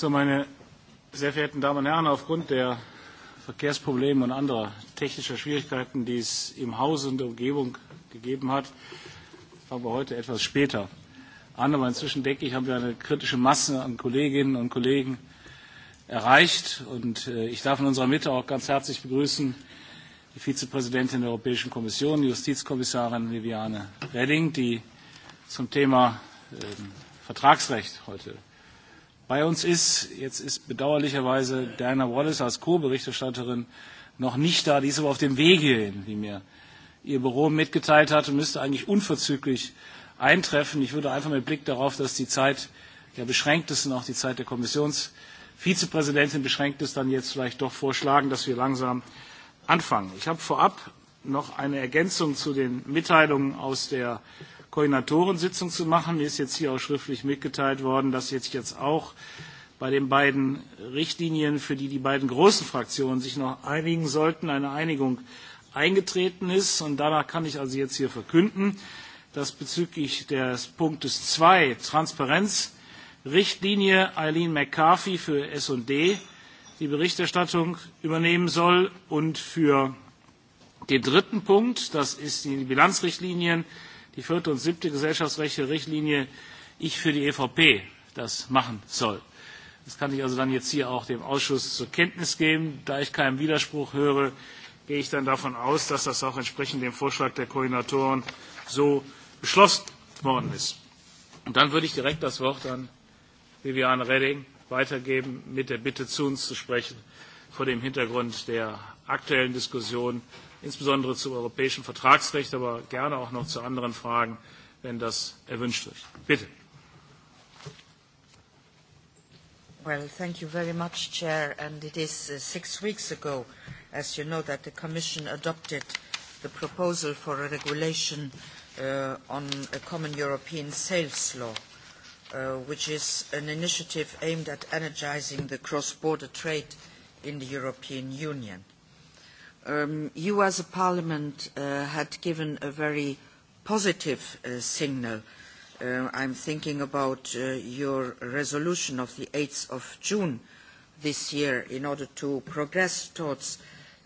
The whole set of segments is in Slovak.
So, meine sehr verehrten Damen und Herren, aufgrund der Verkehrsprobleme und anderer technischer Schwierigkeiten, die es im Hause und der Umgebung gegeben hat, fangen wir heute etwas später an. Aber inzwischen denke ich, haben wir eine kritische Masse an Kolleginnen und Kollegen erreicht. Und äh, ich darf in unserer Mitte auch ganz herzlich begrüßen die Vizepräsidentin der Europäischen Kommission, die Justizkommissarin Viviane Reding, die zum Thema ähm, Vertragsrecht heute Bei uns ist, jetzt ist bedauerlicherweise Diana Wallace als Co-Berichterstatterin noch nicht da, die ist aber auf dem Weg hierhin, wie mir ihr Büro mitgeteilt hat, und müsste eigentlich unverzüglich eintreffen. Ich würde einfach mit Blick darauf, dass die Zeit der beschränkt ist und auch die Zeit der Kommissionsvizepräsidentin beschränkt ist, dann jetzt vielleicht doch vorschlagen, dass wir langsam anfangen. Ich habe vorab noch eine Ergänzung zu den Mitteilungen aus der Koordinatorensitzung zu machen. Mir ist jetzt hier auch schriftlich mitgeteilt worden, dass jetzt jetzt auch bei den beiden Richtlinien, für die die beiden großen Fraktionen sich noch einigen sollten, eine Einigung eingetreten ist. Und danach kann ich also jetzt hier verkünden, dass bezüglich des Punktes 2 Transparenz Richtlinie Eileen McCarthy für S&D die Berichterstattung übernehmen soll und für den dritten Punkt, das ist die Bilanzrichtlinien, die vierte und siebte gesellschaftsrechtliche Richtlinie ich für die EVP das machen soll. Das kann ich also dann jetzt hier auch dem Ausschuss zur Kenntnis geben. Da ich keinen Widerspruch höre, gehe ich dann davon aus, dass das auch entsprechend dem Vorschlag der Koordinatoren so beschlossen worden ist. Und dann würde ich direkt das Wort an Viviane Reding weitergeben, mit der Bitte zu uns zu sprechen, vor dem Hintergrund der aktuellen Diskussion insbesondere zu europäischen Vertragsrecht, aber gerne auch noch zu anderen Fragen, wenn das erwünscht wird. Bitte. Well, thank you very much, Chair. And it is uh, six weeks ago, as you know, that the Commission adopted the proposal for a regulation uh, on a common European sales law, uh, which is an initiative aimed at energising the cross-border trade in the European Union um, you as a parliament uh, had given a very positive uh, signal. Uh, I'm thinking about uh, your resolution of the 8th of June this year in order to progress towards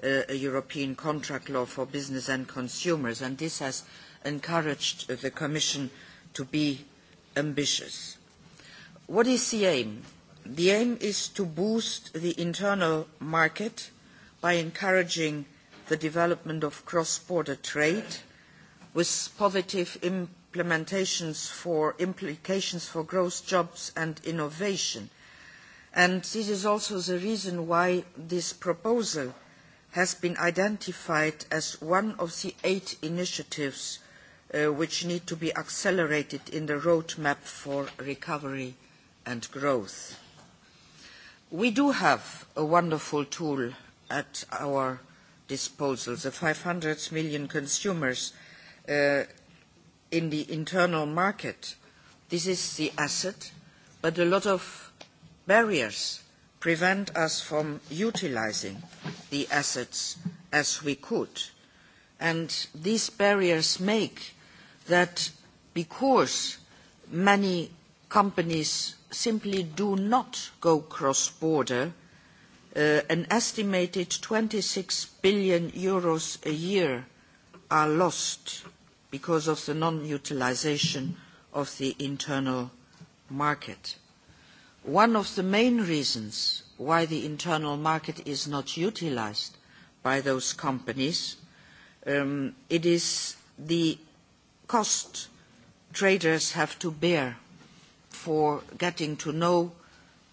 uh, a European contract law for business and consumers, and this has encouraged the Commission to be ambitious. What is the aim? The aim is to boost the internal market by encouraging the development of cross-border trade with positive for, implications for growth, jobs and innovation. And this is also the reason why this proposal has been identified as one of the eight initiatives uh, which need to be accelerated in the roadmap for recovery and growth. We do have a wonderful tool at our disposal, the five hundred million consumers uh, in the internal market. This is the asset, but a lot of barriers prevent us from utilising the assets as we could. And these barriers make that because many companies simply do not go cross-border, Uh, an estimated eur twenty six billion Euros a year are lost because of the non utilisation of the internal market. One of the main reasons why the internal market is not utilised by those companies um, is the cost traders have to bear for getting to know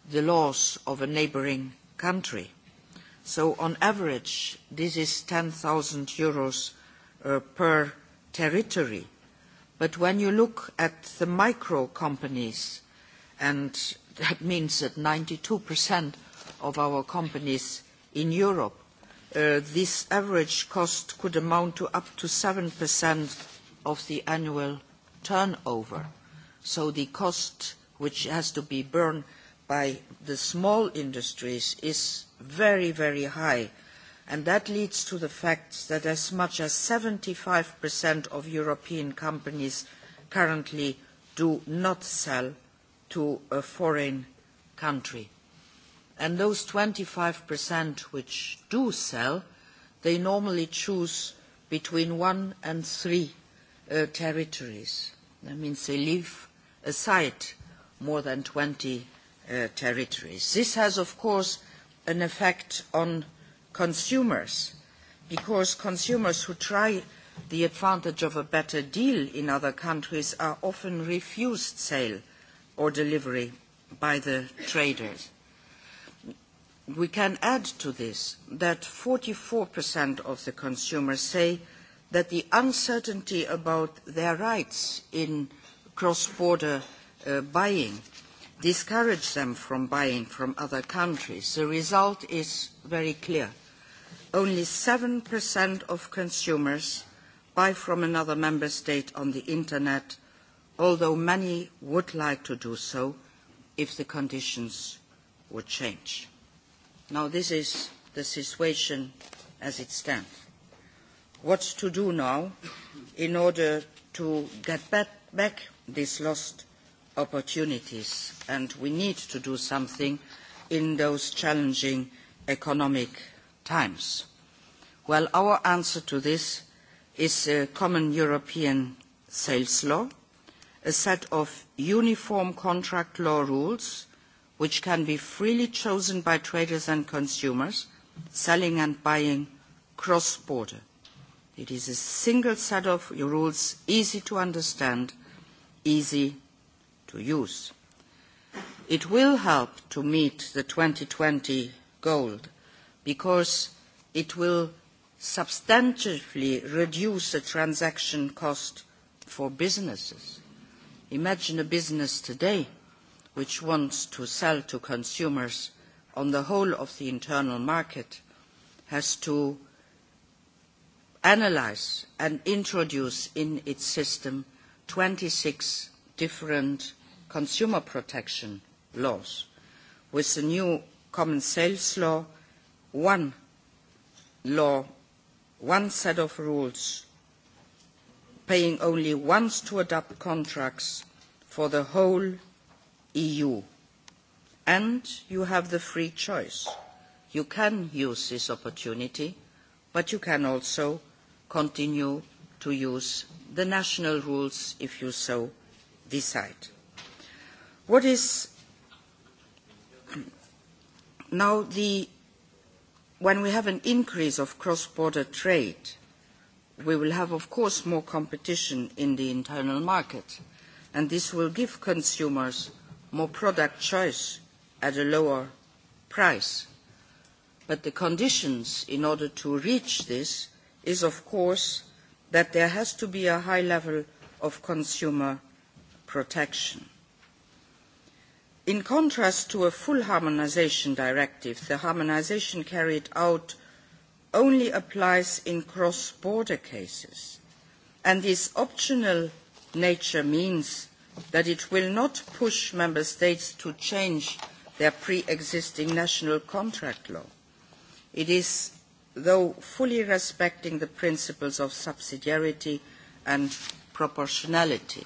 the laws of a neighbouring country. So on average, this is 10,000 euros uh, per territory. But when you look at the micro companies, and that means that 92% of our companies in Europe, uh, this average cost could amount to up to 7% of the annual turnover. So the cost which has to be borne by the small industries is very, very high. And that leads to the fact that as much as seventy 75% of European companies currently do not sell to a foreign country. And those twenty 25% which do sell, they normally choose between one and three uh, territories. That means they leave aside more than twenty Uh, territories. This has, of course, an effect on consumers, because consumers who try the advantage of a better deal in other countries are often refused sale or delivery by the traders. We can add to this that forty 44% of the consumers say that the uncertainty about their rights in cross-border uh, buying discourage them from buying from other countries. The result is very clear. Only 7% of consumers buy from another member state on the internet, although many would like to do so if the conditions would change. Now this is the situation as it stands. What to do now in order to get back, back this lost opportunities, and we need to do something in those challenging economic times. Well, our answer to this is a common European sales law, a set of uniform contract law rules which can be freely chosen by traders and consumers, selling and buying cross-border. It is a single set of rules, easy to understand, easy to use. It will help to meet the twenty goal because it will substantially reduce the transaction cost for businesses. Imagine a business today which wants to sell to consumers on the whole of the internal market has to analyse and introduce in its system twenty six different consumer protection laws. With the new common sales law, one law, one set of rules, paying only once to adopt contracts for the whole EU. And you have the free choice. You can use this opportunity, but you can also continue to use the national rules if you so decide. What is now the when we have an increase of cross-border trade, we will have, of course, more competition in the internal market, and this will give consumers more product choice at a lower price. But the conditions in order to reach this is, of course, that there has to be a high level of consumer protection in contrast to a full harmonisation directive the harmonisation carried out only applies in cross border cases and this optional nature means that it will not push member states to change their pre existing national contract law. it is though fully respecting the principles of subsidiarity and proportionality.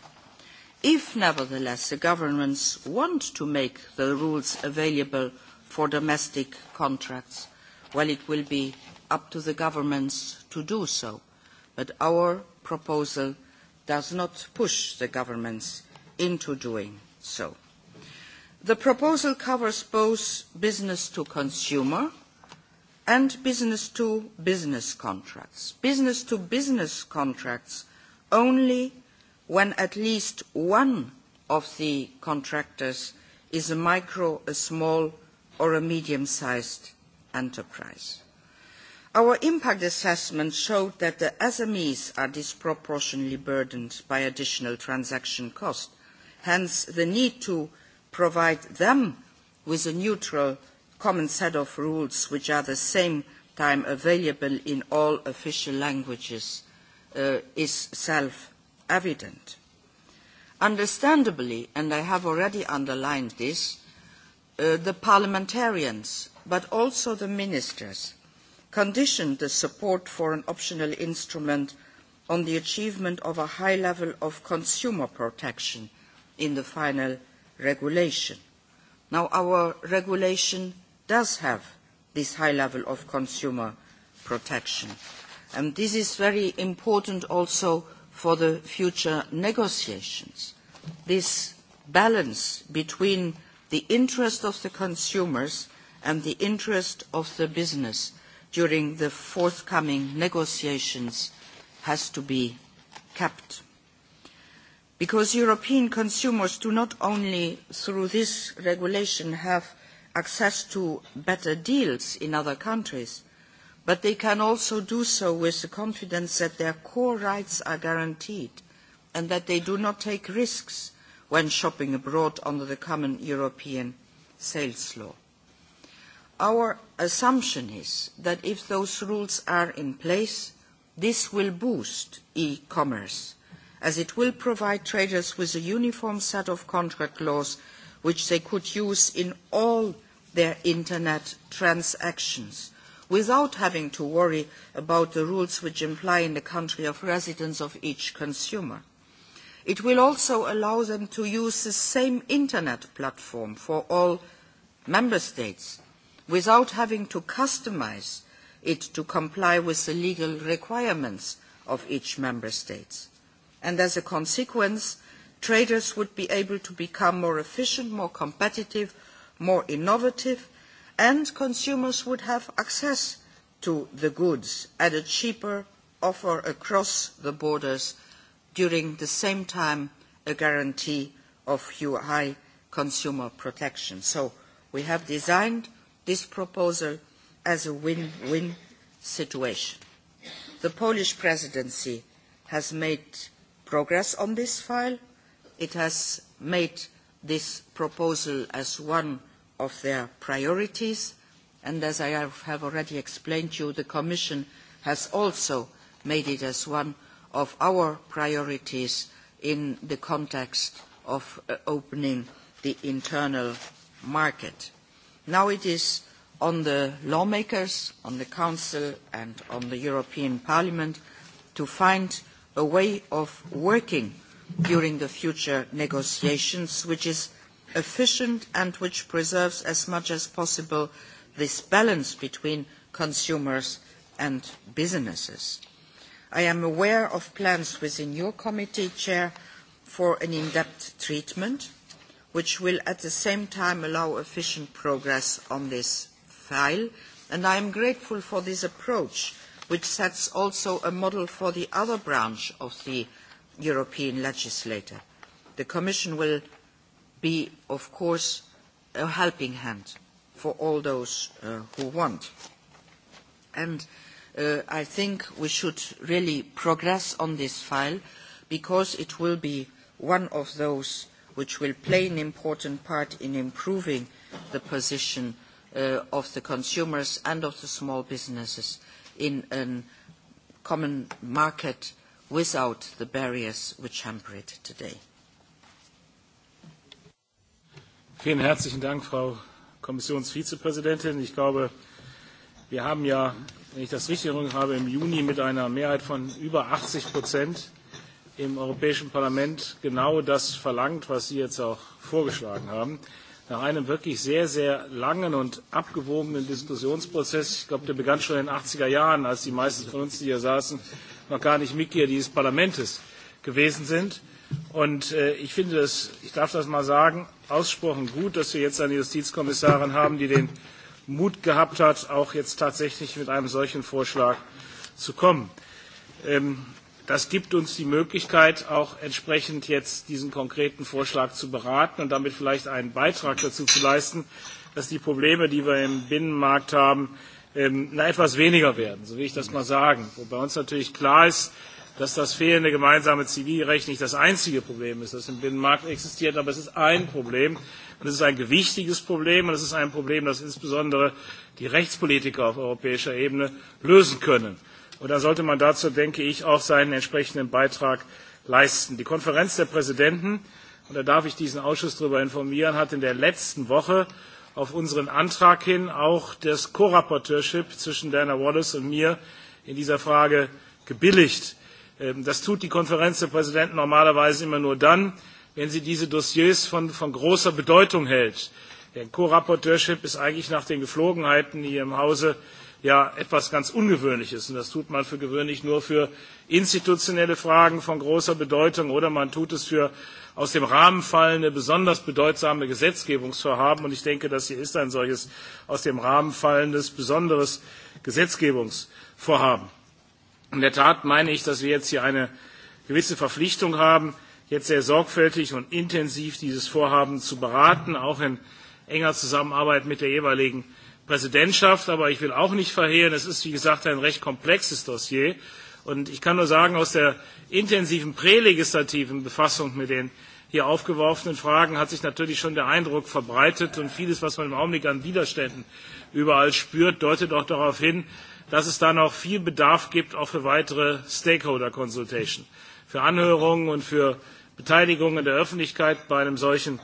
If, nevertheless, the governments want to make the rules available for domestic contracts, well, it will be up to the governments to do so. But our proposal does not push the governments into doing so. The proposal covers both business to consumer and business to business contracts. Business to business contracts only when at least one of the contractors is a micro, a small or a medium-sized enterprise. Our impact assessment showed that the SMEs are disproportionately burdened by additional transaction costs, hence the need to provide them with a neutral common set of rules which are at the same time available in all official languages uh, is self evident. Understandably, and I have already underlined this, uh, the parliamentarians, but also the ministers, conditioned the support for an optional instrument on the achievement of a high level of consumer protection in the final regulation. Now, our regulation does have this high level of consumer protection. And this is very important also for the future negotiations. This balance between the interest of the consumers and the interest of the business during the forthcoming negotiations has to be kept. Because European consumers do not only through this regulation have access to better deals in other countries, but they can also do so with the confidence that their core rights are guaranteed and that they do not take risks when shopping abroad under the common European sales law. Our assumption is that if those rules are in place, this will boost e-commerce, as it will provide traders with a uniform set of contract laws which they could use in all their Internet transactions without having to worry about the rules which apply in the country of residence of each consumer. It will also allow them to use the same internet platform for all member states without having to customise it to comply with the legal requirements of each member state. And as a consequence, traders would be able to become more efficient, more competitive, more innovative, and consumers would have access to the goods at a cheaper offer across the borders during the same time a guarantee of high consumer protection. So we have designed this proposal as a win-win situation. The Polish presidency has made progress on this file. It has made this proposal as one of their priorities. And as I have already explained to you, the Commission has also made it as one of our priorities in the context of uh, opening the internal market. Now it is on the lawmakers, on the Council and on the European Parliament to find a way of working during the future negotiations which is efficient and which preserves as much as possible this balance between consumers and businesses. I am aware of plans within your committee, Chair, for an in-depth treatment, which will at the same time allow efficient progress on this file, and I am grateful for this approach, which sets also a model for the other branch of the European legislator. The Commission will be, of course, a helping hand for all those uh, who want. And uh, I think we should really progress on this file because it will be one of those which will play an important part in improving the position uh, of the consumers and of the small businesses in a common market without the barriers which hamper it today. Vielen herzlichen Dank, Frau Kommissionsvizepräsidentin. Ich glaube, wir haben ja, wenn ich das richtig erinnere, habe, im Juni mit einer Mehrheit von über 80 Prozent im Europäischen Parlament genau das verlangt, was Sie jetzt auch vorgeschlagen haben. Nach einem wirklich sehr, sehr langen und abgewogenen Diskussionsprozess, ich glaube, der begann schon in den 80er Jahren, als die meisten von uns, die hier saßen, noch gar nicht Mitglieder dieses Parlaments gewesen sind, Und äh, ich finde das, ich darf das mal sagen, ausgesprochen gut, dass wir jetzt eine Justizkommissarin haben, die den Mut gehabt hat, auch jetzt tatsächlich mit einem solchen Vorschlag zu kommen. Ähm, das gibt uns die Möglichkeit, auch entsprechend jetzt diesen konkreten Vorschlag zu beraten und damit vielleicht einen Beitrag dazu zu leisten, dass die Probleme, die wir im Binnenmarkt haben, ähm, na, etwas weniger werden, so will ich das mal sagen. Wobei uns natürlich klar ist, dass das fehlende gemeinsame Zivilrecht nicht das einzige Problem ist, das im Binnenmarkt existiert, aber es ist ein Problem und es ist ein gewichtiges Problem und es ist ein Problem, das insbesondere die Rechtspolitiker auf europäischer Ebene lösen können. Und da sollte man dazu, denke ich, auch seinen entsprechenden Beitrag leisten. Die Konferenz der Präsidenten, und da darf ich diesen Ausschuss darüber informieren, hat in der letzten Woche auf unseren Antrag hin auch das Co-Rapporteurship zwischen Dana Wallace und mir in dieser Frage gebilligt. Ähm, das tut die Konferenz der Präsidenten normalerweise immer nur dann, wenn sie diese Dossiers von, von großer Bedeutung hält. Denn Co-Rapporteurship ist eigentlich nach den Geflogenheiten hier im Hause ja etwas ganz Ungewöhnliches. Und das tut man für gewöhnlich nur für institutionelle Fragen von großer Bedeutung oder man tut es für aus dem Rahmen fallende, besonders bedeutsame Gesetzgebungsvorhaben. Und ich denke, das hier ist ein solches aus dem Rahmen fallendes, besonderes Gesetzgebungsvorhaben. In der Tat meine ich, dass wir jetzt hier eine gewisse Verpflichtung haben, jetzt sehr sorgfältig und intensiv dieses Vorhaben zu beraten, auch in enger Zusammenarbeit mit der jeweiligen Präsidentschaft. Aber ich will auch nicht verhehlen, es ist, wie gesagt, ein recht komplexes Dossier. Und ich kann nur sagen, aus der intensiven prälegislativen Befassung mit den hier aufgeworfenen Fragen hat sich natürlich schon der Eindruck verbreitet und vieles, was man im Augenblick an Widerständen überall spürt, deutet auch darauf hin, dass es da noch viel Bedarf gibt, auch für weitere Stakeholder-Consultation, für Anhörungen und für Beteiligungen der Öffentlichkeit bei einem solchen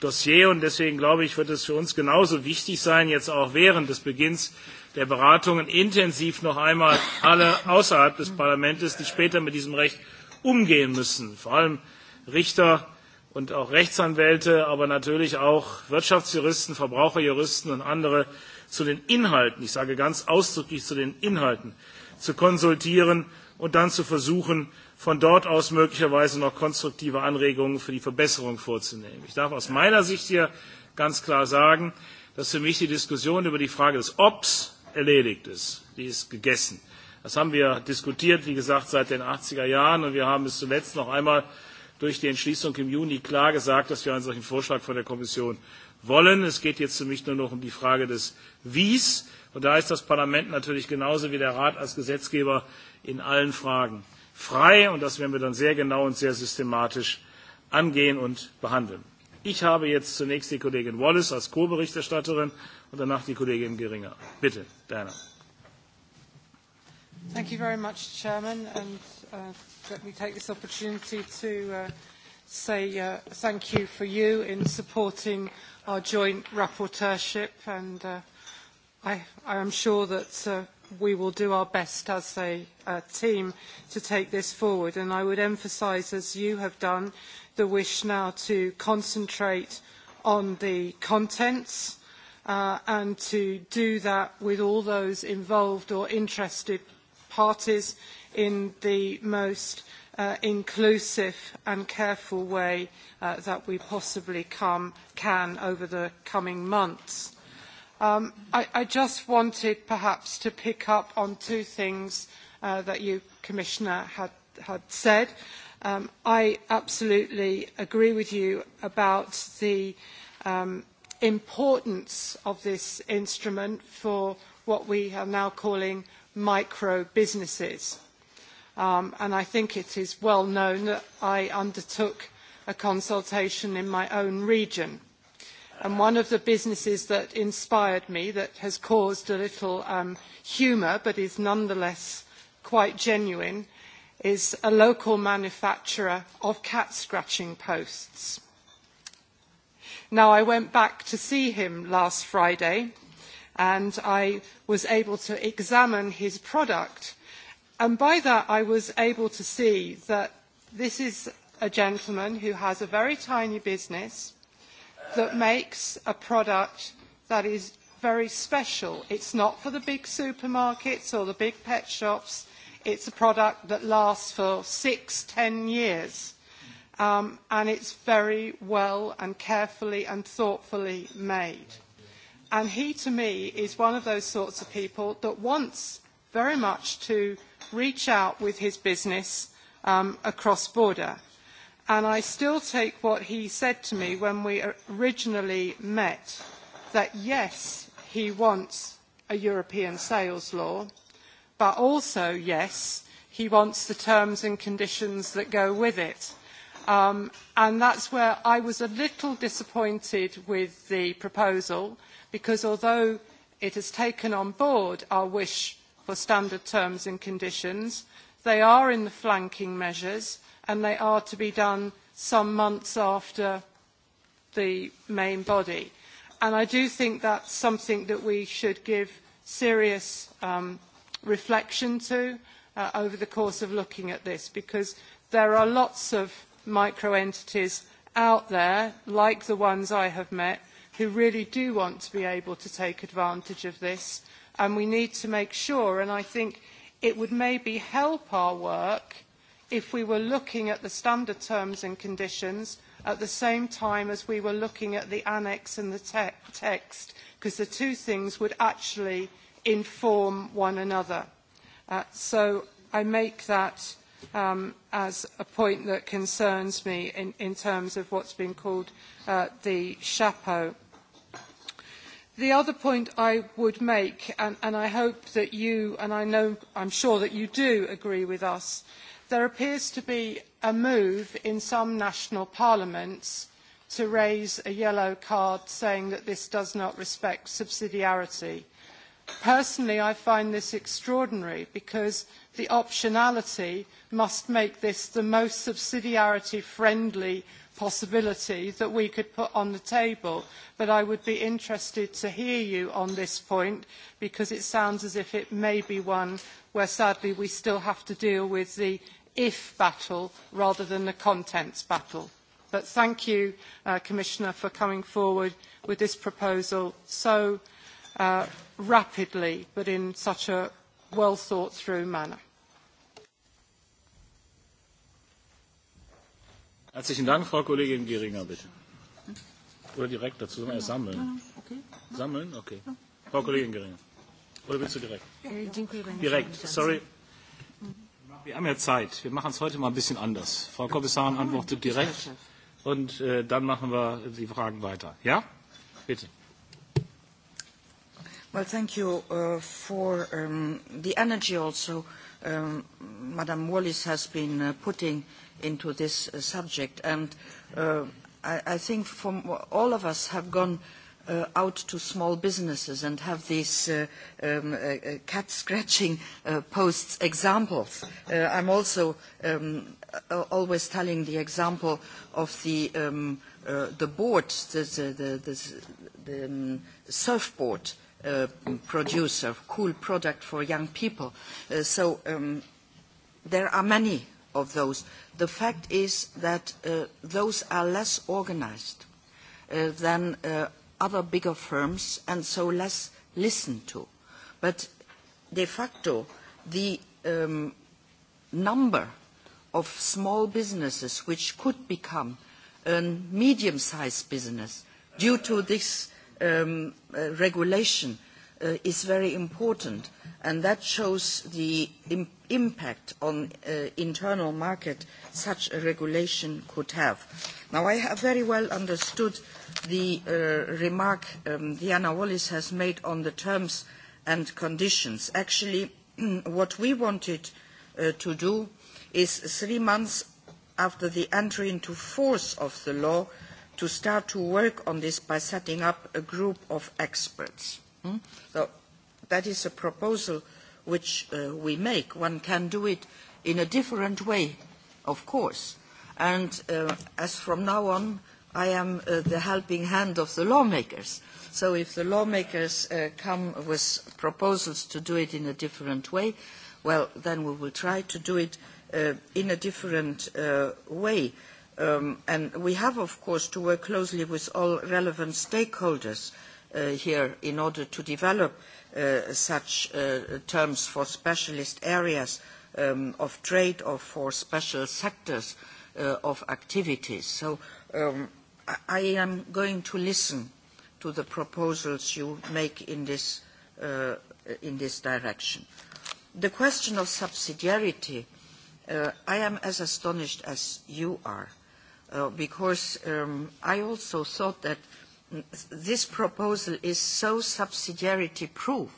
Dossier. Und deswegen glaube ich, wird es für uns genauso wichtig sein, jetzt auch während des Beginns der Beratungen intensiv noch einmal alle außerhalb des Parlaments, die später mit diesem Recht umgehen müssen, vor allem Richter und auch Rechtsanwälte, aber natürlich auch Wirtschaftsjuristen, Verbraucherjuristen und andere zu den Inhalten, ich sage ganz ausdrücklich zu den Inhalten, zu konsultieren und dann zu versuchen, von dort aus möglicherweise noch konstruktive Anregungen für die Verbesserung vorzunehmen. Ich darf aus meiner Sicht hier ganz klar sagen, dass für mich die Diskussion über die Frage des Obs erledigt ist. Die ist gegessen. Das haben wir diskutiert, wie gesagt, seit den 80er Jahren und wir haben es zuletzt noch einmal durch die Entschließung im Juni klar gesagt, dass wir einen solchen Vorschlag von der Kommission wollen. Es geht jetzt für mich nur noch um die Frage des Wies. Und da ist das Parlament natürlich genauso wie der Rat als Gesetzgeber in allen Fragen frei. Und das werden wir dann sehr genau und sehr systematisch angehen und behandeln. Ich habe jetzt zunächst die Kollegin Wallis als Co-Berichterstatterin und danach die Kollegin Geringer. Bitte, Diana. Thank you very much, Chairman, and uh, let me take this opportunity to uh, say uh, thank you for you in supporting our joint rapporteurship, and uh, I, I am sure that uh, we will do our best as a, a team to take this forward. And I would emphasise, as you have done, the wish now to concentrate on the contents uh, and to do that with all those involved or interested parties in the most uh, inclusive and careful way uh, that we possibly come, can over the coming months. Um, I, I just wanted perhaps to pick up on two things uh, that you, Commissioner, had, had said. Um, I absolutely agree with you about the um, importance of this instrument for what we are now calling micro businesses Um, and I think it is well known that I undertook a consultation in my own region. And one of the businesses that inspired me, that has caused a little um, humour but is nonetheless quite genuine, is a local manufacturer of cat scratching posts. Now, I went back to see him last Friday and I was able to examine his product And by that, I was able to see that this is a gentleman who has a very tiny business that makes a product that is very special. It's not for the big supermarkets or the big pet shops. It's a product that lasts for six, ten years. Um, and it's very well and carefully and thoughtfully made. And he, to me, is one of those sorts of people that wants very much to reach out with his business um, across border. And I still take what he said to me when we originally met, that yes, he wants a European sales law, but also, yes, he wants the terms and conditions that go with it. Um, and that's where I was a little disappointed with the proposal, because although it has taken on board our wish for standard terms and conditions. They are in the flanking measures and they are to be done some months after the main body. And I do think that's something that we should give serious um, reflection to uh, over the course of looking at this because there are lots of micro entities out there, like the ones I have met, who really do want to be able to take advantage of this and we need to make sure, and I think it would maybe help our work if we were looking at the standard terms and conditions at the same time as we were looking at the annex and the te text, because the two things would actually inform one another. Uh, so I make that um, as a point that concerns me in, in terms of what's been called uh, the chapeau. The other point I would make, and, and I hope that you, and I know, am sure that you do agree with us, there appears to be a move in some national parliaments to raise a yellow card saying that this does not respect subsidiarity Personally, I find this extraordinary because the optionality must make this the most subsidiarity friendly possibility that we could put on the table. But I would be interested to hear you on this point because it sounds as if it may be one where sadly we still have to deal with the if battle rather than the contents battle. But thank you, uh, Commissioner, for coming forward with this proposal so Uh, rapidly, but in such a well thought through manner. Herzlichen Dank, Frau Kollegin Geringer, bitte. Oder direkt dazu, erst sammeln. Sammeln? Okay. Frau Kollegin Geringer. Oder willst du direkt? Direkt, sorry. Wir haben ja Zeit. Wir machen es heute mal ein bisschen anders. Frau Kommissarin antwortet direkt und äh, dann machen wir die Fragen weiter. Ja? Bitte. Well, thank you uh, for um, the energy also um, Madam Wallis has been uh, putting into this uh, subject. And uh, I, I think from all of us have gone uh, out to small businesses and have these uh, um, uh, uh cat scratching uh, posts examples. Uh, I'm also um, always telling the example of the, um, uh, the board, the, the, the, the, the um, surfboard uh, uh, producer, cool product for young people. Uh, so um, there are many of those. The fact is that uh, those are less organized uh, than uh, other bigger firms and so less listened to. But de facto, the um, number of small businesses which could become a medium-sized business due to this um, uh, regulation uh, is very important, and that shows the im impact on uh, internal market such a regulation could have. Now, I have very well understood the uh, remark um, Diana Wallis has made on the terms and conditions. Actually, what we wanted uh, to do is three months after the entry into force of the law, to start to work on this by setting up a group of experts. Hmm? So that is a proposal which uh, we make. One can do it in a different way, of course. And uh, as from now on, I am uh, the helping hand of the lawmakers. So if the lawmakers uh, come with proposals to do it in a different way, well, then we will try to do it uh, in a different uh, way. Um, and we have, of course, to work closely with all relevant stakeholders uh, here in order to develop uh, such uh, terms for specialist areas um, of trade or for special sectors of activities. So um, I am going to listen to the proposals you make in this, in this direction. The question of subsidiarity, I am as astonished as you are Uh, because um, I also thought that this proposal is so subsidiarity proof.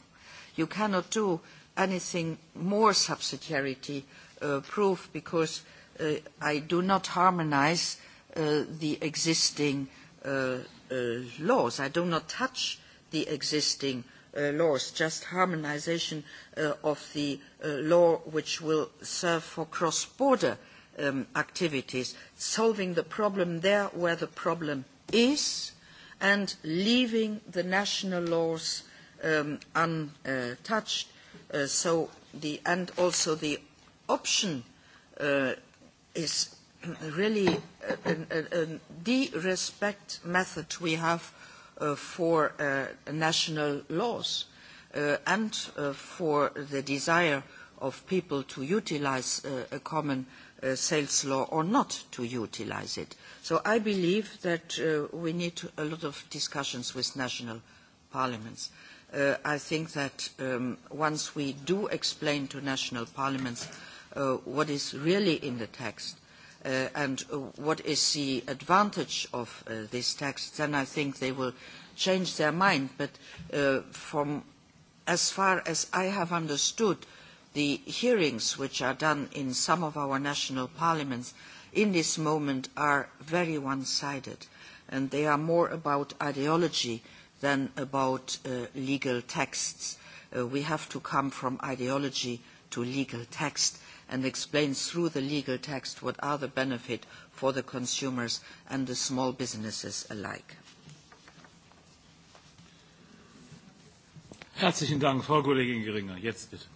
You cannot do anything more subsidiarity uh, proof because uh, I do not harmonise uh, the existing uh, uh, laws. I do not touch the existing laws, just harmonisation of the law which will serve for cross-border uh, um, activities, solving the problem there where the problem is, and leaving the national laws um, untouched. Uh, so the, and also the option uh, is really the respect method we have uh, for uh, national laws uh, and uh, for the desire of people to utilise a common Uh, sales law or not to utilise it. So I believe that uh, we need a lot of discussions with national parliaments. Uh, I think that um, once we do explain to national parliaments uh, what is really in the text uh, and what is the advantage of this text, then I think they will change their mind. But from as far as I have understood, the hearings which are done in some of our national parliaments in this moment are very one-sided and they are more about ideology than about uh, legal texts. Uh, we have to come from ideology to legal text and explain through the legal text what are the benefits for the consumers and the small businesses alike. Herzlichen Dank, Frau Kollegin Geringer. Jetzt bitte.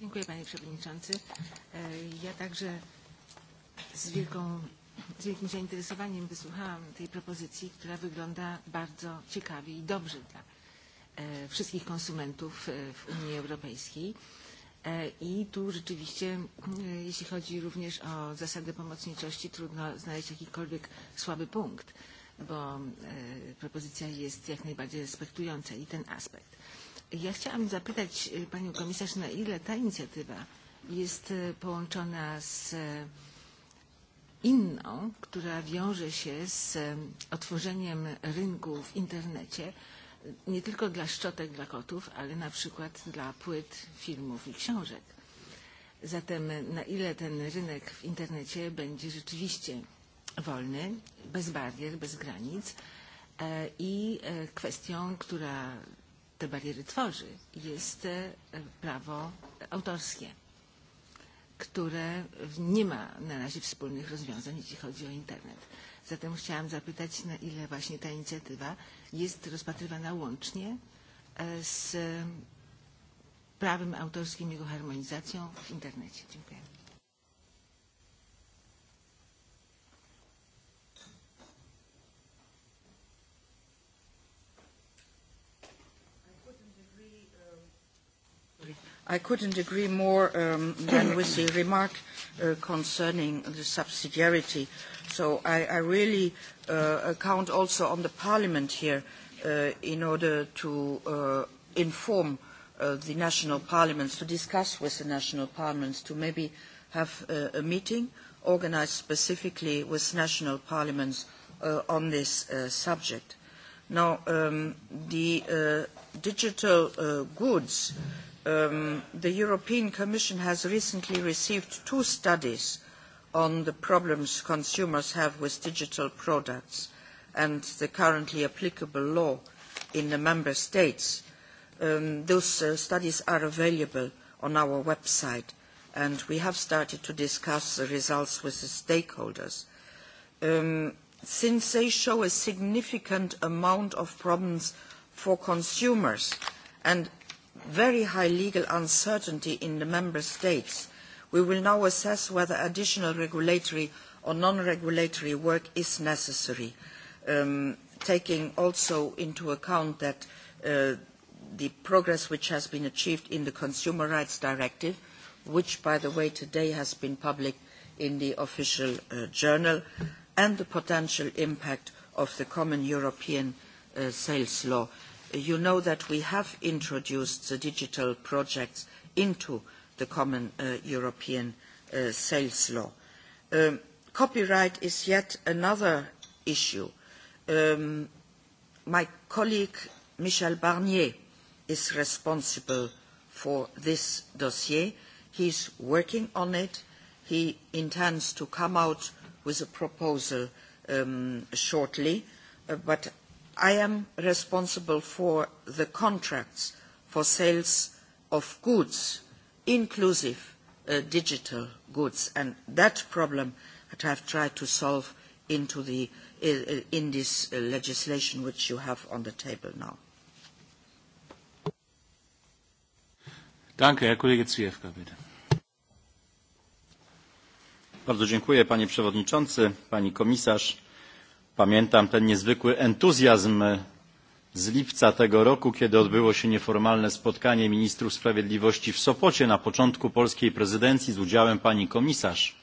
Dziękuję Panie Przewodniczący. E, ja także z, wielką, z wielkim zainteresowaniem wysłuchałam tej propozycji, która wygląda bardzo ciekawie i dobrze dla e, wszystkich konsumentów e, w Unii Europejskiej. I tu rzeczywiście, jeśli chodzi również o zasadę pomocniczości, trudno znaleźć jakikolwiek słaby punkt, bo propozycja jest jak najbardziej respektująca i ten aspekt. Ja chciałam zapytać panią komisarz, na ile ta inicjatywa jest połączona z inną, która wiąże się z otworzeniem rynku w internecie, nie tylko dla szczotek dla kotów, ale na przykład dla płyt, filmów i książek. Zatem na ile ten rynek w internecie będzie rzeczywiście wolny, bez barier, bez granic i kwestią, która te bariery tworzy, jest e, prawo autorskie, które nie ma na razie wspólnych rozwiązań, jeśli chodzi o internet. Zatem chciałam zapytać, na ile właśnie ta inicjatywa jest rozpatrywana łącznie e, z prawem autorskim, jego harmonizacją w internecie. Dziękuję. I couldn't agree more um, than with the remark uh, concerning the subsidiarity. So I, I really uh, count also on the Parliament here uh, in order to uh, inform uh, the national parliaments, to discuss with the national parliaments, to maybe have uh, a meeting organised specifically with national parliaments uh, on this uh, subject. Now, um, the uh, digital uh, goods Um, the European Commission has recently received two studies on the problems consumers have with digital products and the currently applicable law in the member states. Um, those uh, studies are available on our website and we have started to discuss the results with the stakeholders. Um, since they show a significant amount of problems for consumers and very high legal uncertainty in the member states, we will now assess whether additional regulatory or non-regulatory work is necessary, um, taking also into account that uh, the progress which has been achieved in the Consumer Rights Directive, which, by the way, today has been published in the official uh, journal, and the potential impact of the common European uh, sales law you know that we have introduced the digital projects into the common uh, European uh, sales law. Um, copyright is yet another issue. Um, my colleague Michel Barnier is responsible for this dossier. He is working on it. He intends to come out with a proposal um, shortly, uh, but i am responsible for the contracts for sales of goods, inclusive uh, digital goods, and that problem that I have tried to solve into the, uh, uh, in this uh, legislation which you have on the table now. Danke, Herr Kollege Zwiefka, bitte. Bardzo dziękuję, panie przewodniczący, pani komisarz Pamiętam ten niezwykły entuzjazm z lipca tego roku, kiedy odbyło się nieformalne spotkanie ministrów sprawiedliwości w Sopocie na początku polskiej prezydencji z udziałem pani komisarz.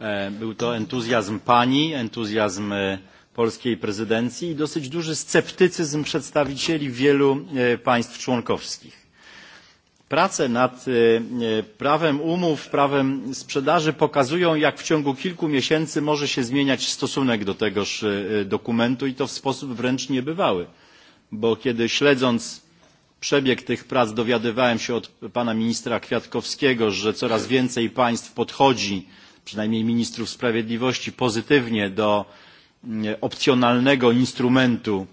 E, był to entuzjazm pani, entuzjazm e, polskiej prezydencji i dosyć duży sceptycyzm przedstawicieli wielu e, państw członkowskich. Prace nad e, e, prawem umów, prawem sprzedaży pokazują, jak w ciągu kilku miesięcy może się zmieniać stosunek do tegoż e, dokumentu i to w sposób wręcz niebywały. Bo kiedy śledząc przebieg tych prac dowiadywałem się od pana ministra Kwiatkowskiego, że coraz więcej państw podchodzi, przynajmniej ministrów sprawiedliwości, pozytywnie do mm, opcjonalnego instrumentu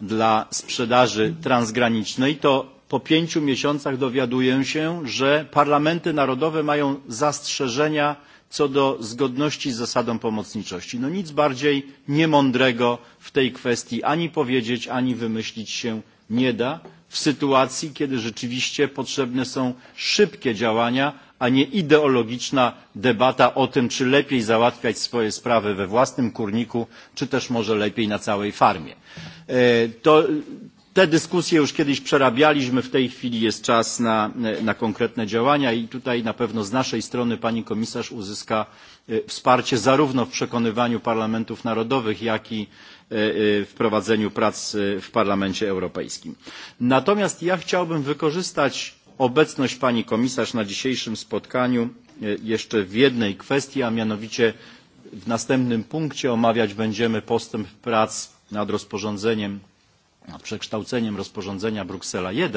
dla sprzedaży transgranicznej, to po pięciu miesiącach dowiaduję się, że parlamenty narodowe mają zastrzeżenia co do zgodności z zasadą pomocniczości. No nic bardziej niemądrego w tej kwestii ani powiedzieć, ani wymyślić się nie da w sytuacji, kiedy rzeczywiście potrzebne są szybkie działania, a nie ideologiczna debata o tym, czy lepiej załatwiać swoje sprawy we własnym kurniku, czy też może lepiej na całej farmie. E, to Te dyskusje już kiedyś przerabialiśmy, w tej chwili jest czas na, na, konkretne działania i tutaj na pewno z naszej strony pani komisarz uzyska wsparcie zarówno w przekonywaniu parlamentów narodowych, jak i w prowadzeniu prac w Parlamencie Europejskim. Natomiast ja chciałbym wykorzystać obecność pani komisarz na dzisiejszym spotkaniu jeszcze w jednej kwestii, a mianowicie w następnym punkcie omawiać będziemy postęp prac nad rozporządzeniem przekształceniem rozporządzenia Bruksela I, e,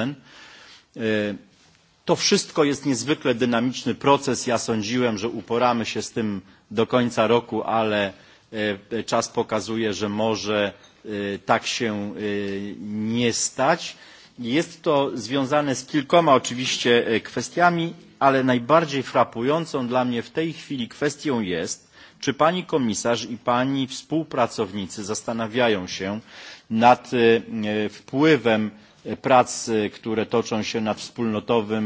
to wszystko jest niezwykle dynamiczny proces. Ja sądziłem, że uporamy się z tym do końca roku, ale e, czas pokazuje, że może e, tak się nie stać. Jest to związane z kilkoma oczywiście kwestiami, ale najbardziej frapującą dla mnie w tej chwili kwestią jest, czy pani komisarz i pani współpracownicy zastanawiają się, nad e, wpływem prac, e, które toczą się nad, e,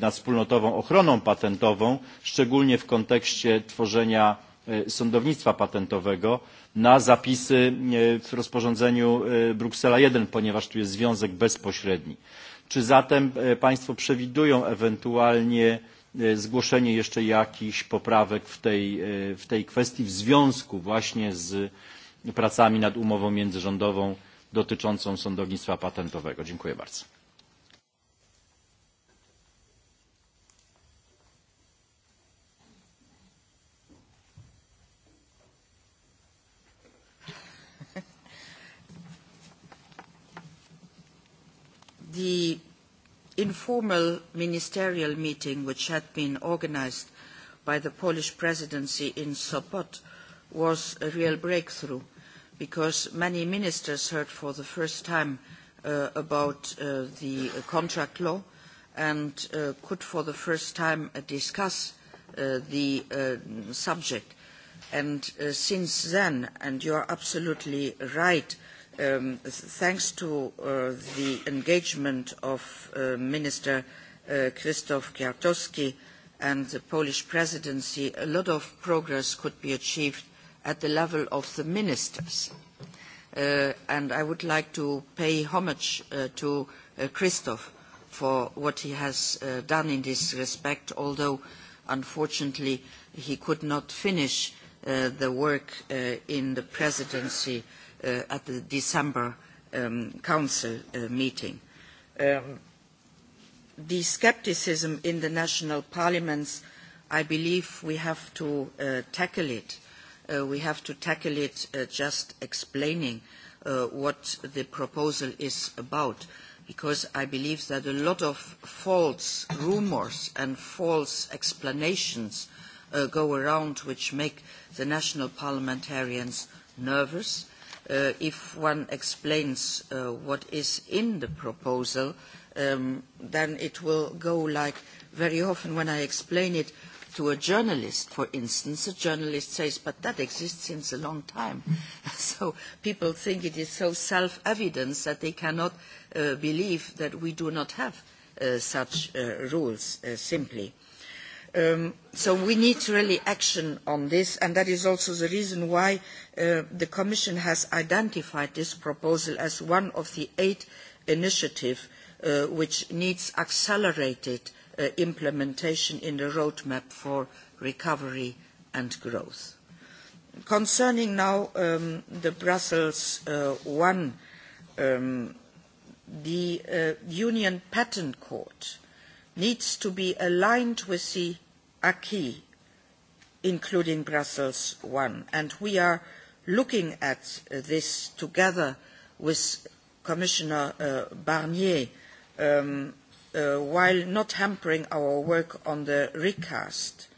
nad wspólnotową ochroną patentową, szczególnie w kontekście tworzenia sądownictwa patentowego na zapisy w rozporządzeniu Bruksela I, ponieważ tu jest związek bezpośredni. Czy zatem Państwo przewidują ewentualnie zgłoszenie jeszcze jakichś poprawek w tej, w tej kwestii w związku właśnie z pracami nad umową międzyrządową dotyczącą sądownictwa patentowego. Dziękuję bardzo. the informal ministerial meeting which had been organized by the Polish presidency in Sopot was a real breakthrough because many ministers heard for the first time uh, about uh, the contract law and uh, could for the first time uh, discuss uh, the uh, subject. And since then, and you are absolutely right, um, thanks to the engagement of Minister Krzysztof Kwiatkowski and the Polish presidency, a lot of progress could be achieved at the level of the ministers. Uh, and I would like to pay homage uh, to uh, Christophe for what he has uh, done in this respect, although unfortunately he could not finish uh, the work uh, in the presidency at the December um, Council meeting. Um, the scepticism in the national parliaments, I believe we have to tackle it uh, we have to tackle it uh, just explaining uh, what the proposal is about, because I believe that a lot of false rumours and false explanations uh, go around which make the national parliamentarians nervous. Uh, if one explains uh, what is in the proposal, um, then it will go like very often when I explain it, to a journalist, for instance, a journalist says, but that exists since a long time. so people think it is so self-evident that they cannot uh, believe that we do not have uh, such uh, rules uh, simply. Um, so we need really action on this, and that is also the reason why uh, the Commission has identified this proposal as one of the eight initiatives uh, which needs accelerated uh, uh, implementation in the roadmap for recovery and growth. Concerning now um, the Brussels uh, I, um, the uh, Union Patent Court needs to be aligned with the acquis, including Brussels I, and we are looking at this together with Commissioner uh, Barnier um, Uh, while not hampering our work on the recast.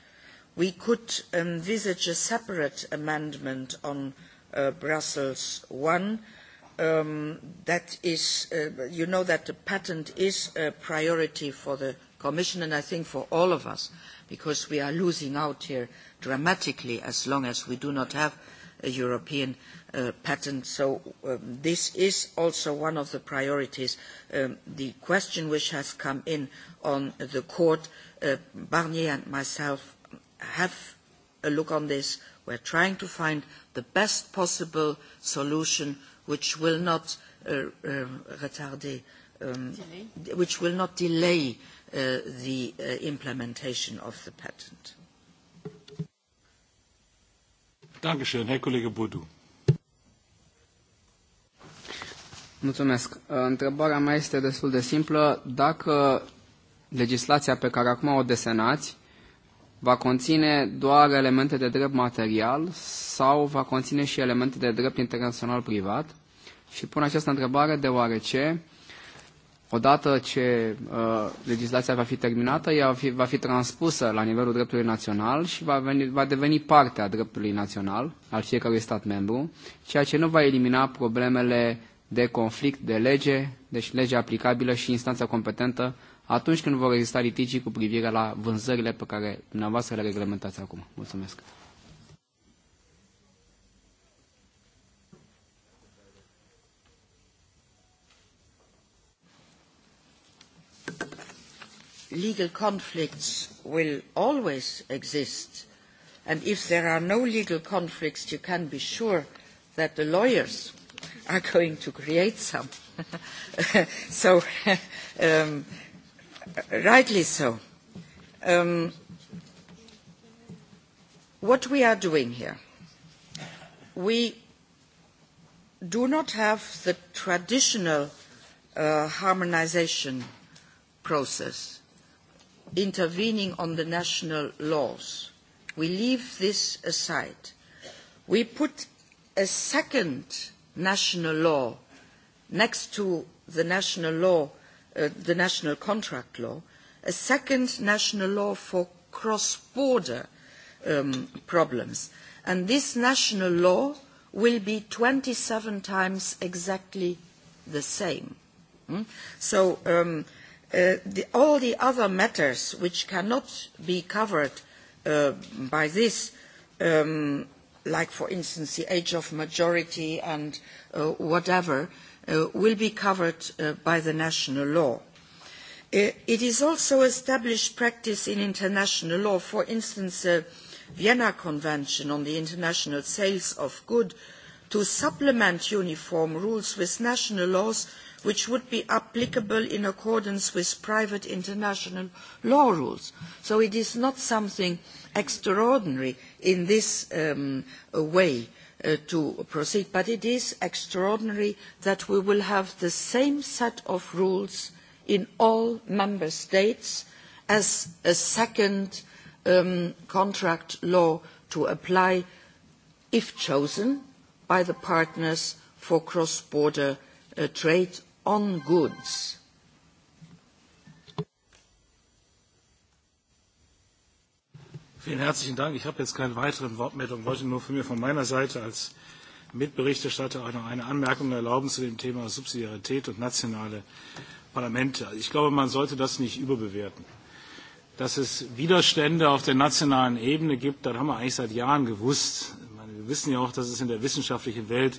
We could envisage a separate amendment on uh, Brussels I. Um, that is, uh, you know that the patent is a priority for the Commission and I think for all of us, because we are losing out here dramatically as long as we do not have European uh, patent. So um, this is also one of the priorities. Um, the question which has come in on the court, uh, Barnier and myself have a look on this. We are trying to find the best possible solution which will not uh, uh um, which will not delay the implementation of the patent. Dankeschön, Herr Kollege Mulțumesc. Întrebarea mea este destul de simplă. Dacă legislația pe care acum o desenați va conține doar elemente de drept material sau va conține și elemente de drept internațional privat? Și pun această întrebare deoarece Odată ce uh, legislația va fi terminată, ea va fi, va fi transpusă la nivelul dreptului național și va, veni, va deveni parte a dreptului național al fiecărui stat membru, ceea ce nu va elimina problemele de conflict de lege, deci lege aplicabilă și instanța competentă atunci când vor exista litigii cu privire la vânzările pe care dumneavoastră le reglementați acum. Mulțumesc! legal conflicts will always exist and if there are no legal conflicts you can be sure that the lawyers are going to create some so um, rightly so um, what we are doing here we do not have the traditional uh, harmonisation process intervening on the national laws. We leave this aside. We put a second national law next to the national law, uh, the national contract law, a second national law for cross-border um, problems. And this national law will be twenty seven times exactly the same. Hmm? So um, Uh, all the other matters which cannot be covered uh, by this, um, like for instance the age of majority and uh, whatever, will be covered by the national law. It is also established practice in international law, for instance, the Vienna Convention on the International Sales of Goods, to supplement uniform rules with national laws which would be applicable in accordance with private international law rules. So it is not something extraordinary in this um, uh, way uh, to proceed, but it is extraordinary that we will have the same set of rules in all member states as a second um, contract law to apply if chosen by the partners for cross border uh, trade on goods. Vielen herzlichen Dank. Ich habe jetzt keine weiteren Wortmeldungen. wollte nur von mir von meiner Seite als Mitberichterstatter auch noch eine Anmerkung erlauben zu dem Thema Subsidiarität und nationale Parlamente. Ich glaube, man sollte das nicht überbewerten. Dass es Widerstände auf der nationalen Ebene gibt, das haben wir eigentlich seit Jahren gewusst. Meine, wir wissen ja auch, dass es in der wissenschaftlichen Welt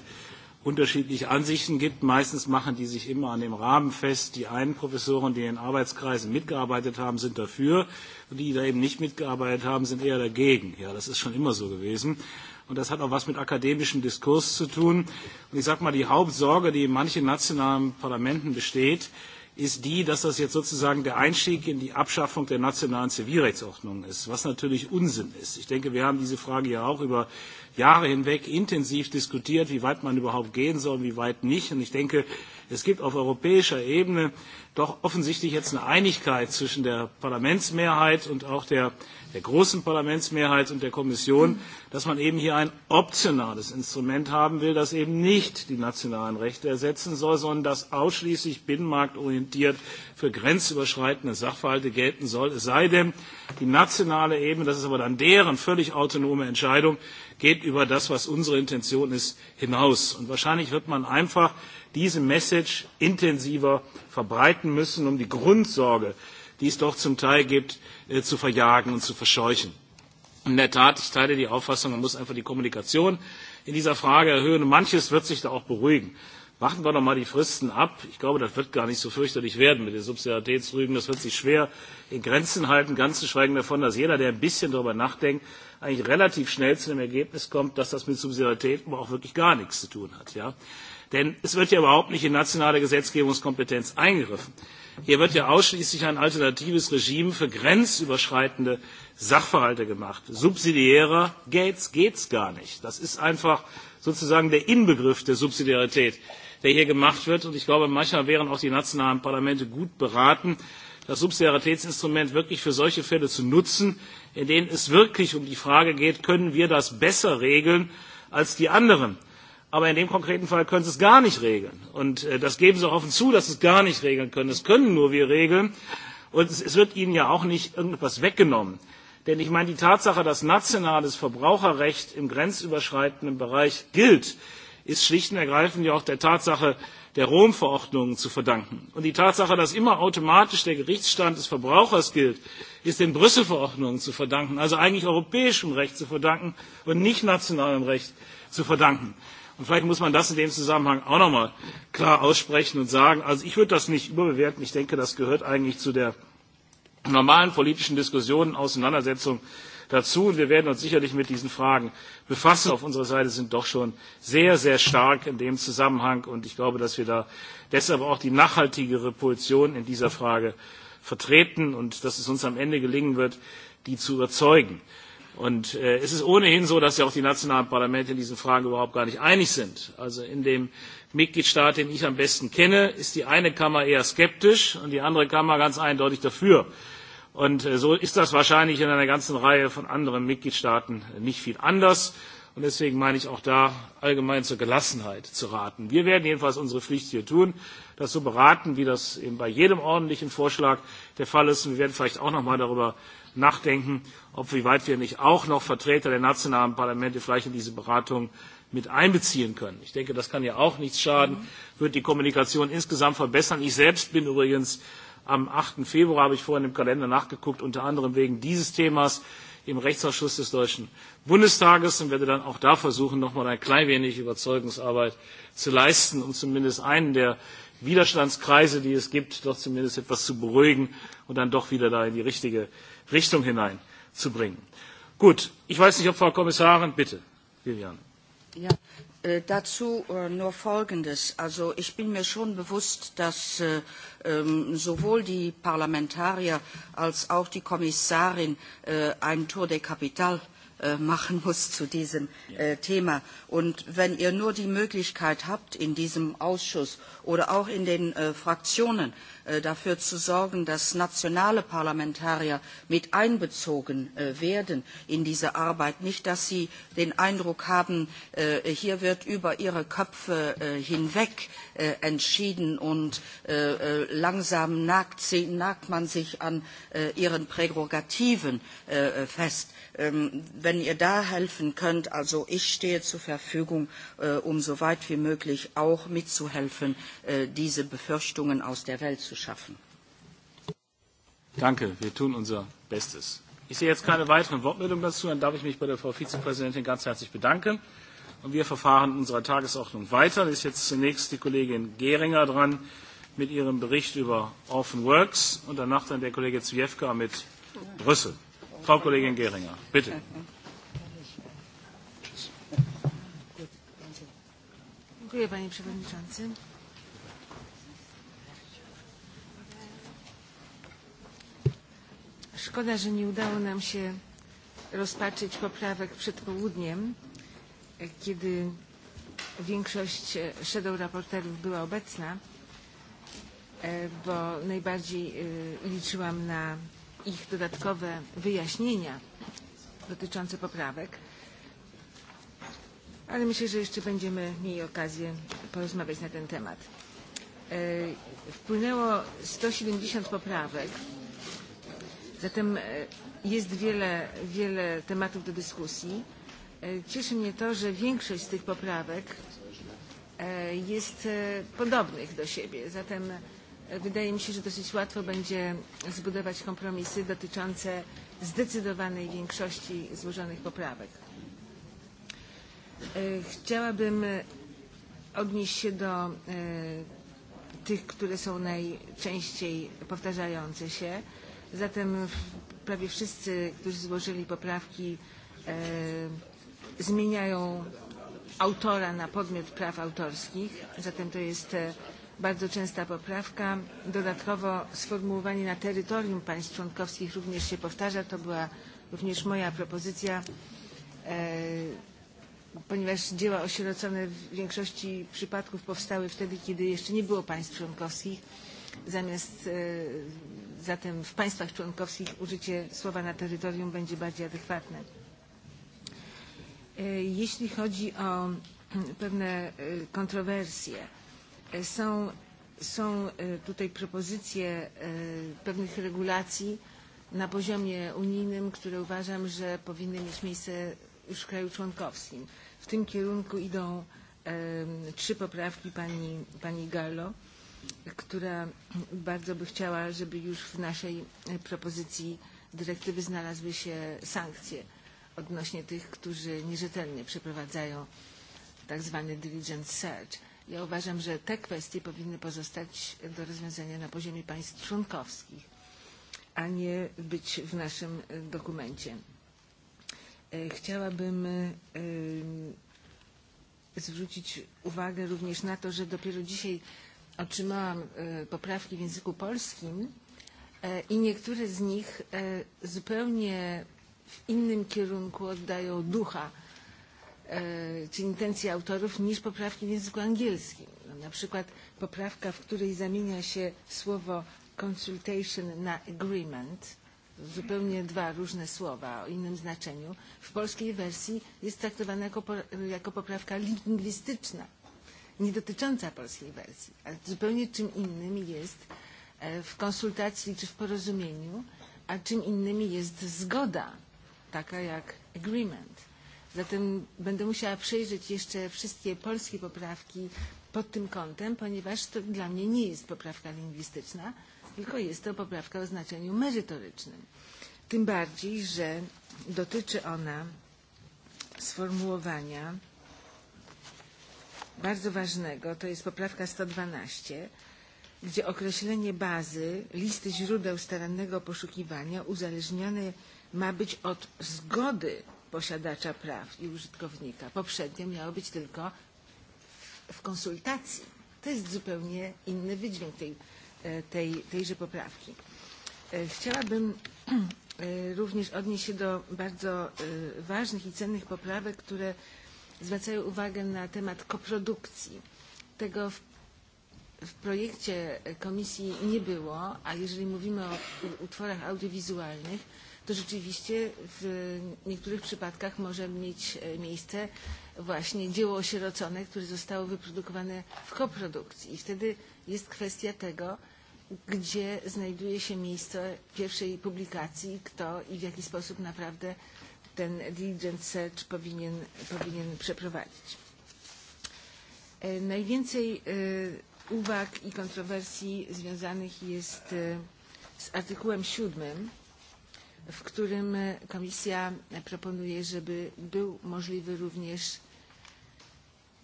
unterschiedliche Ansichten gibt. Meistens machen die sich immer an dem Rahmen fest. Die einen Professoren, die in Arbeitskreisen mitgearbeitet haben, sind dafür. Und die, die da eben nicht mitgearbeitet haben, sind eher dagegen. Ja, das ist schon immer so gewesen. Und das hat auch was mit akademischem Diskurs zu tun. Und ich sage mal, die Hauptsorge, die in manchen nationalen Parlamenten besteht, äh, ist die, dass das jetzt sozusagen der Einstieg in die Abschaffung der nationalen Zivilrechtsordnung ist, was natürlich Unsinn ist. Ich denke, wir haben diese Frage ja auch über Jahre hinweg intensiv diskutiert, wie weit man überhaupt gehen soll und wie weit nicht. Und ich denke, es gibt auf europäischer Ebene doch offensichtlich jetzt eine Einigkeit zwischen der Parlamentsmehrheit und auch der der großen Parlamentsmehrheit und der Kommission, dass man eben hier ein optionales Instrument haben will, das eben nicht die nationalen Rechte ersetzen soll, sondern das ausschließlich binnenmarktorientiert für grenzüberschreitende Sachverhalte gelten soll. Es sei denn, die nationale Ebene, das ist aber dann deren völlig autonome Entscheidung, geht über das, was unsere Intention ist, hinaus. Und wahrscheinlich wird man einfach diese Message intensiver verbreiten müssen, um die Grundsorge, die es doch zum Teil gibt, Äh, zu verjagen und zu verscheuchen. In der Tat, ich teile die Auffassung, man muss einfach die Kommunikation in dieser Frage erhöhen. Und manches wird sich da auch beruhigen. Warten wir doch mal die Fristen ab. Ich glaube, das wird gar nicht so fürchterlich werden mit den Subsidiaritätsrügen. Das wird sich schwer in Grenzen halten, ganz zu schweigen davon, dass jeder, der ein bisschen darüber nachdenkt, eigentlich relativ schnell zu dem Ergebnis kommt, dass das mit Subsidiarität aber auch wirklich gar nichts zu tun hat. Ja? Denn es wird ja überhaupt nicht in nationale Gesetzgebungskompetenz eingegriffen. Hier wird ja ausschließlich ein alternatives Regime für grenzüberschreitende Sachverhalte gemacht. Subsidiärer geht geht's gar nicht. Das ist einfach sozusagen der Inbegriff der Subsidiarität, der hier gemacht wird. Und ich glaube, manchmal wären auch die nationalen Parlamente gut beraten, das Subsidiaritätsinstrument wirklich für solche Fälle zu nutzen, in denen es wirklich um die Frage geht, können wir das besser regeln als die anderen? Aber in dem konkreten Fall können sie es gar nicht regeln. Und äh, das geben sie auch offen zu, dass sie es gar nicht regeln können. Das können nur wir regeln. Und es wird ihnen ja auch nicht irgendetwas weggenommen. Denn ich meine, die Tatsache, dass nationales Verbraucherrecht im grenzüberschreitenden Bereich gilt, ist schlicht und ergreifend ja auch der Tatsache der Rom-Verordnung zu verdanken. Und die Tatsache, dass immer automatisch der Gerichtsstand des Verbrauchers gilt, ist den Brüssel-Verordnungen zu verdanken, also eigentlich europäischem Recht zu verdanken und nicht nationalem Recht zu verdanken. Und vielleicht muss man das in dem Zusammenhang auch noch mal klar aussprechen und sagen. Also ich würde das nicht überbewerten. Ich denke, das gehört eigentlich zu der normalen politischen Diskussion und Auseinandersetzung dazu. Und wir werden uns sicherlich mit diesen Fragen befassen. Auf unserer Seite sind doch schon sehr, sehr stark in dem Zusammenhang. Und ich glaube, dass wir da deshalb auch die nachhaltigere Position in dieser Frage vertreten und dass es uns am Ende gelingen wird, die zu überzeugen. Und äh, es ist ohnehin so, dass ja auch die nationalen Parlamente in diesen Fragen überhaupt gar nicht einig sind. Also in dem Mitgliedstaat, den ich am besten kenne, ist die eine Kammer eher skeptisch und die andere Kammer ganz eindeutig dafür. Und äh, so ist das wahrscheinlich in einer ganzen Reihe von anderen Mitgliedstaaten nicht viel anders. Und deswegen meine ich auch da allgemein zur Gelassenheit zu raten. Wir werden jedenfalls unsere Pflicht hier tun, das so beraten, wie das eben bei jedem ordentlichen Vorschlag der Fall ist. Und wir werden vielleicht auch noch mal darüber nachdenken, ob wie weit wir nicht auch noch Vertreter der nationalen Parlamente vielleicht in diese Beratung mit einbeziehen können. Ich denke, das kann ja auch nichts schaden, wird die Kommunikation insgesamt verbessern. Ich selbst bin übrigens am 8. Februar, habe ich vorhin im Kalender nachgeguckt, unter anderem wegen dieses Themas im Rechtsausschuss des Deutschen Bundestages und werde dann auch da versuchen, noch mal ein klein wenig Überzeugungsarbeit zu leisten, um zumindest einen der Widerstandskreise, die es gibt, doch zumindest etwas zu beruhigen und dann doch wieder da in die richtige Richtung hineinzubringen. Gut, ich weiß nicht, ob Frau Kommissarin, bitte, Viviane. Ja, äh, dazu äh, nur Folgendes. Also ich bin mir schon bewusst, dass äh, ähm, sowohl die Parlamentarier als auch die Kommissarin äh, ein Tour de Capital Äh, machen muss zu diesem äh, Thema. Und wenn ihr nur die Möglichkeit habt, in diesem Ausschuss oder auch in den äh, Fraktionen äh, dafür zu sorgen, dass nationale Parlamentarier mit einbezogen äh, werden in diese Arbeit, nicht, dass sie den Eindruck haben, äh, hier wird über ihre Köpfe hinweg entschieden und langsam nagt, sie, nagt man sich an ihren Prärogativen fest. Ähm, wenn ihr da helfen könnt, also ich stehe zur Verfügung, äh, um so weit wie möglich auch mitzuhelfen, äh, diese Befürchtungen aus der Welt zu schaffen. Danke, wir tun unser Bestes. Ich sehe jetzt keine weiteren Wortmeldungen dazu. Dann darf ich mich bei der Frau Vizepräsidentin ganz herzlich bedanken. Und wir verfahren unserer Tagesordnung weiter. Es ist jetzt zunächst die Kollegin Geringer dran mit ihrem Bericht über Orphan Works und danach dann der Kollege Zwiefka mit Brüssel. Frau Kollegin Geringer, bitte. Dziękuję panie przewodniczący. Szkoda, że nie udało nam się rozpatrzyć poprawek przed południem, kiedy większość shadow raporterów była obecna, e, bo najbardziej e, liczyłam na ich dodatkowe wyjaśnienia dotyczące poprawek ale myślę, że jeszcze będziemy mieli okazję porozmawiać na ten temat. E, wpłynęło 170 poprawek, zatem e, jest wiele, wiele tematów do dyskusji. E, cieszy mnie to, że większość z tych poprawek jest podobnych do siebie, zatem wydaje mi się, że dosyć łatwo będzie zbudować kompromisy dotyczące zdecydowanej większości złożonych poprawek. E, chciałabym e, odnieść się do e, tych, które są najczęściej powtarzające się. Zatem prawie wszyscy, którzy złożyli poprawki, zmieniają autora na podmiot praw autorskich. Zatem to jest bardzo częsta poprawka. Dodatkowo sformułowanie na terytorium państw członkowskich również się powtarza. To była również moja propozycja ponieważ dzieła osierocone w większości przypadków powstały wtedy, kiedy jeszcze nie było państw członkowskich. Zamiast, e, zatem w państwach członkowskich użycie słowa na terytorium będzie bardziej adekwatne. E, jeśli chodzi o mm, pewne e, kontrowersje, są, są tutaj propozycje pewnych regulacji na poziomie unijnym, które uważam, że powinny mieć miejsce już w kraju członkowskim. W tym kierunku idą trzy poprawki pani, pani Gallo, która bardzo by chciała, żeby już w naszej e, propozycji dyrektywy znalazły się sankcje odnośnie tych, którzy nierzetelnie przeprowadzają tak zwany diligent search. Ja uważam, że te kwestie powinny pozostać do rozwiązania na poziomie państw członkowskich, a nie być w naszym e, dokumencie. E, Chciałabym e, zwrócić uwagę również na to, że dopiero dzisiaj otrzymałam e, poprawki w języku polskim i niektóre z nich zupełnie w innym kierunku oddają ducha czy intencje autorów niż poprawki w języku angielskim. na przykład poprawka, w której zamienia się słowo consultation na agreement zupełnie dwa różne słowa o innym znaczeniu, w polskiej wersji jest traktowana jako, jako poprawka lingwistyczna, nie dotycząca polskiej wersji, a zupełnie czym innym jest e, w konsultacji czy w porozumieniu, a czym innym jest zgoda, taka jak agreement. Zatem będę musiała przejrzeć jeszcze wszystkie polskie poprawki pod tym kątem, ponieważ to dla mnie nie jest poprawka lingwistyczna, tylko jest to poprawka o znaczeniu merytorycznym. Tym bardziej, że dotyczy ona sformułowania bardzo ważnego, to jest poprawka 112, gdzie określenie bazy listy źródeł starannego poszukiwania uzależnione ma być od zgody posiadacza praw i użytkownika. Poprzednio miało być tylko w konsultacji. To jest zupełnie inny wydźwięk tej tej, tejże poprawki. E, chciałabym e, również odnieść się do bardzo e, ważnych i cennych poprawek, które zwracają uwagę na temat koprodukcji. Tego w, w projekcie komisji nie było, a jeżeli mówimy o utworach audiowizualnych, to rzeczywiście w niektórych przypadkach może mieć miejsce właśnie dzieło osierocone, które zostało wyprodukowane w koprodukcji. I wtedy jest kwestia tego, gdzie znajduje się miejsce pierwszej publikacji, kto i w jaki sposób naprawdę ten diligent search powinien, powinien przeprowadzić. E, najwięcej e, uwag i kontrowersji związanych jest e, z artykułem siódmym, w którym komisja proponuje, żeby był możliwy również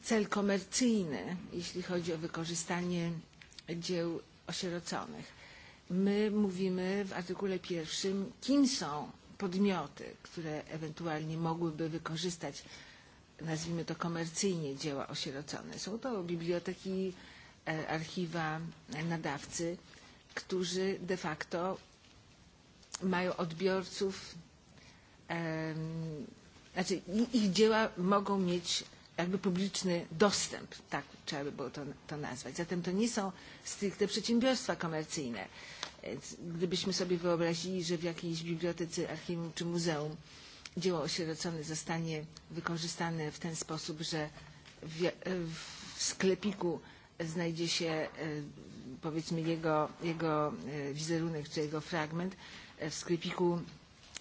cel komercyjny, jeśli chodzi o wykorzystanie dzieł osieroconych. My mówimy w artykule pierwszym, kim są podmioty, które ewentualnie mogłyby wykorzystać, nazwijmy to komercyjnie, dzieła osierocone. Są to biblioteki, e, archiwa, e, nadawcy, którzy de facto mają odbiorców, znaczy ich dzieła mogą mieć jakby publiczny dostęp, tak trzeba by było to, to nazwać. Zatem to nie są stricte przedsiębiorstwa komercyjne. Gdybyśmy sobie wyobrazili, że w jakiejś bibliotece, archiwum czy muzeum dzieło osierocone zostanie wykorzystane w ten sposób, że w, e, w sklepiku znajdzie się e, powiedzmy jego, jego e, wizerunek czy jego fragment w sklepiku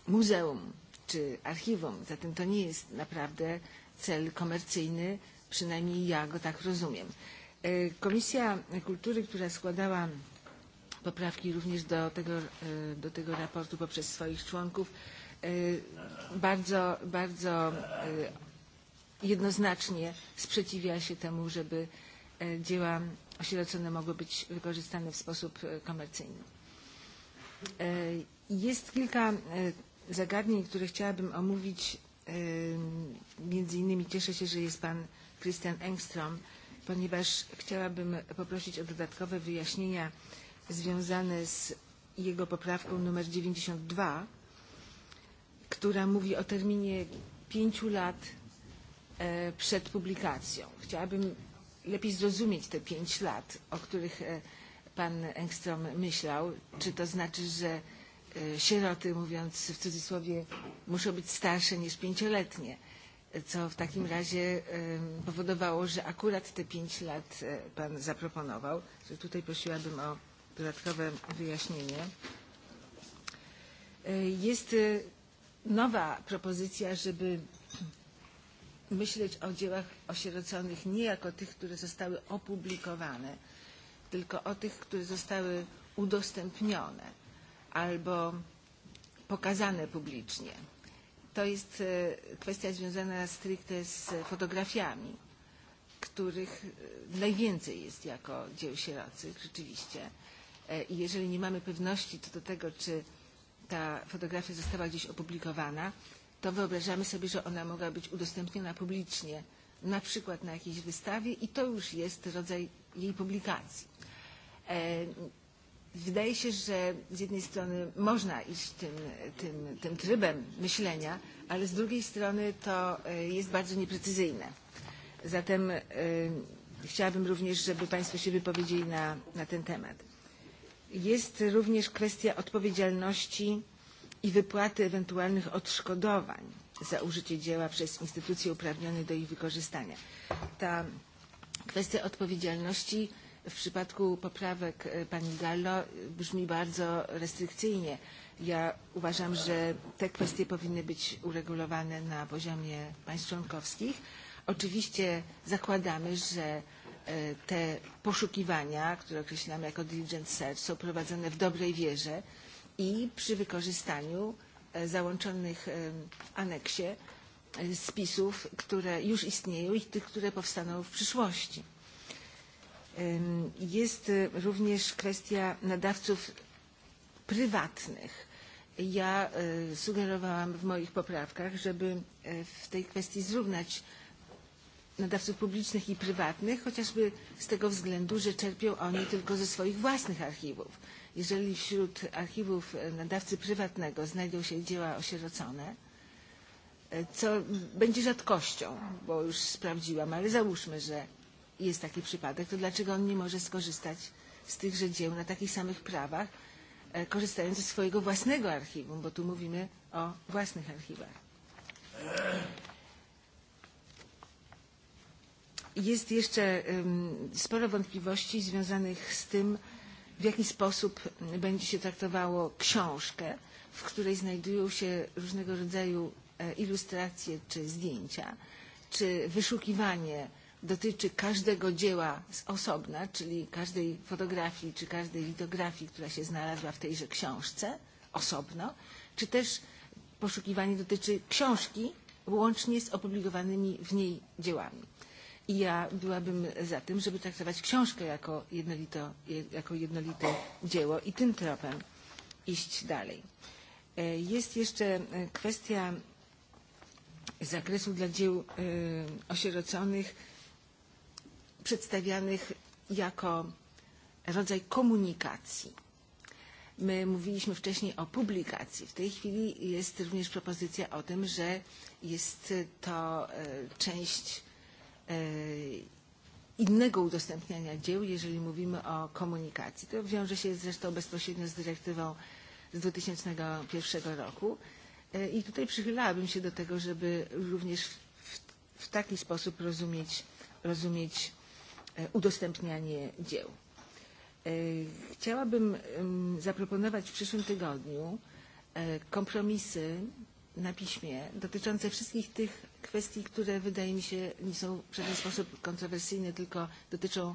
muzeum czy archiwum. Zatem to nie jest naprawdę cel komercyjny, przynajmniej ja go tak rozumiem. E, Komisja Kultury, która składała poprawki również do tego, e, do tego raportu poprzez swoich członków, e, bardzo, bardzo jednoznacznie sprzeciwia się temu, żeby dzieła osierocone mogły być wykorzystane w sposób komercyjny. Jest kilka zagadnień, które chciałabym omówić Między innymi cieszę się, że jest pan Christian Engström, ponieważ chciałabym poprosić o dodatkowe wyjaśnienia związane z jego poprawką numer 92, która mówi o terminie pięciu lat e, przed publikacją. Chciałabym lepiej zrozumieć te pięć lat, o których e, pan Engstrom myślał. Czy to znaczy, że E, sieroty, mówiąc w cudzysłowie, muszą być starsze niż pięcioletnie, co w takim razie powodowało, że akurat te pięć lat e, Pan zaproponował, że tutaj prosiłabym o dodatkowe wyjaśnienie. E, jest nowa propozycja, żeby myśleć o dziełach osieroconych nie jako tych, które zostały opublikowane, tylko o tych, które zostały udostępnione albo pokazane publicznie. To jest e, kwestia związana stricte z fotografiami, których e, najwięcej jest jako dzieł sierocych rzeczywiście. E, I jeżeli nie mamy pewności co do tego, czy ta fotografia została gdzieś opublikowana, to wyobrażamy sobie, że ona mogła być udostępniona publicznie, na przykład na jakiejś wystawie i to już jest rodzaj jej publikacji. Wydaje się, że z jednej strony można iść tym, tym, tym trybem myślenia, ale z drugiej strony to e, jest bardzo nieprecyzyjne. Zatem y, e, chciałabym również, żeby Państwo się wypowiedzieli na, na ten temat. Jest również kwestia odpowiedzialności i wypłaty ewentualnych odszkodowań za użycie dzieła przez instytucje uprawnione do ich wykorzystania. Ta kwestia odpowiedzialności w przypadku poprawek e, pani Gallo e, brzmi bardzo restrykcyjnie. Ja uważam, że te kwestie powinny być uregulowane na poziomie państw członkowskich. Oczywiście zakładamy, że e, te poszukiwania, które określamy jako diligent search, są prowadzone w dobrej wierze i przy wykorzystaniu załączonych aneksie spisów, które już istnieją i tych, które powstaną w przyszłości Jest e, również kwestia nadawców prywatnych. Ja e, sugerowałam w moich poprawkach, żeby e, w tej kwestii zrównać nadawców publicznych i prywatnych, chociażby z tego względu, że czerpią oni tylko ze swoich własnych archiwów. Jeżeli wśród archiwów nadawcy prywatnego znajdą się dzieła osierocone, co będzie rzadkością, bo już sprawdziłam, ale załóżmy, że jest taki przypadek, to dlaczego on nie może skorzystać z tychże dzieł na takich samych prawach, e, korzystając ze swojego własnego archiwum, bo tu mówimy o własnych archiwach. Jest jeszcze sporo wątpliwości związanych z tym, w jaki sposób będzie się traktowało książkę, w której znajdują się różnego rodzaju e, ilustracje czy zdjęcia, czy wyszukiwanie dotyczy każdego dzieła z osobna, czyli każdej fotografii czy każdej litografii, która się znalazła w tejże książce osobno, czy też poszukiwanie dotyczy książki łącznie z opublikowanymi w niej dziełami. I ja byłabym za tym, żeby traktować książkę jako, jednolito, jako jednolite dzieło i tym tropem iść dalej. E, jest jeszcze kwestia zakresu dla dzieł e, osieroconych przedstawianych jako rodzaj komunikacji. My mówiliśmy wcześniej o publikacji. W tej chwili jest również propozycja o tym, że jest to e, część e, innego udostępniania dzieł, jeżeli mówimy o komunikacji. To wiąże się zresztą bezpośrednio z dyrektywą z 2001 roku. E, I tutaj przychylałabym się do tego, żeby również w, w taki sposób rozumieć, rozumieć E, udostępnianie dzieł. E, chciałabym zaproponować w przyszłym tygodniu e, kompromisy na piśmie dotyczące wszystkich tych kwestii, które wydaje mi się nie są w żaden sposób kontrowersyjne, tylko dotyczą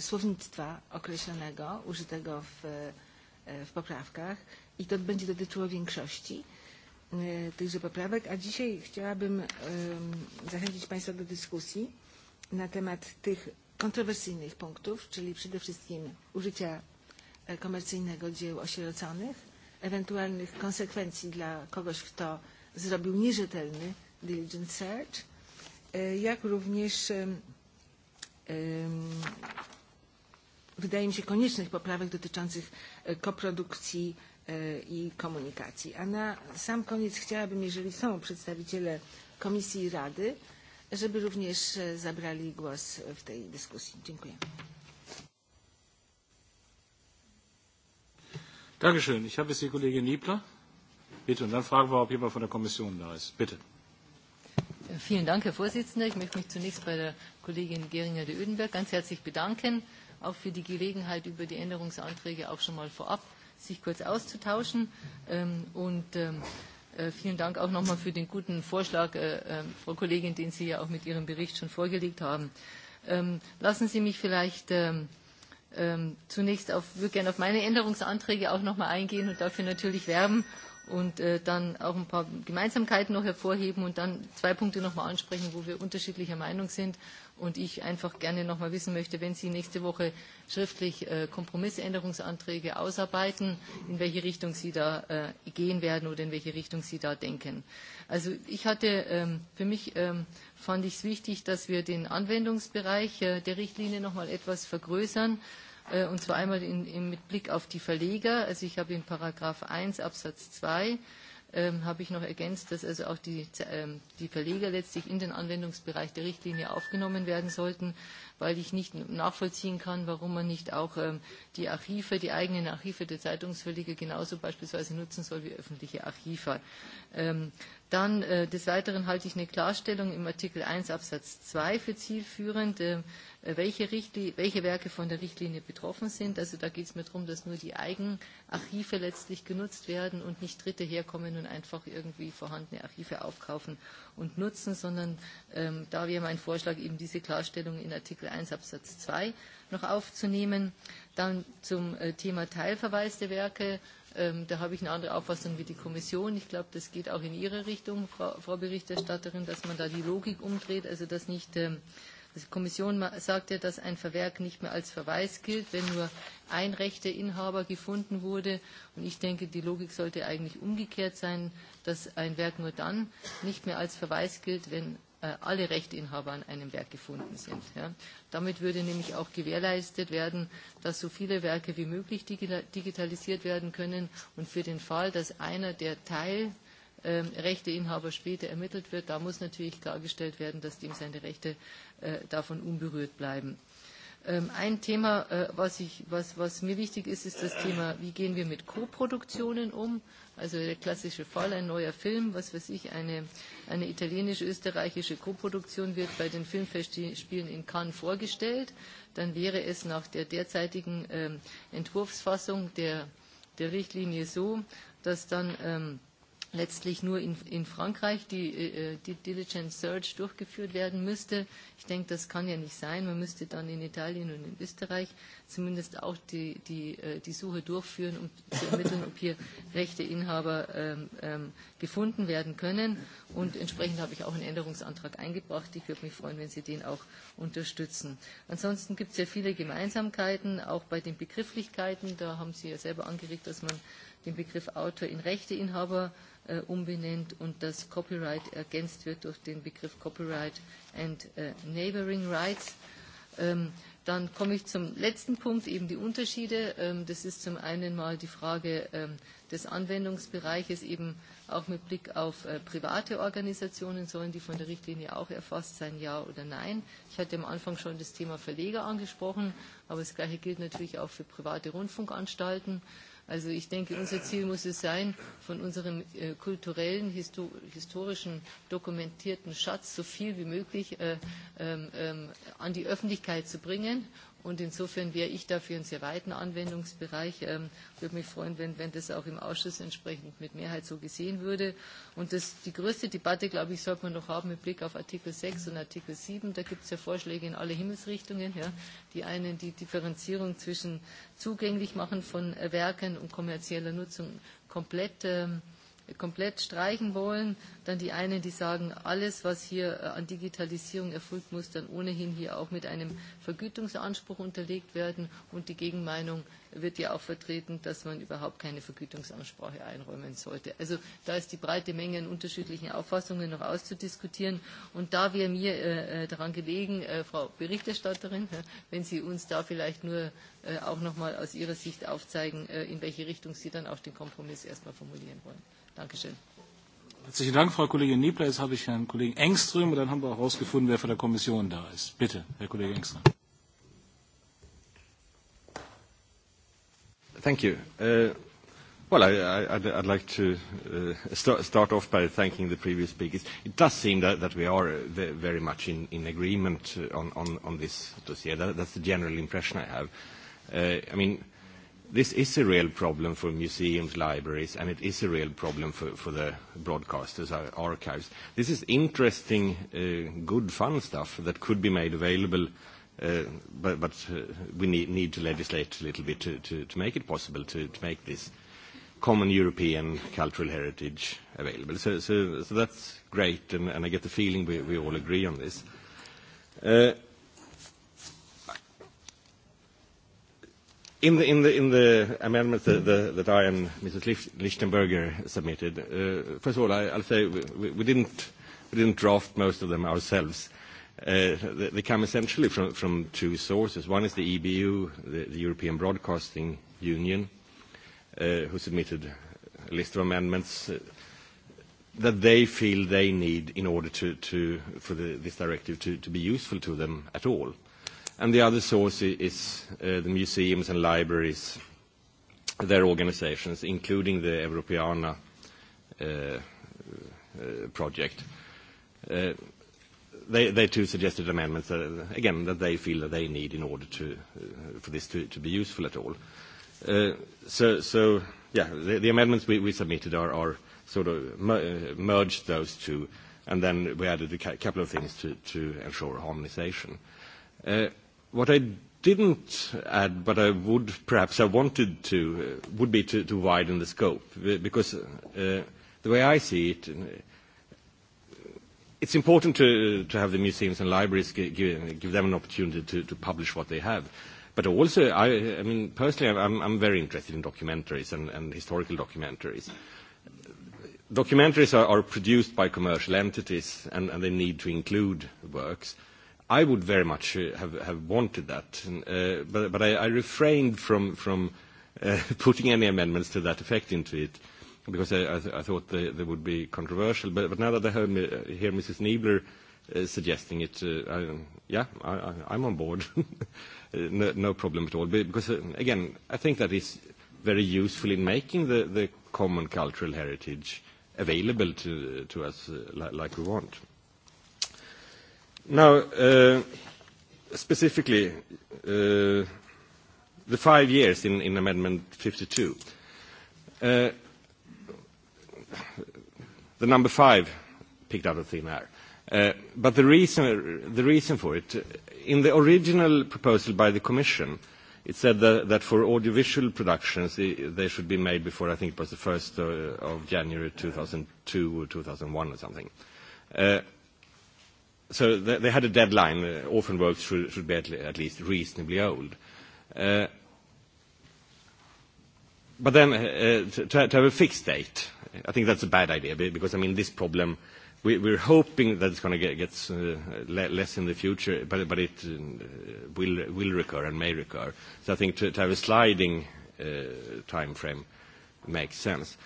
słownictwa określonego, użytego w, w poprawkach i to będzie dotyczyło większości tychże poprawek, a dzisiaj chciałabym zachęcić Państwa do dyskusji na temat tych kontrowersyjnych punktów, czyli przede wszystkim użycia e, komercyjnego dzieł osieroconych, ewentualnych konsekwencji dla kogoś, kto zrobił nierzetelny diligent search, e, jak również e, wydaje mi się koniecznych poprawek dotyczących koprodukcji i komunikacji. A na sam koniec chciałabym, jeżeli są przedstawiciele Komisji i Rady, żeby również e, zabrali głos w tej dyskusji. Dziękuję. Dankeschön. Ich habe jetzt die Kollegin Niebler. Bitte, und dann fragen wir, ob jemand von der Kommission da ist. Bitte. Äh, vielen Dank, Herr Vorsitzender. Ich möchte mich zunächst bei der Kollegin Geringer de Ödenberg ganz herzlich bedanken, auch für die Gelegenheit, über die Änderungsanträge auch schon mal vorab sich kurz auszutauschen. Ähm, und ähm, Äh, vielen Dank auch nochmal für den guten Vorschlag, äh, ähm, Frau Kollegin, den Sie ja auch mit Ihrem Bericht schon vorgelegt haben. Ähm, lassen Sie mich vielleicht ähm, zunächst auf, würde gerne auf meine Änderungsanträge auch nochmal eingehen und dafür natürlich werben und äh, dann auch ein paar Gemeinsamkeiten noch hervorheben und dann zwei Punkte nochmal ansprechen, wo wir unterschiedlicher Meinung sind und ich einfach gerne noch mal wissen möchte, wenn Sie nächste Woche schriftlich äh, Kompromissänderungsanträge ausarbeiten, in welche Richtung Sie da äh, gehen werden oder in welche Richtung Sie da denken. Also ich hatte, ähm, für mich ähm, fand ich es wichtig, dass wir den Anwendungsbereich äh, der Richtlinie noch mal etwas vergrößern, äh, und zwar einmal in, in, mit Blick auf die Verleger. Also ich habe in Paragraph 1 Absatz 2 ähm, habe ich noch ergänzt, dass also auch die, ähm, die Verleger letztlich in den Anwendungsbereich der Richtlinie aufgenommen werden sollten, weil ich nicht nachvollziehen kann, warum man nicht auch ähm, die Archive, die eigenen Archive der Zeitungsverleger genauso beispielsweise nutzen soll wie öffentliche Archive. Ähm, dann äh, des Weiteren halte ich eine Klarstellung im Artikel 1 Absatz 2 für zielführend. Ähm, Äh, welche, welche Werke von der Richtlinie betroffen sind. Also da geht es mir darum, dass nur die Eigenarchive letztlich genutzt werden und nicht Dritte herkommen und einfach irgendwie vorhandene Archive aufkaufen und nutzen, sondern ähm, da wäre mein Vorschlag, eben diese Klarstellung in Artikel 1 Absatz 2 noch aufzunehmen. Dann zum äh, Thema Teilverweis der Werke. Ähm, da habe ich eine andere Auffassung wie die Kommission. Ich glaube, das geht auch in Ihre Richtung, Frau, Frau Berichterstatterin, dass man da die Logik umdreht, also dass nicht ähm, Die Kommission sagt ja, dass ein Verwerk nicht mehr als Verweis gilt, wenn nur ein Rechteinhaber gefunden wurde. Und ich denke, die Logik sollte eigentlich umgekehrt sein, dass ein Werk nur dann nicht mehr als Verweis gilt, wenn äh, alle Rechteinhaber an einem Werk gefunden sind. Ja. Damit würde nämlich auch gewährleistet werden, dass so viele Werke wie möglich digitalisiert werden können und für den Fall, dass einer der Teil Ähm, Rechteinhaber später ermittelt wird. Da muss natürlich klargestellt werden, dass dem seine Rechte äh, davon unberührt bleiben. Ähm, ein Thema, äh, was, ich, was, was mir wichtig ist, ist das Thema, wie gehen wir mit Koproduktionen um? Also der klassische Fall, ein neuer Film, was weiß ich, eine, eine italienisch-österreichische Koproduktion wird bei den Filmfestspielen in Cannes vorgestellt. Dann wäre es nach der derzeitigen ähm, Entwurfsfassung der, der Richtlinie so, dass dann ähm, letztlich nur in, in Frankreich die, äh, äh, die Diligent Search durchgeführt werden müsste. Ich denke, das kann ja nicht sein. Man müsste dann in Italien und in Österreich zumindest auch die, die, äh, die Suche durchführen, um zu ermitteln, ob hier Rechteinhaber ähm, ähm, gefunden werden können. Und entsprechend habe ich auch einen Änderungsantrag eingebracht. Ich würde mich freuen, wenn Sie den auch unterstützen. Ansonsten gibt es ja viele Gemeinsamkeiten, auch bei den Begrifflichkeiten. Da haben Sie ja selber angeregt, dass man den Begriff Autor in Rechteinhaber äh, Äh, umbenennt und dass Copyright ergänzt wird durch den Begriff Copyright and äh, Neighboring Rights. Ähm, dann komme ich zum letzten Punkt, eben die Unterschiede. Ähm, das ist zum einen mal die Frage ähm, des Anwendungsbereiches, eben auch mit Blick auf äh, private Organisationen. Sollen die von der Richtlinie auch erfasst sein, ja oder nein? Ich hatte am Anfang schon das Thema Verleger angesprochen, aber das Gleiche gilt natürlich auch für private Rundfunkanstalten. Also ich denke, unser Ziel muss es sein, von unserem äh, kulturellen, histor historischen, dokumentierten Schatz so viel wie möglich äh, ähm, ähm an die Öffentlichkeit zu bringen Und insofern wäre ich dafür einen sehr weiten Anwendungsbereich. Ähm, würde mich freuen, wenn, wenn das auch im Ausschuss entsprechend mit Mehrheit so gesehen würde. Und das, die größte Debatte, glaube ich, sollte man noch haben mit Blick auf Artikel 6 und Artikel 7. Da gibt es ja Vorschläge in alle Himmelsrichtungen. Ja. Die einen die Differenzierung zwischen zugänglich machen von Werken und kommerzieller Nutzung komplett ähm, komplett streichen wollen, dann die einen, die sagen, alles, was hier äh, an Digitalisierung erfolgt, muss dann ohnehin hier auch mit einem Vergütungsanspruch unterlegt werden. Und die Gegenmeinung wird ja auch vertreten, dass man überhaupt keine Vergütungsansprache einräumen sollte. Also da ist die breite Menge an unterschiedlichen Auffassungen noch auszudiskutieren. Und da wäre mir äh, äh, daran gelegen, äh, Frau Berichterstatterin, äh, wenn Sie uns da vielleicht nur äh, auch noch mal aus Ihrer Sicht aufzeigen, äh, in welche Richtung Sie dann auch den Kompromiss erstmal formulieren wollen. Dankeschön. Herzlichen Dank, Frau Kollegin Niebler. Jetzt habe ich Herrn Kollegen Engström und dann haben wir auch herausgefunden, wer von der Kommission da ist. Bitte, Herr Kollege Engström. Thank you. Uh, well, I, I, I'd, I'd like to uh, start, start off by thanking the previous speakers. It does seem that, that we are uh, very much in, in agreement uh, on, on, on this dossier. That, that's the general impression I have. Uh, I mean, uh, this is a real problem for museums, libraries, and it is a real problem for, for the broadcasters, our uh, archives. This is interesting, uh, good, fun stuff that could be made available, uh, but, but uh, we need, need to legislate a little bit to, to, to make it possible to, to make this common European cultural heritage available. So, so, so that's great, and, and I get the feeling we, we all agree on this. Uh, In the, in the, in the amendments that, the, that I and Mrs. Lichtenberger submitted, uh, first of all, I, I'll say we, we, didn't, we didn't draft most of them ourselves. Uh, they, they come essentially from, from two sources. One is the EBU, the, the European Broadcasting Union, uh, who submitted a list of amendments uh, that they feel they need in order to, to, for the, this directive to, to be useful to them at all. Uh, and the other source is uh, the museums and libraries, their organizations, including the Europeana uh, uh, project. they, too suggested amendments, that again, that they feel that they need in order to, for this to, be useful at all. so, yeah, the, the amendments we, we submitted are, are sort of merged those two, and then we added a couple of things to, to ensure harmonization. Uh, What I didn't add, but I would perhaps have wanted to, uh, would be to, to widen the scope, uh, because uh, the way I see it, uh, it's important to, uh, to have the museums and libraries give, give them an opportunity to, to publish what they have. But also, I, I mean, personally, I'm, I'm very interested in documentaries and, and historical documentaries. Documentaries are, are produced by commercial entities, and, and they need to include works. Uh, i would very much uh, have, have wanted that, uh, but, but I, I refrained from, from uh, putting any amendments to that effect into it because I, I, th I thought they, they would be controversial. But, but now that I heard me, uh, hear Mrs. Niebler uh, suggesting it, uh, I, yeah, I, I, I'm on board. Uh, no, no problem at all. Because, uh, again, I think that is very useful in making the, the common cultural heritage available to, to us uh, li like we want. Now, uh, specifically, uh, the five years in, in Amendment 52. Uh, the number five picked out of thin air. Uh, but the reason, the reason for it, in the original proposal by the Commission, it said that, that for audiovisual productions, they should be made before, I think it was the 1st uh, of January 2002 or 2001 or something. Uh, so they, they had a deadline. Uh, orphan works should, should be at, le at least reasonably old. Uh, but then uh, to, to have a fixed date, I think that's a bad idea because, I mean, this problem, we, we're hoping that it's going to get gets, uh, le less in the future, but, but it uh, will, will recur and may recur. So I think to, to have a sliding uh, time frame makes sense. Uh,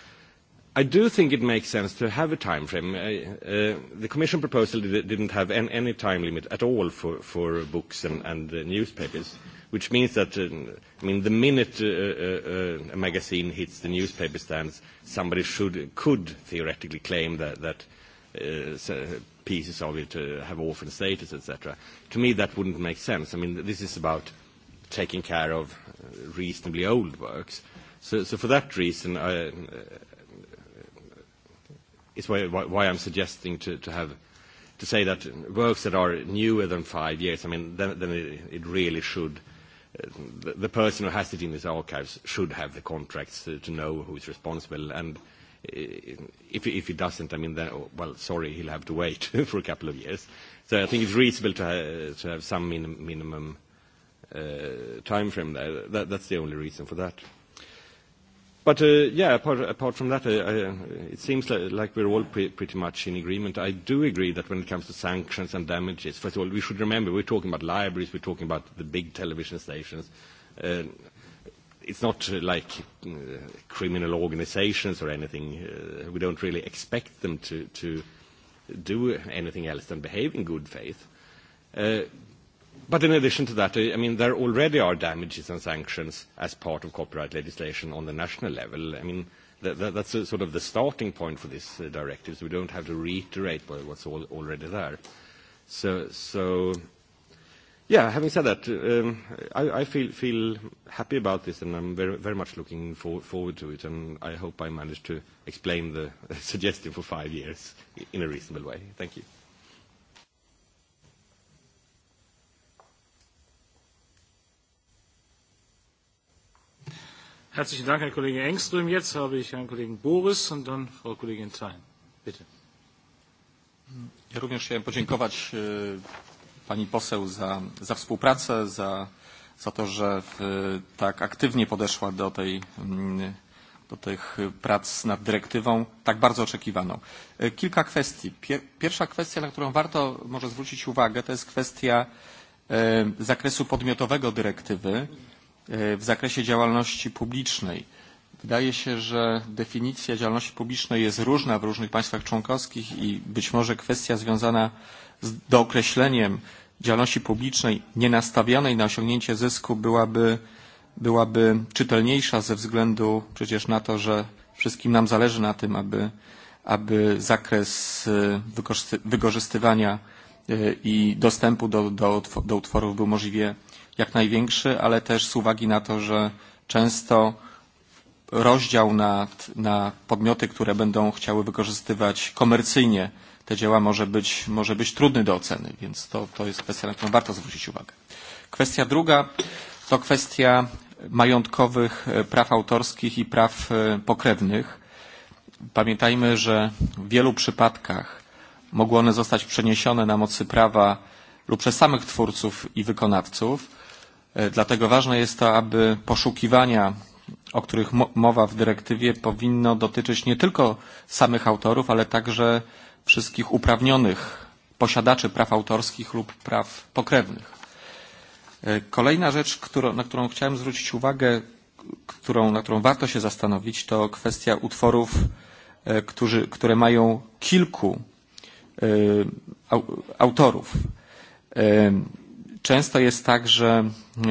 i do think it makes sense to have a time frame. Uh, uh, the Commission proposal did, didn't have any, any time limit at all for, for books and, and uh, newspapers, which means that uh, I mean, the minute uh, uh, uh a magazine hits the newspaper stands, somebody should, could theoretically claim that, that uh, pieces of it uh, have orphan status, etc. To me, that wouldn't make sense. I mean, this is about taking care of uh, reasonably old works. So, so for that reason, I, It's why, why I'm suggesting to, to have to say that works that are newer than five years, I mean, then, then it, it really should. Uh, the, the person who has it in his archives should have the contracts to, to know who is responsible. And uh, if, if he doesn't, I mean, then, oh, well, sorry, he'll have to wait for a couple of years. So I think it's reasonable to, ha- uh, to have some min- minimum uh, time frame there. That, that's the only reason for that. But uh, yeah, apart, apart from that, I, I, uh, it seems like, like we're all pre pretty much in agreement. I do agree that when it comes to sanctions and damages, first of all, we should remember we're talking about libraries, we're talking about the big television stations. Uh, it's not uh, like uh, criminal organizations or anything. Uh, we don't really expect them to, to do anything else than behave in good faith. Uh, But in addition to that, I mean, there already are damages and sanctions as part of copyright legislation on the national level. I mean, that, that, that's a, sort of the starting point for this uh, directive, so we don't have to reiterate what's all, already there. So, so, yeah, having said that, um, I, I feel, feel happy about this, and I'm very, very much looking for, forward to it, and I hope I managed to explain the suggestion for five years in a reasonable way. Thank you. Herzlichen Dank, Herr Kollege Engström. Jetzt habe ich Herrn Kollegen Boris und dann Frau Kollegin Thein. Bitte. Ja również chciałem podziękować e, pani poseł za, za współpracę, za, za to, że tak aktywnie podeszła do, tej, mm, do tych prac nad dyrektywą, tak bardzo oczekiwaną. E, kilka kwestii. pierwsza kwestia, na którą warto może zwrócić uwagę, to jest kwestia e, zakresu podmiotowego dyrektywy E, w zakresie działalności publicznej. Wydaje się, że definicja działalności publicznej jest różna w różnych państwach członkowskich i być może kwestia związana z dookreśleniem działalności publicznej nienastawionej na osiągnięcie zysku byłaby, byłaby czytelniejsza ze względu przecież na to, że wszystkim nam zależy na tym, aby, aby zakres e, wykorzystywania e, i dostępu do, do, do utworów był możliwie jak największy, ale też z uwagi na to, że często rozdział na, na podmioty, które będą chciały wykorzystywać komercyjnie te dzieła może być, może być trudny do oceny, więc to, to jest kwestia, na którą warto zwrócić uwagę. Kwestia druga to kwestia majątkowych e, praw autorskich i praw e, pokrewnych. Pamiętajmy, że w wielu przypadkach mogły one zostać przeniesione na mocy prawa lub przez samych twórców i wykonawców, E, dlatego ważne jest to, aby poszukiwania, o których mowa w dyrektywie, powinno dotyczyć nie tylko samych autorów, ale także wszystkich uprawnionych posiadaczy praw autorskich lub praw pokrewnych. E, kolejna rzecz, na którą chciałem zwrócić uwagę, na którą warto się zastanowić, to kwestia utworów, e, które mają kilku autorów często jest tak, że e,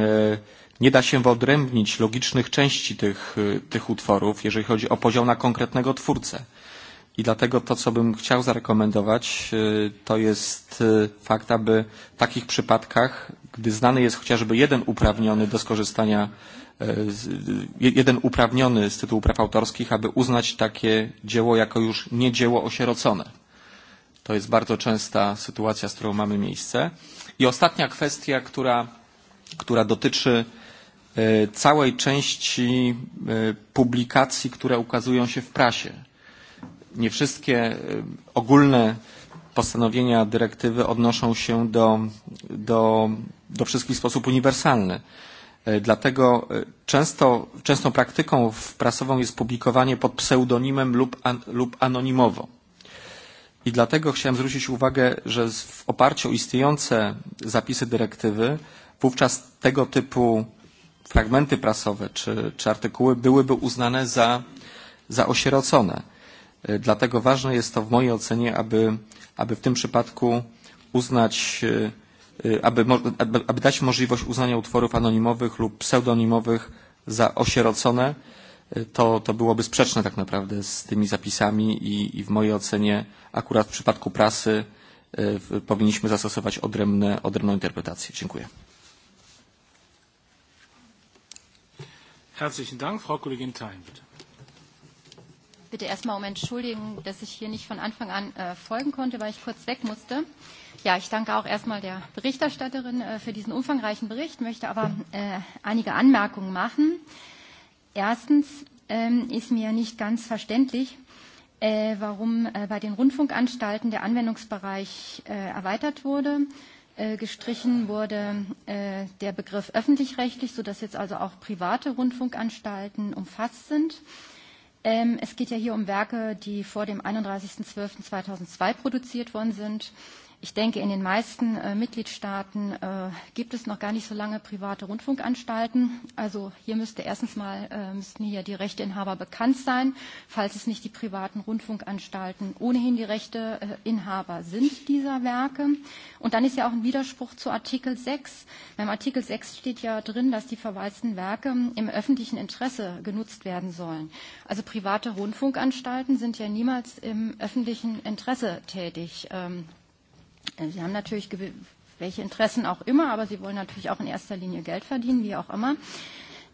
nie da się wyodrębnić logicznych części tych, e, tych utworów, jeżeli chodzi o poziom na konkretnego twórcę. I dlatego to, co bym chciał zarekomendować, e, to jest fakt, aby w takich przypadkach, gdy znany jest chociażby jeden uprawniony do skorzystania, jeden uprawniony z tytułu praw autorskich, aby uznać takie dzieło jako już nie dzieło osierocone. To jest bardzo częsta sytuacja, z którą mamy miejsce. I ostatnia kwestia, która, która dotyczy e, całej części e, publikacji, które ukazują się w prasie. Nie wszystkie e, ogólne postanowienia dyrektywy odnoszą się do, do, do wszystkich w sposób uniwersalny. Dlatego często, częstą praktyką prasową jest publikowanie pod pseudonimem lub, an, lub anonimowo. I dlatego chciałem zwrócić uwagę, że w oparciu o istniejące zapisy dyrektywy wówczas tego typu fragmenty prasowe czy, czy artykuły byłyby uznane za, za osierocone. E, dlatego ważne jest to w mojej ocenie, aby, aby w tym przypadku uznać, e, e, aby, aby dać możliwość uznania utworów anonimowych lub pseudonimowych za osierocone, to, to byłoby sprzeczne tak naprawdę z tymi zapisami i, i w mojej ocenie akurat w przypadku prasy e, powinniśmy zastosować odrębne, odrębną interpretację. Dziękuję. Herzlichen Dank. Frau Kollegin Thein, bitte. Bitte erstmal um Entschuldigung, dass ich hier nicht von Anfang an äh, folgen konnte, weil ich kurz weg musste. Ja, ich danke auch erstmal der Berichterstatterin äh, für diesen umfangreichen Bericht, möchte aber äh, einige Anmerkungen machen. Äh, Erstens ähm, ist mir nicht ganz verständlich, äh, warum äh, bei den Rundfunkanstalten der Anwendungsbereich äh, erweitert wurde. Äh, gestrichen wurde äh, der Begriff öffentlich-rechtlich, sodass jetzt also auch private Rundfunkanstalten umfasst sind. Ähm, es geht ja hier um Werke, die vor dem 31.12.2002 produziert worden sind. Äh, ich denke, in den meisten äh, Mitgliedstaaten äh, gibt es noch gar nicht so lange private Rundfunkanstalten. Also hier müsste erstens mal äh, müssten hier die Rechteinhaber bekannt sein, falls es nicht die privaten Rundfunkanstalten ohnehin die Rechteinhaber sind dieser Werke. Und dann ist ja auch ein Widerspruch zu Artikel 6. Beim Artikel 6 steht ja drin, dass die verwaisten Werke im öffentlichen Interesse genutzt werden sollen. Also private Rundfunkanstalten sind ja niemals im öffentlichen Interesse tätig. Ähm, Sie haben natürlich welche Interessen auch immer, aber Sie wollen natürlich auch in erster Linie Geld verdienen, wie auch immer.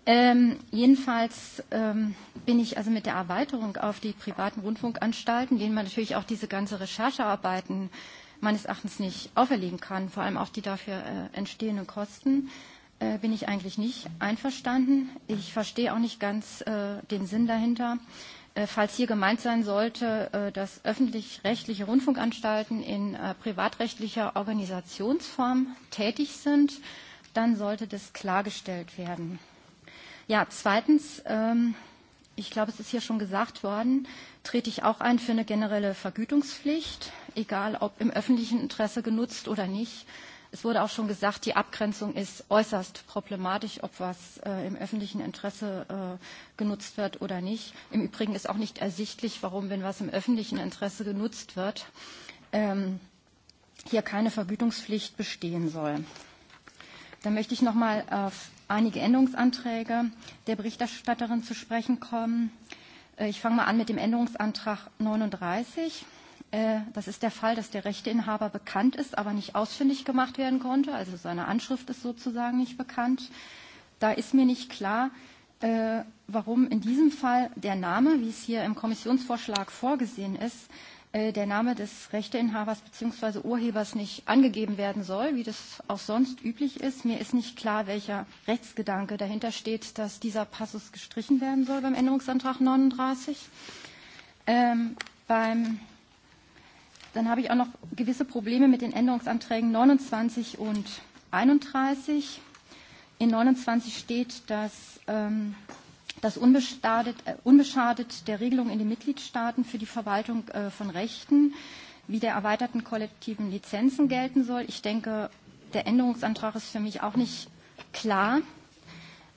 Ähm, jedenfalls ähm, bin ich also mit der Erweiterung auf die privaten Rundfunkanstalten, denen man natürlich auch diese ganze Recherchearbeiten meines Erachtens nicht auferlegen kann, vor allem auch die dafür äh, entstehenden Kosten, äh, bin ich eigentlich nicht einverstanden. Ich verstehe auch nicht ganz äh, den Sinn dahinter. Äh, Äh, falls hier gemeint sein sollte, äh, dass öffentlich-rechtliche Rundfunkanstalten in äh, privatrechtlicher Organisationsform tätig sind, dann sollte das klargestellt werden. Ja, zweitens, ähm, ich glaube, es ist hier schon gesagt worden, trete ich auch ein für eine generelle Vergütungspflicht, egal ob im öffentlichen Interesse genutzt oder nicht. Es wurde auch schon gesagt, die Abgrenzung ist äußerst problematisch, ob was äh, im öffentlichen Interesse äh, genutzt wird oder nicht. Im Übrigen ist auch nicht ersichtlich, warum, wenn was im öffentlichen Interesse genutzt wird, ähm, hier keine Vergütungspflicht bestehen soll. Dann möchte ich noch mal auf einige Änderungsanträge der Berichterstatterin zu sprechen kommen. Äh, ich fange mal an mit dem Änderungsantrag 39. Äh, das ist der Fall, dass der Rechteinhaber bekannt ist, aber nicht ausfindig gemacht werden konnte. Also seine Anschrift ist sozusagen nicht bekannt. Da ist mir nicht klar, äh, warum in diesem Fall der Name, wie es hier im Kommissionsvorschlag vorgesehen ist, äh, der Name des Rechteinhabers bzw. Urhebers nicht angegeben werden soll, wie das auch sonst üblich ist. Mir ist nicht klar, welcher Rechtsgedanke dahinter steht, dass dieser Passus gestrichen werden soll beim Änderungsantrag 39. Ähm, beim Dann habe ich auch noch gewisse Probleme mit den Änderungsanträgen 29 und 31. In 29 steht, dass ähm, dass unbeschadet, äh, unbeschadet der Regelung in den Mitgliedstaaten für die Verwaltung äh, von Rechten wie der erweiterten kollektiven Lizenzen gelten soll. Ich denke, der Änderungsantrag ist für mich auch nicht klar.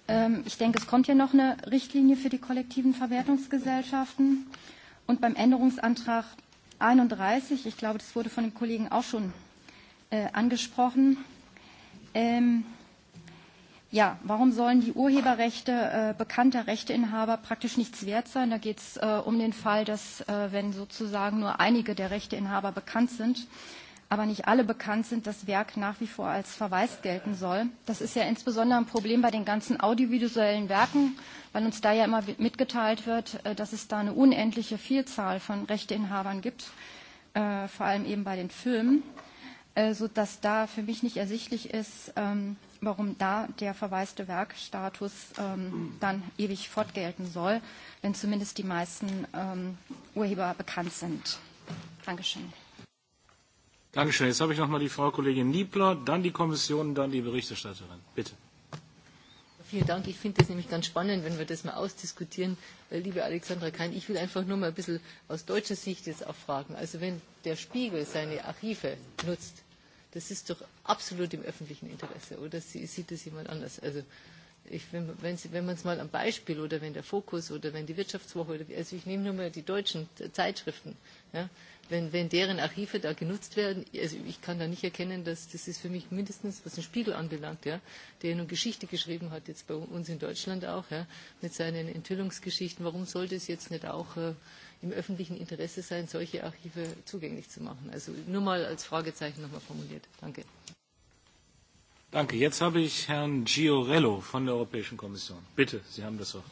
Ähm, ich denke, es kommt hier noch eine Richtlinie für die kollektiven Verwertungsgesellschaften. Und beim Änderungsantrag 31, ich glaube, das wurde von dem Kollegen auch schon äh, angesprochen. Ähm, ja, warum sollen die Urheberrechte äh, bekannter Rechteinhaber praktisch nichts wert sein? Da geht es äh, um den Fall, dass äh, wenn sozusagen nur einige der Rechteinhaber bekannt sind, äh, aber nicht alle bekannt sind, das Werk nach wie vor als verwaist gelten soll. Das ist ja insbesondere ein Problem bei den ganzen audiovisuellen Werken, weil uns da ja immer mitgeteilt wird, äh, dass es da eine unendliche Vielzahl von Rechteinhabern gibt, äh, vor allem eben bei den Filmen, äh, sodass da für mich nicht ersichtlich ist, ähm, warum da der verwaiste Werkstatus ähm, dann ewig fortgelten soll, wenn zumindest die meisten ähm, Urheber bekannt sind. Dankeschön. Dankeschön. Jetzt habe ich noch mal die Frau Kollegin Niebler, dann die Kommission, dann die Berichterstatterin. Bitte. Vielen Dank. Ich finde das nämlich ganz spannend, wenn wir das mal ausdiskutieren. Liebe Alexandra Kein, ich will einfach nur mal ein bisschen aus deutscher Sicht jetzt auch fragen. Also wenn der Spiegel seine Archive nutzt, das ist doch absolut im öffentlichen Interesse, oder? sieht das jemand anders? Also ich, wenn, wenn, Sie, wenn man es mal am Beispiel oder wenn der Fokus oder wenn die Wirtschaftswoche, oder, also ich nehme nur mal die deutschen Zeitschriften, ja, wenn, wenn deren Archive da genutzt werden, also ich kann da nicht erkennen, dass das ist für mich mindestens, was den Spiegel anbelangt, ja, der nun Geschichte geschrieben hat, jetzt bei uns in Deutschland auch, ja, mit seinen Enthüllungsgeschichten, warum sollte es jetzt nicht auch äh, im öffentlichen Interesse sein, solche Archive zugänglich zu machen? Also nur mal als Fragezeichen nochmal formuliert. Danke. Danke. Jetzt habe ich Herrn Giorello von der Europäischen Kommission. Bitte, Sie haben das Wort.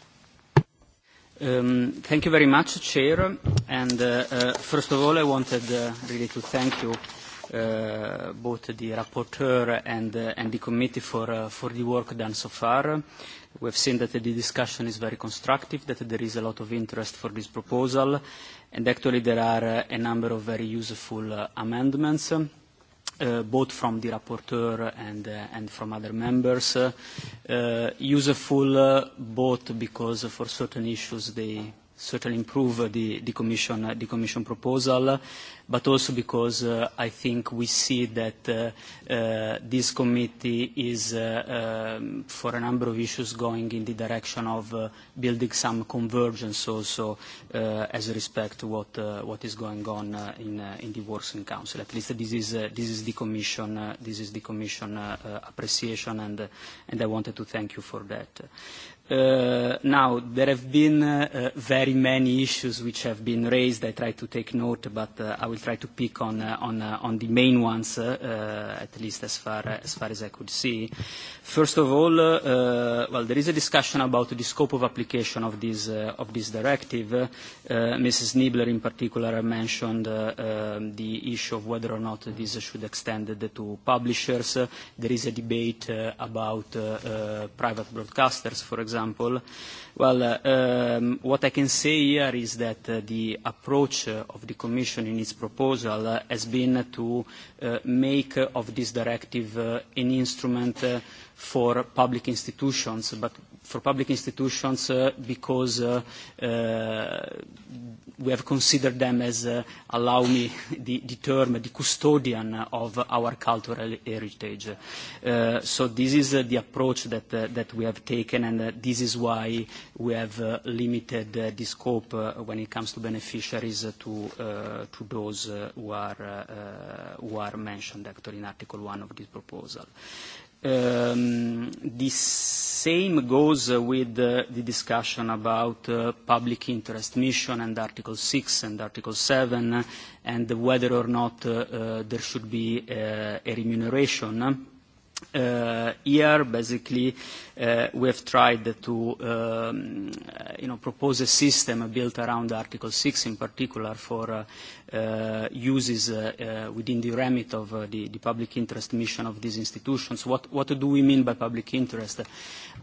Um, thank you very much, Chair. And uh, uh, first of all, I wanted uh, really to thank you, uh, both the rapporteur and, uh, and the committee for, uh, for the work done so far. We have seen that the discussion is very constructive, that there is a lot of interest for this proposal, and actually there are uh, a number of very useful uh, amendments uh, both from the rapporteur and, uh, and from other members, uh, uh useful uh, both because for certain issues they certainly improve the, the, commission, the Commission proposal, but also because uh, I think we see that uh, uh, this committee is, uh, um, for a number of issues, going in the direction of uh, building some convergence also uh, as respect to what, uh, what is going on uh, in, uh, in the works in Council. At least this is, uh, this is the Commission, uh, this is the commission uh, uh, appreciation, and, uh, and I wanted to thank you for that. Uh, Uh, now, there have been uh, very many issues which have been raised. I try to take note, but uh, I will try to pick on, uh, on, uh, on the main ones, uh, uh at least as far, uh, as far as I could see. First of all, uh, uh, well, there is a discussion about the scope of application of this, uh, of this directive. Uh, Mrs. Niebler, in particular, mentioned uh, um, the issue of whether or not this should extend to publishers. There is a debate uh, about uh, uh, private broadcasters, for example example, well, uh, um, what I can say here is that uh, the approach uh, of the Commission in its proposal uh, has been to uh, make uh, of this directive uh, an instrument uh, for public institutions, but for public institutions uh, because uh, uh, we have considered them as, uh, allow me the, the term, the custodian of our cultural heritage. Uh, so this is uh, the approach that, uh, that we have taken and uh, this is why we have uh, limited uh, the scope uh, when it comes to beneficiaries uh, to, uh, to those uh, who, are, uh, uh who are mentioned actually in Article 1 of this proposal. Uh, Um, the same goes uh, with uh, the discussion about uh, public interest mission and Article 6 and Article 7 uh, and whether or not uh, uh, there should be uh, a remuneration uh, year, basically, uh, we have tried to um, you know, propose a system built around Article 6, in particular for uh, uh, uses uh, uh, within the remit of uh, the, the public interest mission of these institutions. What, what do we mean by public interest?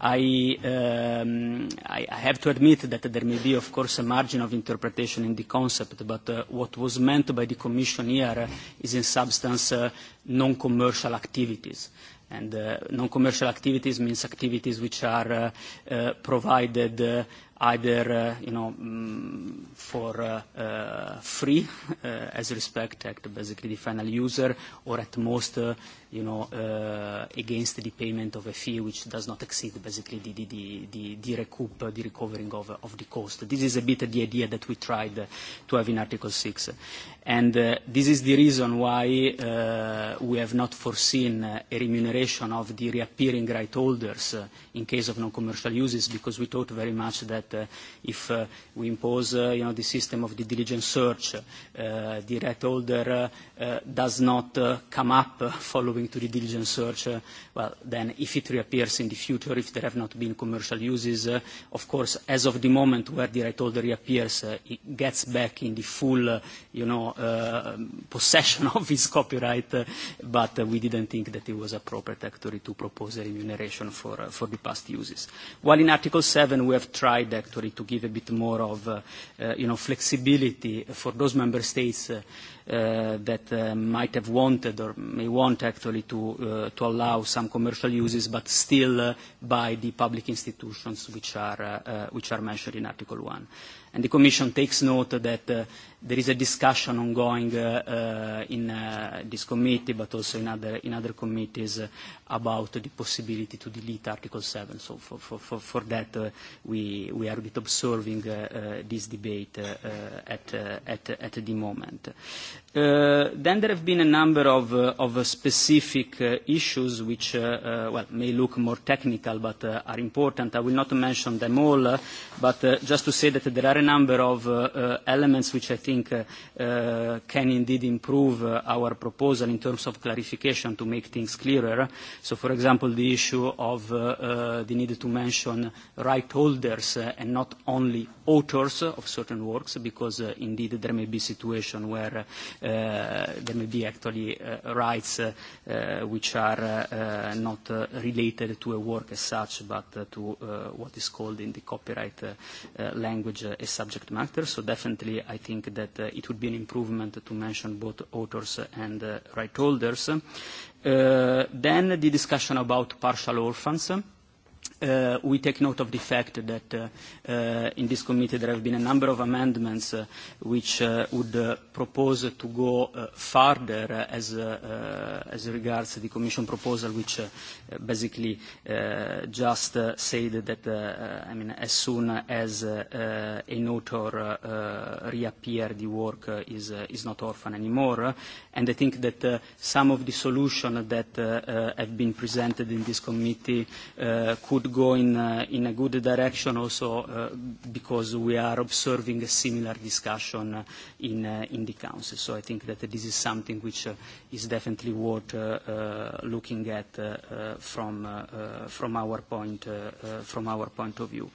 I, um, I, I have to admit that there may be, of course, a margin of interpretation in the concept, but uh, what was meant by the Commission here is, in substance, uh, non-commercial activities. And uh, non-commercial activities means activities which are uh, uh, provided uh, either uh, you know mm, for uh, uh, free uh, as respect to basically the final user or at most uh, you know uh, against the payment of a fee which does not exceed basically the the the, the, recoup uh, the recovering of, of the cost this is a bit the idea that we tried uh, to have in article 6 and uh, this is the reason why uh, we have not foreseen uh, a remuneration of the reappearing right holders uh, in case of non-commercial uses because we thought very much that that uh, if uh, we impose uh, you know, the system of the diligent search, uh, the right holder uh, uh, does not uh, come up following to the diligent search, uh, well, then if it reappears in the future, if there have not been commercial uses, uh, of course, as of the moment where the right holder reappears, uh, it gets back in the full uh, you know, uh, possession of his copyright, uh, but uh, we didn't think that it was appropriate actually to propose a remuneration for, uh, for the past uses. While in Article 7 we have tried sector to give a bit more of uh, you know, flexibility for those member states uh, uh, that uh, might have wanted or may want actually to, uh, to allow some commercial uses, but still uh, by the public institutions which are, uh, uh, which are mentioned in Article 1. And the Commission takes note that uh, there is a discussion ongoing uh, uh, in uh, this committee, but also in other, in other committees, uh, about the possibility to delete Article 7. So for, for, for, for that, uh, we, we are a bit observing uh, uh, this debate uh, uh at, uh, at, at the moment. Uh, then there have been a number of, uh, of specific uh, issues which uh, uh, well, may look more technical but are important. I will not mention them all, but just to say that there are a number of elements which I think can indeed improve our proposal in terms of clarification to make things clearer. So, for example, the issue of the need to mention right holders and not only authors of certain works, because indeed there may be situations where uh, there may be actually uh, rights uh, uh, which are uh, uh, not uh, related to a work as such, but uh, to uh, what is called in the copyright uh, uh, language uh, a subject matter. So definitely I think that uh, it would be an improvement to mention both authors and uh, right holders. Uh, then the discussion about partial orphans. Uh, we take note of the fact that uh, uh, in this committee there have been a number of amendments uh, which uh, would uh, propose to go uh, farther uh, as, uh, uh, as regards the Commission proposal, which uh, basically uh, just uh, said that uh, uh I mean, as soon as uh, uh, an author uh, uh, reappear, the work uh, is, uh, is not orphan anymore. And I think that uh, some of the solutions that uh, uh, have been presented in this committee uh, could would go in, uh, in a good direction also uh, because we are observing a similar discussion uh, in, uh, in the Council. So I think that this is something which uh, is definitely worth uh, uh, looking at uh, uh, from, uh, uh, from, our point, uh, uh, from our point of view.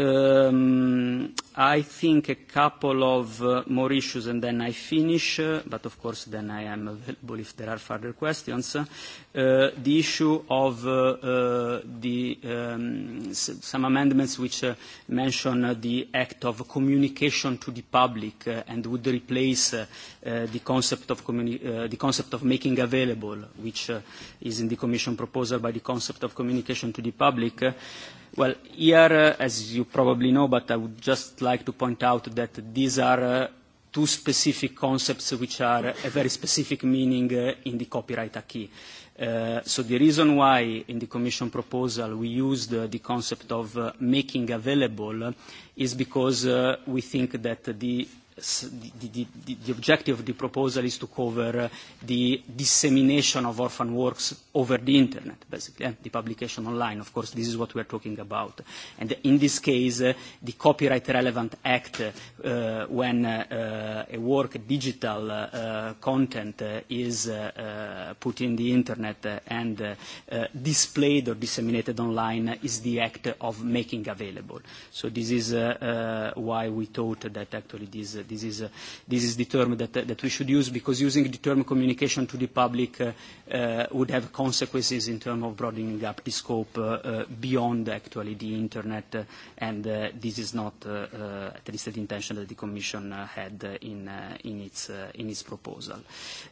Um, I think a couple of uh, more issues and then I finish, uh, but of course then I am available if there are further questions. Uh, the issue of uh, uh, the, um, some amendments which uh, mention uh, the act of communication to the public uh, and would replace uh, uh, the, concept of uh, the concept of making available, which uh, is in the Commission proposal by the concept of communication to the public. Uh, Well, here, uh, as you probably know, but I would just like to point out that these are uh, two specific concepts which are uh, a very specific meaning uh, in the copyright acquis. Uh, so the reason why in the Commission proposal we used uh, the concept of uh, making available is because uh, we think that the the, the, the objective of the proposal is to cover uh, the dissemination of orphan works over the internet, basically, and the publication online. Of course, this is what we are talking about. And in this case, uh, the Copyright Relevant Act, uh, when uh, uh a work digital uh, uh, content uh, is uh, uh, put in the internet uh, and uh, uh, displayed or disseminated online, is the act of making available. So this is uh, uh, why we thought that actually this, uh, This is, uh, this is the term that, uh, that we should use because using the term communication to the public uh, uh, would have consequences in terms of broadening up the scope uh, uh, beyond actually the internet uh, and uh, this is not uh, uh, at least the intention that the Commission uh, had uh, in, uh, in, its, uh, in its proposal.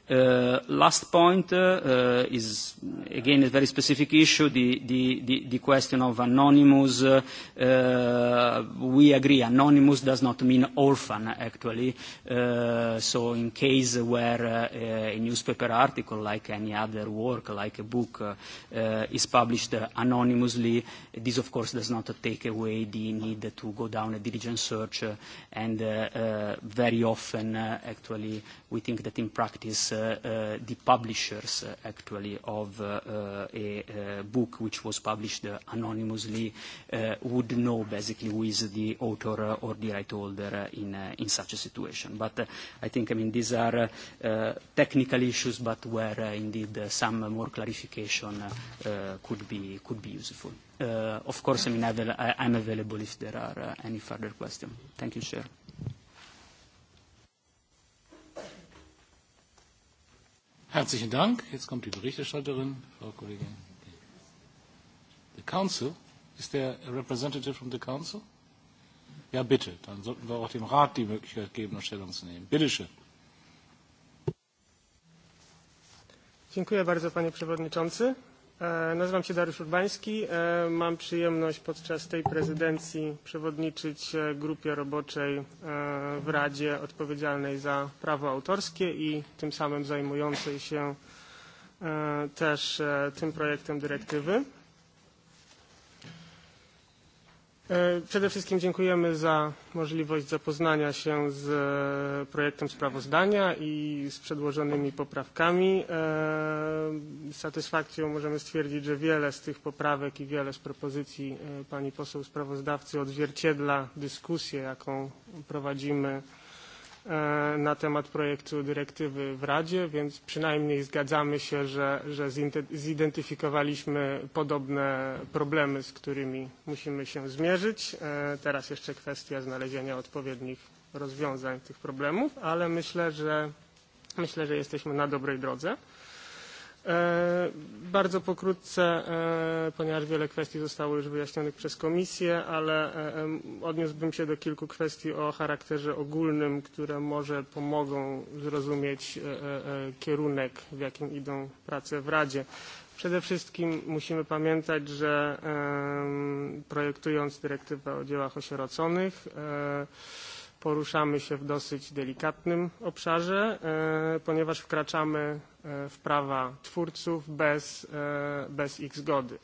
Uh, last point uh, uh, is again a very specific issue, the, the, the, the question of anonymous. Uh, uh, we agree anonymous does not mean orphan actually actually. Uh, so in case where uh, a newspaper article, like any other work, like a book, uh, uh, is published uh, anonymously, this of course does not take away the need to go down a diligent search. Uh, and uh, uh, very often, uh, actually, we think that in practice, uh, uh, the publishers uh, actually of uh, uh, a uh, book which was published uh, anonymously uh, would know basically who is the author uh, or the right holder uh, in, uh, in such such a situation. But uh, I think, I mean, these are uh, uh, technical issues, but where uh, indeed uh, some more clarification uh, uh, could, be, could be useful. Uh, of course, I mean, avail I'm available if there are uh, any further questions. Thank you, Chair. Herzlichen Dank. Jetzt kommt die Berichterstatterin, Frau Kollegin. The Council? Is there a representative from the Council? Ja, bitte. Dann sollten wir auch dem Rat die Möglichkeit geben, noch Stellung zu nehmen. Bitte schön. Dziękuję bardzo, panie przewodniczący. E, nazywam się Dariusz Urbański. E, mam przyjemność podczas tej prezydencji przewodniczyć e, grupie roboczej w Radzie odpowiedzialnej za prawo autorskie i tym samym zajmującej się też tym projektem dyrektywy. E, przede wszystkim dziękujemy za możliwość zapoznania się z e, projektem sprawozdania i z przedłożonymi poprawkami. E, z satysfakcją możemy stwierdzić, że wiele z tych poprawek i wiele z propozycji pani poseł sprawozdawcy odzwierciedla dyskusję, jaką prowadzimy E, na temat projektu dyrektywy w Radzie, więc przynajmniej zgadzamy się, że, że zidentyfikowaliśmy podobne problemy, z którymi musimy się zmierzyć. E, teraz jeszcze kwestia znalezienia odpowiednich rozwiązań tych problemów, ale myślę, że, myślę, że jesteśmy na dobrej drodze. E, bardzo pokrótce, e, ponieważ wiele kwestii zostało już wyjaśnionych przez Komisję, ale e, odniósłbym się do kilku kwestii o charakterze ogólnym, które może pomogą zrozumieć kierunek, w jakim idą prace w Radzie. Przede wszystkim musimy pamiętać, że projektując dyrektywę o dziełach osieroconych, poruszamy się w dosyć delikatnym obszarze, e, ponieważ wkraczamy e, w prawa twórców bez, e, bez ich zgody.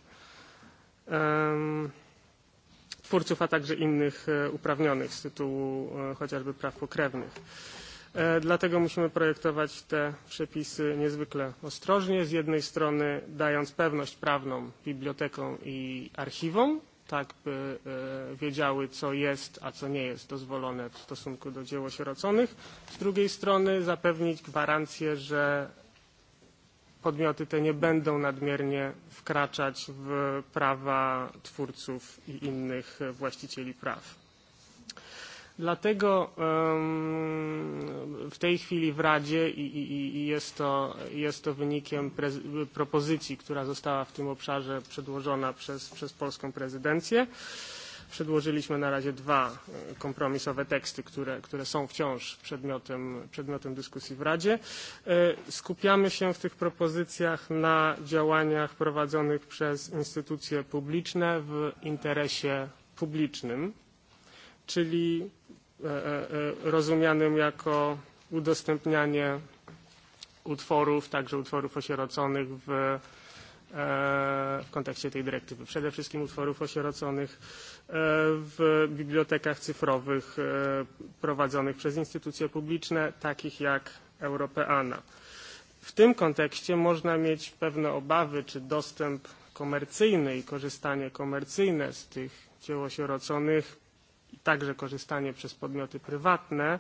Twórców, a także innych uprawnionych z tytułu chociażby praw pokrewnych. Dlatego musimy projektować te przepisy niezwykle ostrożnie, z jednej strony dając pewność prawną bibliotekom i archiwom, tak by e, wiedziały, co jest, a co nie jest dozwolone w stosunku do dzieł osieroconych. Z drugiej strony zapewnić gwarancję, że podmioty te nie będą nadmiernie wkraczać w prawa twórców i innych właścicieli praw. Dlatego w tej chwili w Radzie i, i, i jest, to, jest to wynikiem propozycji, która została w tym obszarze przedłożona przez, przez polską prezydencję. Przedłożyliśmy na razie dwa e, kompromisowe teksty, które, które są wciąż przedmiotem, przedmiotem dyskusji w Radzie. E, skupiamy się w tych propozycjach na działaniach prowadzonych przez instytucje publiczne w interesie publicznym czyli e, e, e, rozumianym jako udostępnianie utworów, także utworów osieroconych w, w kontekście tej dyrektywy. Przede wszystkim utworów osieroconych w bibliotekach cyfrowych prowadzonych przez instytucje publiczne, takich jak Europeana. W tym kontekście można mieć pewne obawy, czy dostęp komercyjny i korzystanie komercyjne z tych dzieł osieroconych także korzystanie przez podmioty prywatne,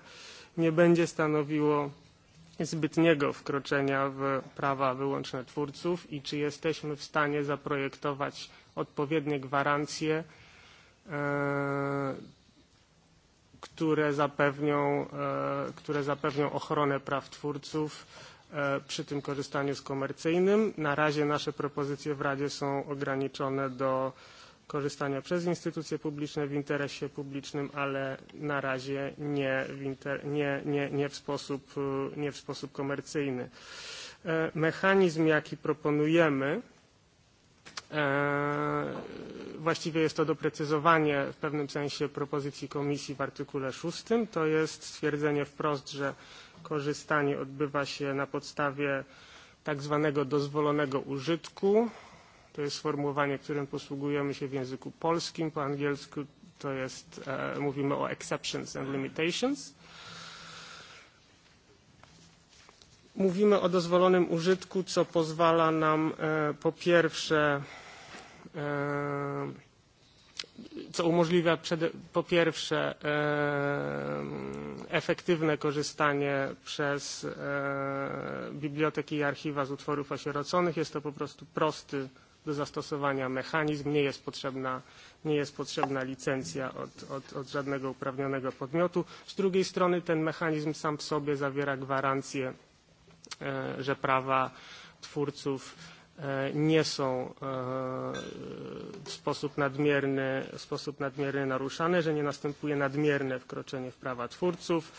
nie będzie stanowiło zbytniego wkroczenia w prawa wyłączne twórców i czy jesteśmy w stanie zaprojektować odpowiednie gwarancje, e, które zapewnią, e, które zapewnią ochronę praw twórców e, przy tym korzystaniu z komercyjnym. Na razie nasze propozycje w Radzie są ograniczone do korzystania przez instytucje publiczne w interesie publicznym, ale na razie nie w, inter, nie, nie, nie w, sposób, nie w sposób komercyjny. E, mechanizm, jaki proponujemy, e, właściwie jest to doprecyzowanie w pewnym sensie propozycji komisji w artykule 6. To jest stwierdzenie wprost, że korzystanie odbywa się na podstawie tak zwanego dozwolonego użytku, to jest sformułowanie, którym posługujemy się w języku polskim. Po angielsku to jest, e, mówimy o exceptions and limitations. Mówimy o dozwolonym użytku, co pozwala nam e, po pierwsze e, co umożliwia przede, po pierwsze e, efektywne korzystanie przez e, biblioteki i archiwa z utworów osieroconych. Jest to po prostu prosty do zastosowania mechanizm, nie jest potrzebna, nie jest potrzebna licencja od, od, od żadnego uprawnionego podmiotu. Z drugiej strony ten mechanizm sam w sobie zawiera gwarancję, że e, prawa twórców E, nie są w e, sposób nadmierny, naruszane, że nie następuje nadmierne wkroczenie w prawa twórców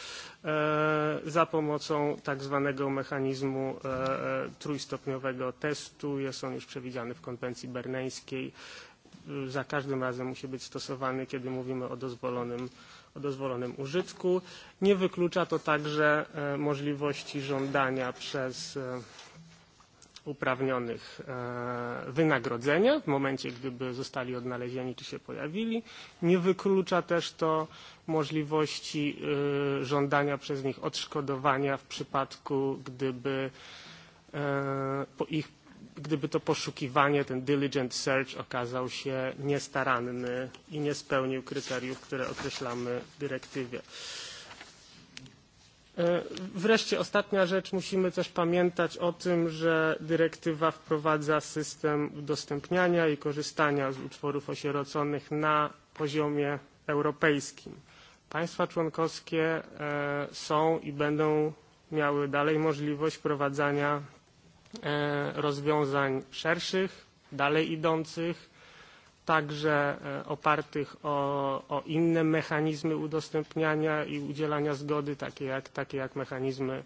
za pomocą tak zwanego mechanizmu e, trójstopniowego testu. Jest on już przewidziany w konwencji berneńskiej. Za każdym razem musi być stosowany, kiedy mówimy o dozwolonym o dozwolonym użytku. Nie wyklucza to także możliwości żądania przez uprawnionych e, wynagrodzenia w momencie, gdyby zostali odnalezieni czy się pojawili. Nie wyklucza też to możliwości e, żądania przez nich odszkodowania w przypadku, gdyby e, po ich gdyby to poszukiwanie, ten diligent search okazał się niestaranny i nie spełnił kryteriów, które określamy w dyrektywie. E, wreszcie ostatnia rzecz, musimy też pamiętać o tym, że dyrektywa wprowadza system udostępniania i korzystania z utworów osieroconych na poziomie europejskim. Państwa członkowskie e, są i będą miały dalej możliwość wprowadzania e, rozwiązań szerszych, dalej idących, także opartych o, o inne mechanizmy udostępniania i udzielania zgody, takie jak, takie jak mechanizmy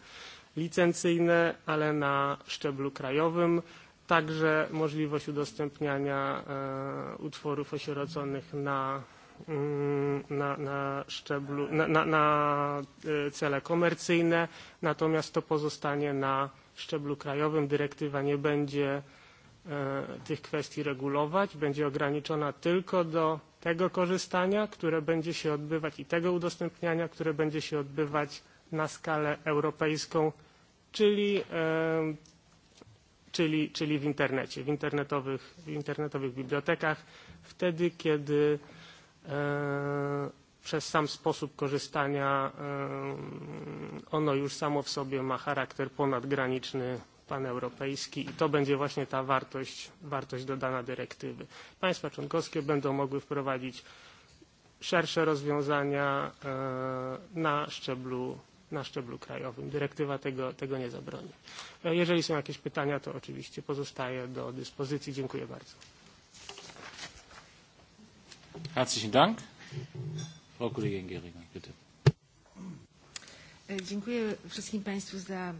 licencyjne, ale na szczeblu krajowym, także możliwość udostępniania e, utworów osieroconych mm, na, na, na e, szczeblu, na, na, na cele komercyjne, natomiast to pozostanie na szczeblu krajowym. Dyrektywa nie będzie E, tych kwestii regulować, będzie ograniczona tylko do tego korzystania, które będzie się odbywać i tego udostępniania, które będzie się odbywać na skalę europejską, czyli, e, czyli, czyli w internecie, w internetowych, w internetowych bibliotekach, wtedy kiedy e, przez sam sposób korzystania ono już samo w sobie ma charakter ponadgraniczny paneuropejski i to będzie właśnie ta wartość, wartość dodana dyrektywy. Państwa członkowskie będą mogły wprowadzić szersze rozwiązania e, na szczeblu, na szczeblu krajowym. Dyrektywa tego, tego nie zabroni. E, jeżeli są jakieś pytania, to oczywiście pozostaję do dyspozycji. Dziękuję bardzo. Herzlichen Dank. Frau Kollegin Geringer, bitte. E, dziękuję wszystkim Państwu za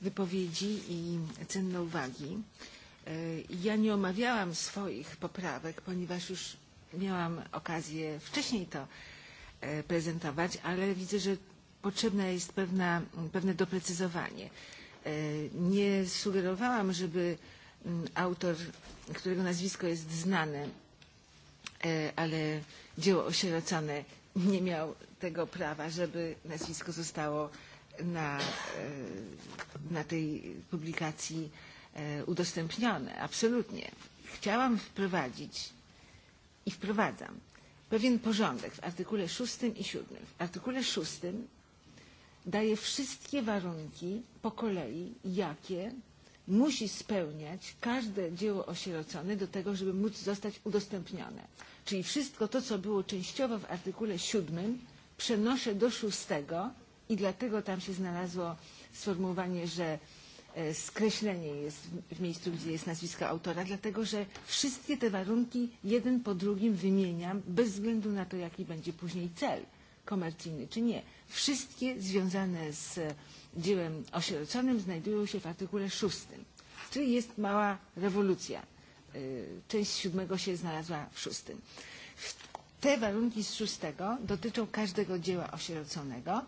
wypowiedzi i cenne uwagi. E, ja nie omawiałam swoich poprawek, ponieważ już miałam okazję wcześniej to e, prezentować, ale widzę, że potrzebne jest pewna, pewne doprecyzowanie. E, nie sugerowałam, żeby autor, którego nazwisko jest znane, ale dzieło osierocone, nie miał tego prawa, żeby nazwisko zostało na, e, na tej publikacji e, udostępnione. Absolutnie. Chciałam wprowadzić i wprowadzam pewien porządek w artykule 6 i 7. W artykule 6 daje wszystkie warunki po kolei, jakie musi spełniać każde dzieło osierocone do tego, żeby móc zostać udostępnione. Czyli wszystko to, co było częściowo w artykule 7, przenoszę do 6 i dlatego tam się znalazło sformułowanie, że e, skreślenie jest w miejscu, gdzie jest nazwisko autora, dlatego że wszystkie te warunki jeden po drugim wymieniam, bez względu na to, jaki będzie później cel komercyjny czy nie. Wszystkie związane z e, dziełem osieroconym znajdują się w artykule szóstym, czyli jest mała rewolucja. E, część siódmego się znalazła w szóstym. Te warunki z szóstego dotyczą każdego dzieła osieroconego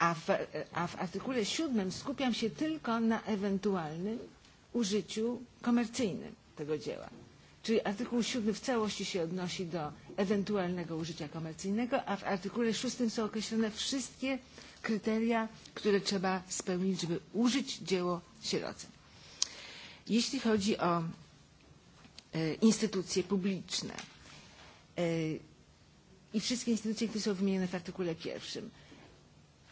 a w, a w artykule siódmym skupiam się tylko na ewentualnym użyciu komercyjnym tego dzieła. Czyli artykuł siódmy w całości się odnosi do ewentualnego użycia komercyjnego, a w artykule szóstym są określone wszystkie kryteria, które trzeba spełnić, żeby użyć dzieło sierocym. Jeśli chodzi o e, instytucje publiczne e, i wszystkie instytucje, które są wymienione w artykule pierwszym,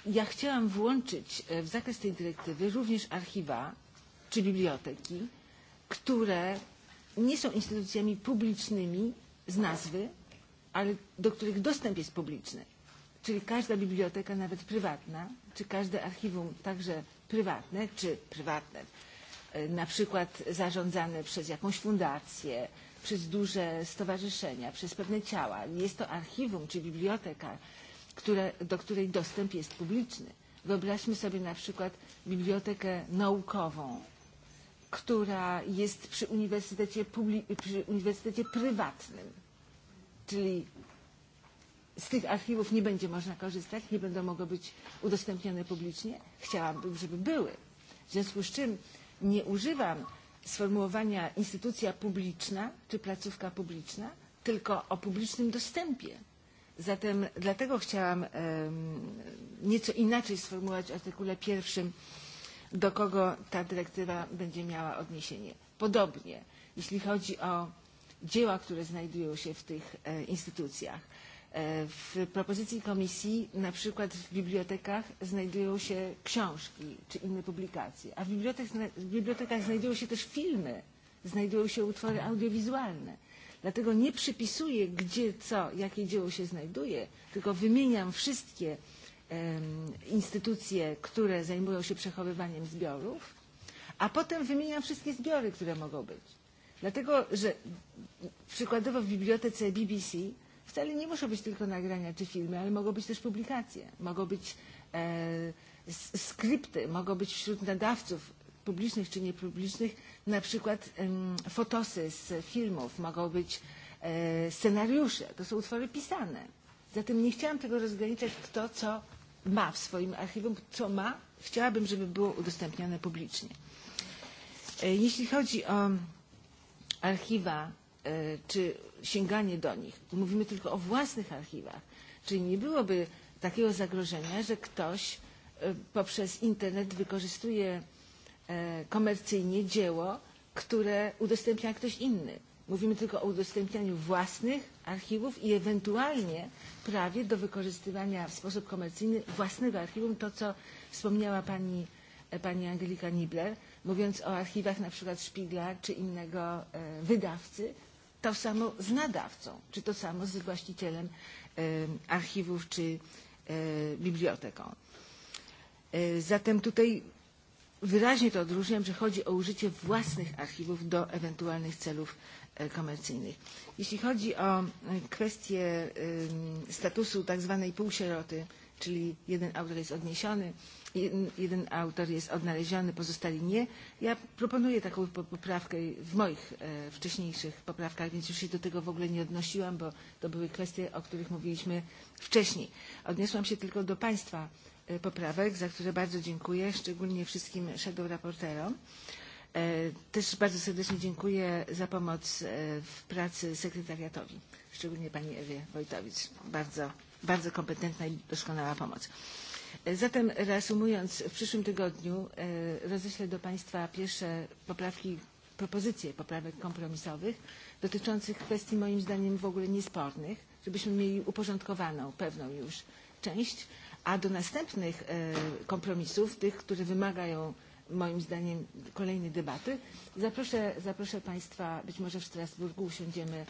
ja chciałam włączyć e, w zakres tej dyrektywy również archiwa czy biblioteki, które nie są instytucjami publicznymi z nazwy, ale do których dostęp jest publiczny. Czyli każda biblioteka, nawet prywatna, czy każde archiwum, także prywatne, czy prywatne, e, na przykład zarządzane przez jakąś fundację, przez duże stowarzyszenia, przez pewne ciała. Jest to archiwum czy biblioteka, które, do której dostęp jest publiczny. Wyobraźmy sobie na przykład bibliotekę naukową, która jest przy uniwersytecie, przy uniwersytecie prywatnym, czyli z tych archiwów nie będzie można korzystać, nie będą mogły być udostępnione publicznie. Chciałabym, żeby były. W związku z czym nie używam sformułowania instytucja publiczna czy placówka publiczna, tylko o publicznym dostępie Zatem dlatego chciałam nieco inaczej sformułować w artykule pierwszym, do kogo ta dyrektywa będzie miała odniesienie. Podobnie, jeśli chodzi o dzieła, które znajdują się w tych e, instytucjach. E, w propozycji komisji na przykład w bibliotekach znajdują się książki czy inne publikacje, a w bibliotekach, w bibliotekach znajdują się też filmy, znajdują się utwory audiowizualne Dlatego nie przypisuję, gdzie, co, jakie dzieło się znajduje, tylko wymieniam wszystkie um, instytucje, które zajmują się przechowywaniem zbiorów, a potem wymieniam wszystkie zbiory, które mogą być. Dlatego, że przykładowo w bibliotece BBC wcale nie muszą być tylko nagrania czy filmy, ale mogą być też publikacje, mogą być e, skrypty, mogą być wśród nadawców publicznych czy niepublicznych, na przykład fotosy z filmów mogą być e, scenariusze, to są utwory pisane. Zatem nie chciałam tego rozgraniczać, kto co ma w swoim archiwum, co ma, chciałabym, żeby było udostępnione publicznie. E, jeśli chodzi o archiwa e, czy sięganie do nich, mówimy tylko o własnych archiwach, czyli nie byłoby takiego zagrożenia, że ktoś poprzez internet wykorzystuje E, komercyjnie dzieło, które udostępnia ktoś inny. Mówimy tylko o udostępnianiu własnych archiwów i ewentualnie prawie do wykorzystywania w sposób komercyjny własnego archiwum, to co wspomniała pani, e, pani Angelika Nibler, mówiąc o archiwach na przykład Szpigla czy innego e, wydawcy, to samo z nadawcą, czy to samo z właścicielem e, archiwów czy e, biblioteką. E, zatem tutaj wyraźnie to odróżniam, że chodzi o użycie własnych archiwów do ewentualnych celów e, komercyjnych. Jeśli chodzi o e, kwestię e, statusu tak zwanej półsieroty, czyli jeden autor jest odniesiony, jeden autor jest odnaleziony, pozostali nie. Ja proponuję taką poprawkę w moich wcześniejszych poprawkach, więc już się do tego w ogóle nie odnosiłam, bo to były kwestie, o których mówiliśmy wcześniej. Odniosłam się tylko do Państwa E, poprawek, za które bardzo dziękuję, szczególnie wszystkim shadow raporterom. E, też bardzo serdecznie dziękuję za pomoc e, w pracy sekretariatowi, szczególnie pani Ewie Wojtowicz. Bardzo, bardzo kompetentna i doskonała pomoc. Zatem reasumując, w przyszłym tygodniu roześlę do Państwa pierwsze poprawki, propozycje poprawek kompromisowych dotyczących kwestii moim zdaniem w ogóle niespornych, żebyśmy mieli uporządkowaną pewną już część a do następnych e, kompromisów, tych, które wymagają moim zdaniem kolejnej debaty, zaproszę, zaproszę Państwa, być może w Strasburgu usiądziemy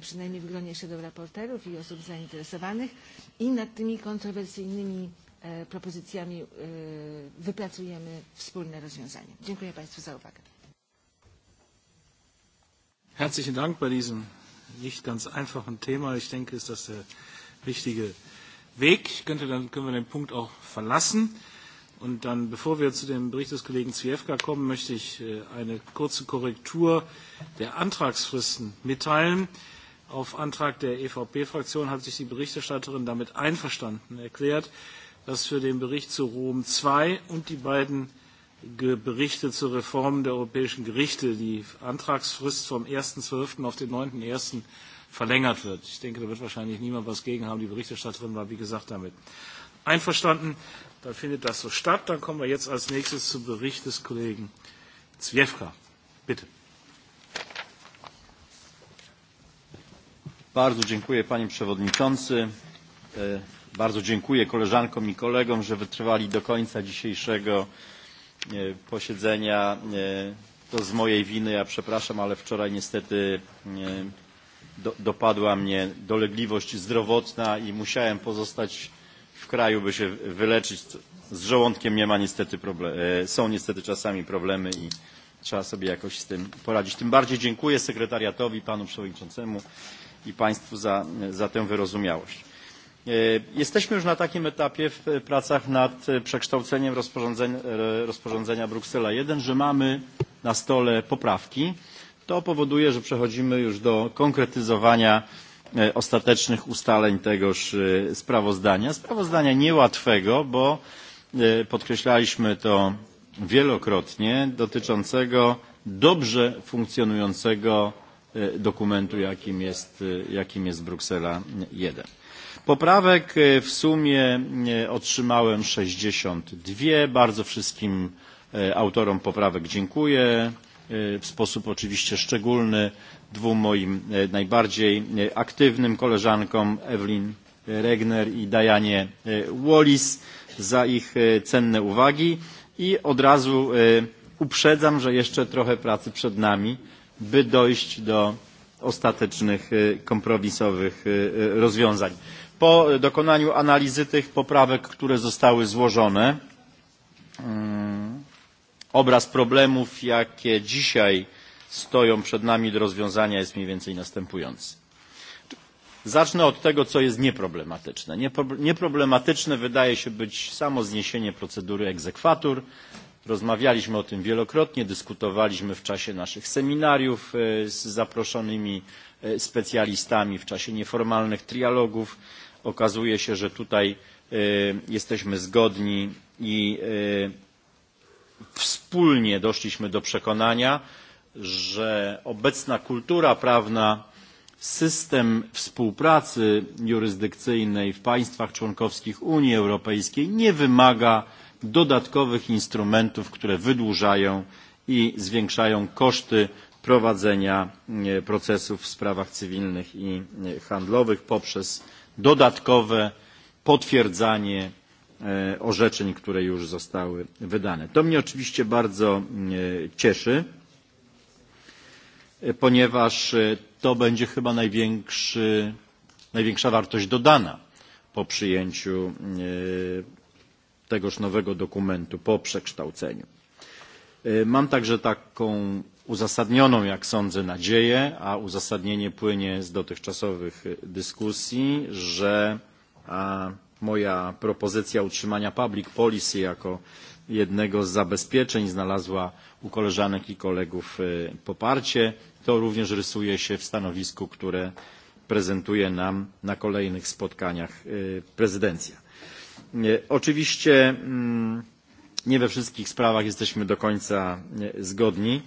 przynajmniej w gronie shadow raporterów i osób zainteresowanych i nad tymi kontrowersyjnymi e, propozycjami e, wypracujemy wspólne rozwiązanie. Dziękuję Państwu za uwagę. Herzlichen Dank bei diesem nicht ganz einfachen Thema. Ich denke, ist das der äh, richtige Weg. Ich könnte, dann können wir den Punkt auch verlassen. Und dann, bevor wir zu dem Bericht des Kollegen Zwiefka kommen, möchte ich äh, eine kurze Korrektur der Antragsfristen mitteilen. Auf Antrag der EVP-Fraktion hat sich die Berichterstatterin damit einverstanden erklärt, dass für den Bericht zu Rom II und die beiden Berichte zur Reform der europäischen Gerichte, die Antragsfrist vom 1.12. auf den 9.1. verlängert wird. Ich denke, da wird wahrscheinlich niemand was gegen haben. Die Berichterstatterin war, wie gesagt, damit einverstanden. Dann findet das so statt. Dann kommen wir jetzt als nächstes zum Bericht des Kollegen Zwiefka. Bitte. Bardzo dziękuję panie przewodniczący. E, bardzo dziękuję koleżankom i kolegom, że wytrwali do końca dzisiejszego E, posiedzenia. E, to z mojej winy, ja przepraszam, ale wczoraj niestety e, do, dopadła mnie dolegliwość zdrowotna i musiałem pozostać w kraju, by się wyleczyć. Z żołądkiem nie ma niestety problemu. Są niestety czasami problemy i trzeba sobie jakoś z tym poradzić. Tym bardziej dziękuję sekretariatowi, panu przewodniczącemu i państwu za, za tę wyrozumiałość. E, jesteśmy już na takim etapie w e, pracach nad e, przekształceniem rozporządzenia, rozporządzenia Bruksela I, że mamy na stole poprawki. To powoduje, że przechodzimy już do konkretyzowania ostatecznych ustaleń tegoż sprawozdania. Sprawozdania niełatwego, bo podkreślaliśmy to wielokrotnie, dotyczącego dobrze funkcjonującego dokumentu, jakim jest, jakim jest Bruksela 1. Poprawek e, w sumie e, otrzymałem 62. Bardzo wszystkim e, autorom poprawek dziękuję. W sposób oczywiście szczególny dwóm moim najbardziej aktywnym koleżankom Evelyn Regner i Dianie Wallis za ich cenne uwagi i od razu uprzedzam, że jeszcze trochę pracy przed nami, by dojść do ostatecznych kompromisowych rozwiązań. Po dokonaniu analizy tych poprawek, które zostały złożone, mm, obraz problemów, jakie dzisiaj stoją przed nami do rozwiązania jest mniej więcej następujący. Zacznę od tego, co jest nieproblematyczne. Nieproblematyczne wydaje się być samo zniesienie procedury egzekwatur. Rozmawialiśmy o tym wielokrotnie, dyskutowaliśmy w czasie naszych seminariów e, z zaproszonymi e, specjalistami, w czasie nieformalnych trialogów okazuje się, że tutaj e, jesteśmy zgodni i e, wspólnie doszliśmy do przekonania, że obecna kultura prawna, system współpracy jurysdykcyjnej w państwach członkowskich Unii Europejskiej nie wymaga dodatkowych instrumentów, które wydłużają i zwiększają koszty prowadzenia e, procesów w sprawach cywilnych i handlowych poprzez dodatkowe potwierdzanie e, orzeczeń, które już zostały wydane. To mnie oczywiście bardzo e, cieszy, e, ponieważ to będzie chyba największa wartość dodana po przyjęciu tegoż nowego dokumentu, po przekształceniu. Mam także taką uzasadnioną, jak sądzę, nadzieję, a uzasadnienie płynie z dotychczasowych dyskusji, że moja propozycja utrzymania public policy jako jednego z zabezpieczeń znalazła u koleżanek i kolegów poparcie. To również rysuje się w stanowisku, które prezentuje nam na kolejnych spotkaniach prezydencja. Oczywiście mm, nie we wszystkich sprawach jesteśmy do końca zgodni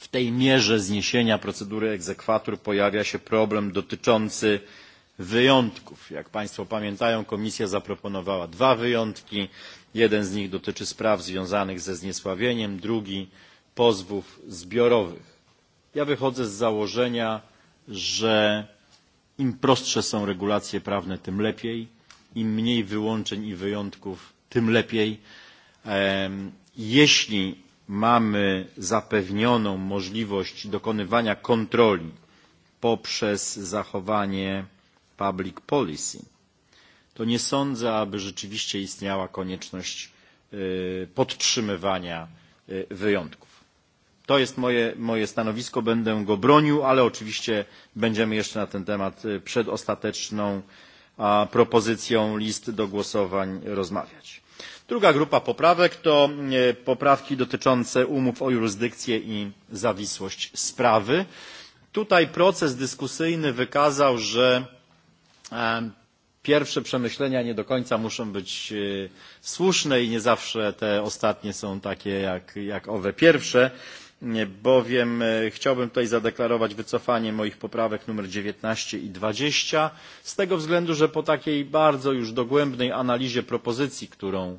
w tej mierze zniesienia procedury egzekwatur pojawia się problem dotyczący wyjątków. Jak Państwo pamiętają, Komisja zaproponowała dwa wyjątki. Jeden z nich dotyczy spraw związanych ze zniesławieniem, drugi pozwów zbiorowych. Ja wychodzę z założenia, że im prostsze są regulacje prawne, tym lepiej, im mniej wyłączeń i wyjątków, tym lepiej. Jeśli mamy zapewnioną możliwość dokonywania kontroli poprzez zachowanie public policy, to nie sądzę, aby rzeczywiście istniała konieczność podtrzymywania wyjątków. To jest moje, moje stanowisko, będę go bronił, ale oczywiście będziemy jeszcze na ten temat przed ostateczną propozycją list do głosowań rozmawiać. Druga grupa poprawek to e, poprawki dotyczące umów o jurysdykcję i zawisłość sprawy. Tutaj proces dyskusyjny wykazał, że e, pierwsze przemyślenia nie do końca muszą być e, słuszne i nie zawsze te ostatnie są takie jak, jak owe pierwsze, bowiem chciałbym tutaj zadeklarować wycofanie moich poprawek nr 19 i 20 z tego względu, że po takiej bardzo już dogłębnej analizie propozycji, którą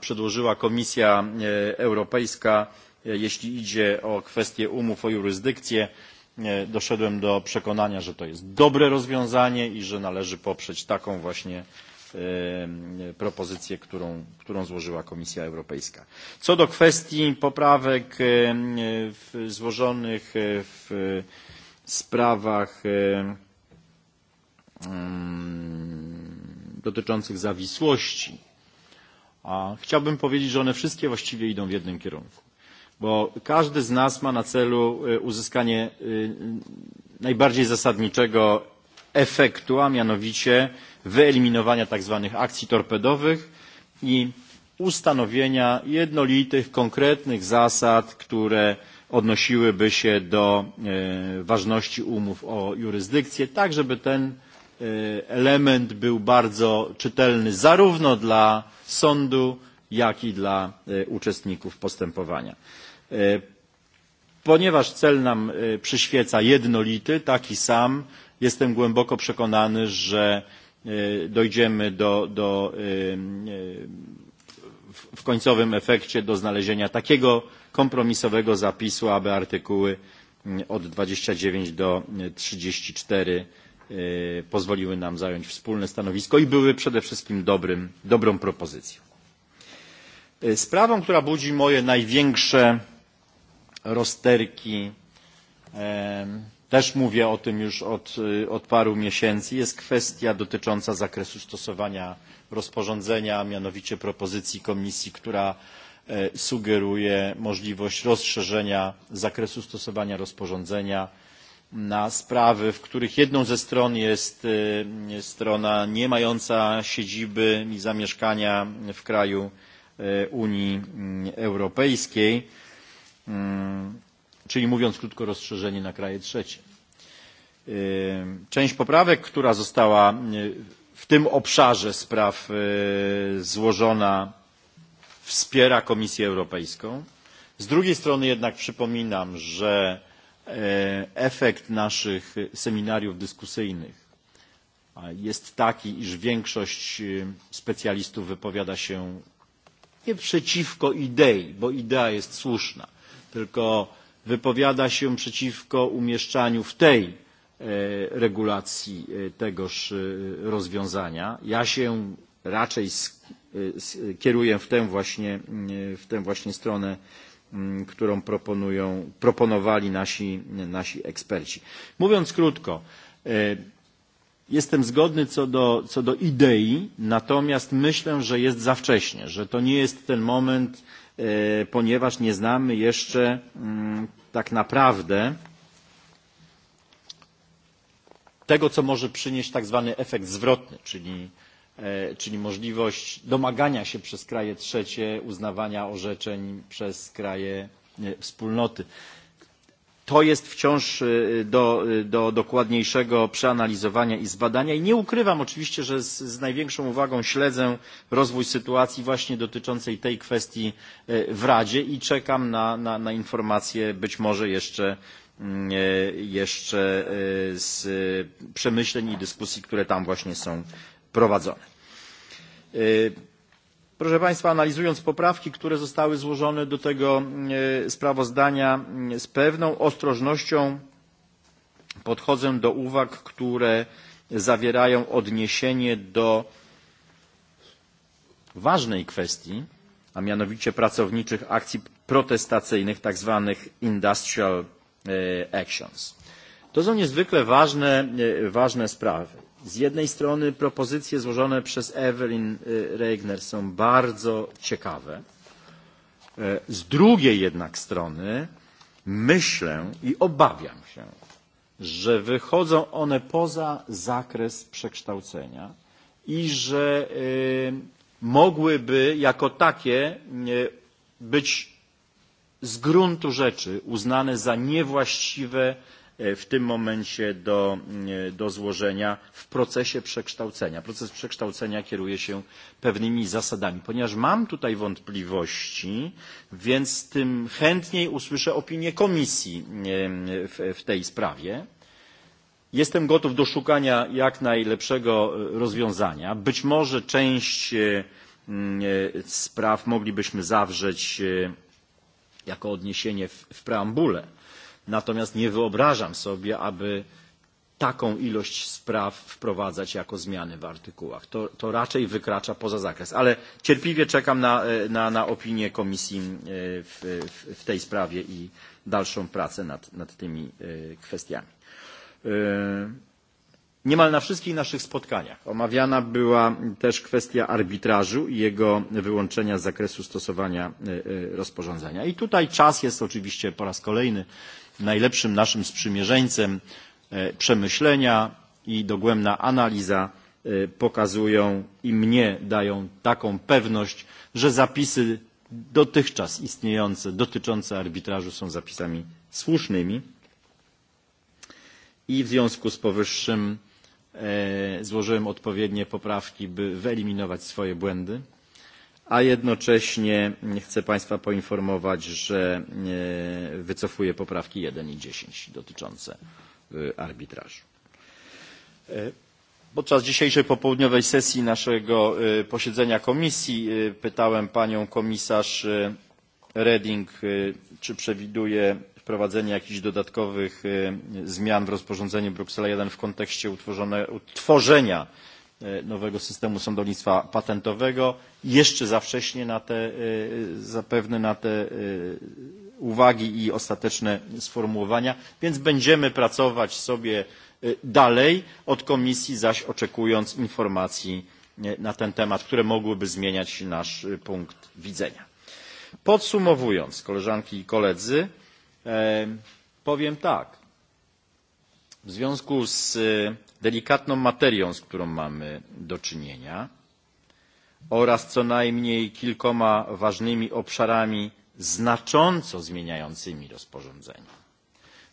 przedłożyła Komisja e, Europejska, e, jeśli idzie o kwestię umów o jurysdykcję, e, doszedłem do przekonania, że to jest dobre rozwiązanie i że należy poprzeć taką właśnie propozycję, którą, którą złożyła Komisja Europejska. Co do kwestii poprawek złożonych w sprawach dotyczących zawisłości, a chciałbym powiedzieć, że one wszystkie właściwie idą w jednym kierunku, bo każdy z nas ma na celu e, uzyskanie e, najbardziej zasadniczego efektu, a mianowicie wyeliminowania tak zwanych akcji torpedowych i ustanowienia jednolitych, konkretnych zasad, które odnosiłyby się do e, ważności umów o jurysdykcję, tak żeby ten element był bardzo czytelny zarówno dla sądu, jak i dla uczestników postępowania. Ponieważ cel nam przyświeca jednolity, taki sam, jestem głęboko przekonany, że dojdziemy do, do, w końcowym efekcie do znalezienia takiego kompromisowego zapisu, aby artykuły od 29 do 34 E, pozwoliły nam zająć wspólne stanowisko i były przede wszystkim dobrym, dobrą propozycją. E, sprawą, która budzi moje największe rozterki, e, też mówię o tym już od, od paru miesięcy, jest kwestia dotycząca zakresu stosowania rozporządzenia, a mianowicie propozycji komisji, która sugeruje możliwość rozszerzenia zakresu stosowania rozporządzenia na sprawy, w których jedną ze stron jest strona nie mająca siedziby i zamieszkania w kraju Unii Europejskiej, czyli mówiąc krótko rozszerzenie na kraje trzecie. Część poprawek, która została w tym obszarze spraw złożona, wspiera Komisję Europejską. Z drugiej strony jednak przypominam, że E, efekt naszych seminariów dyskusyjnych jest taki, iż większość e, specjalistów wypowiada się nie przeciwko idei, bo idea jest słuszna, tylko wypowiada się przeciwko umieszczaniu w tej e, regulacji tegoż rozwiązania. Ja się raczej kieruję w tę właśnie, w tę właśnie stronę którą proponują, proponowali nasi, nasi eksperci. Mówiąc krótko, e, jestem zgodny co do, co do idei, natomiast myślę, że jest za wcześnie, że to nie jest ten moment, e, ponieważ nie znamy jeszcze tak naprawdę tego, co może przynieść tak zwany efekt zwrotny, czyli E, czyli możliwość domagania się przez kraje trzecie uznawania orzeczeń przez kraje e, wspólnoty. To jest wciąż e, do, do dokładniejszego przeanalizowania i zbadania i nie ukrywam oczywiście, że z, z największą uwagą śledzę rozwój sytuacji właśnie dotyczącej tej kwestii w Radzie i czekam na, na, na informacje być może jeszcze mm, jeszcze z przemyśleń i dyskusji, które tam właśnie są prowadzone. E, proszę Państwa, analizując poprawki, które zostały złożone do tego e, sprawozdania, z pewną ostrożnością podchodzę do uwag, które zawierają odniesienie do ważnej kwestii, a mianowicie pracowniczych akcji protestacyjnych, tak zwanych industrial e, actions. To są niezwykle ważne, ważne sprawy z jednej strony propozycje złożone przez Evelyn Regner są bardzo ciekawe. E, z drugiej jednak strony myślę i obawiam się, że wychodzą one poza zakres przekształcenia i że mogłyby jako takie być z gruntu rzeczy uznane za niewłaściwe E, w tym momencie do, e, do złożenia w procesie przekształcenia. Proces przekształcenia kieruje się pewnymi zasadami. Ponieważ mam tutaj wątpliwości, więc tym chętniej usłyszę opinię komisji e, w, w tej sprawie. Jestem gotów do szukania jak najlepszego rozwiązania. Być może część spraw moglibyśmy zawrzeć jako odniesienie w, w preambule Natomiast nie wyobrażam sobie, aby taką ilość spraw wprowadzać jako zmiany w artykułach. To, to raczej wykracza poza zakres. Ale cierpliwie czekam na, na, na opinię komisji e, w, w, w tej sprawie i dalszą pracę nad, nad tymi e, kwestiami. E, niemal na wszystkich naszych spotkaniach omawiana była też kwestia arbitrażu i jego wyłączenia z zakresu stosowania rozporządzenia. I tutaj czas jest oczywiście po raz kolejny najlepszym naszym sprzymierzeńcem e, przemyślenia i dogłębna analiza e, pokazują i mnie dają taką pewność, że zapisy dotychczas istniejące dotyczące arbitrażu są zapisami słusznymi i w związku z powyższym e, złożyłem odpowiednie poprawki, by wyeliminować swoje błędy a jednocześnie chcę Państwa poinformować, że e, wycofuję poprawki 1 i 10 dotyczące e, arbitrażu. E, podczas dzisiejszej popołudniowej sesji naszego posiedzenia komisji pytałem panią komisarz Reding, czy przewiduje wprowadzenie jakichś dodatkowych zmian w rozporządzeniu Bruksela 1 w kontekście utworzenia E, nowego systemu sądownictwa patentowego. Jeszcze za wcześnie na te, e, zapewne na te e, uwagi i ostateczne sformułowania, więc będziemy pracować sobie dalej, od komisji zaś oczekując informacji na ten temat, które mogłyby zmieniać nasz punkt widzenia. Podsumowując, koleżanki i koledzy, powiem tak w związku z e, delikatną materią, z którą mamy do czynienia oraz co najmniej kilkoma ważnymi obszarami znacząco zmieniającymi rozporządzenie.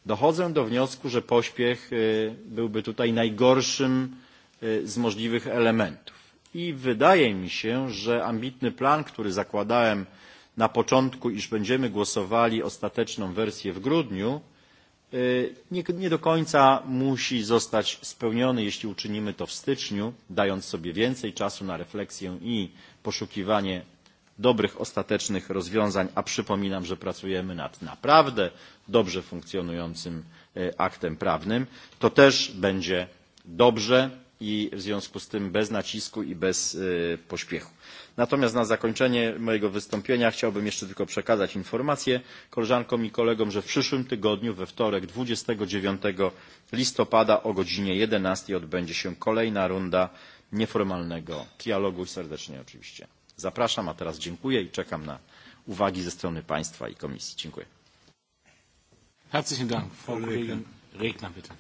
Dochodzę do wniosku, że pośpiech e, byłby tutaj najgorszym e, z możliwych elementów. I wydaje mi się, że ambitny plan, który zakładałem na początku, iż będziemy głosowali ostateczną wersję w grudniu, E, nie, nie do końca musi zostać spełniony, jeśli uczynimy to w styczniu, dając sobie więcej czasu na refleksję i poszukiwanie dobrych, ostatecznych rozwiązań, a przypominam, że pracujemy nad naprawdę dobrze funkcjonującym e, aktem prawnym, to też będzie dobrze i w związku z tym bez nacisku i bez e, pośpiechu. Natomiast na zakończenie mojego wystąpienia chciałbym jeszcze tylko przekazać informację koleżankom i kolegom, że w przyszłym tygodniu, we wtorek 29 listopada o godzinie 11 odbędzie się kolejna runda nieformalnego trialogu i serdecznie oczywiście zapraszam, a teraz dziękuję i czekam na uwagi ze strony Państwa i Komisji. Dziękuję. Herzlichen Dank, Frau Kollegin Regner, bitte.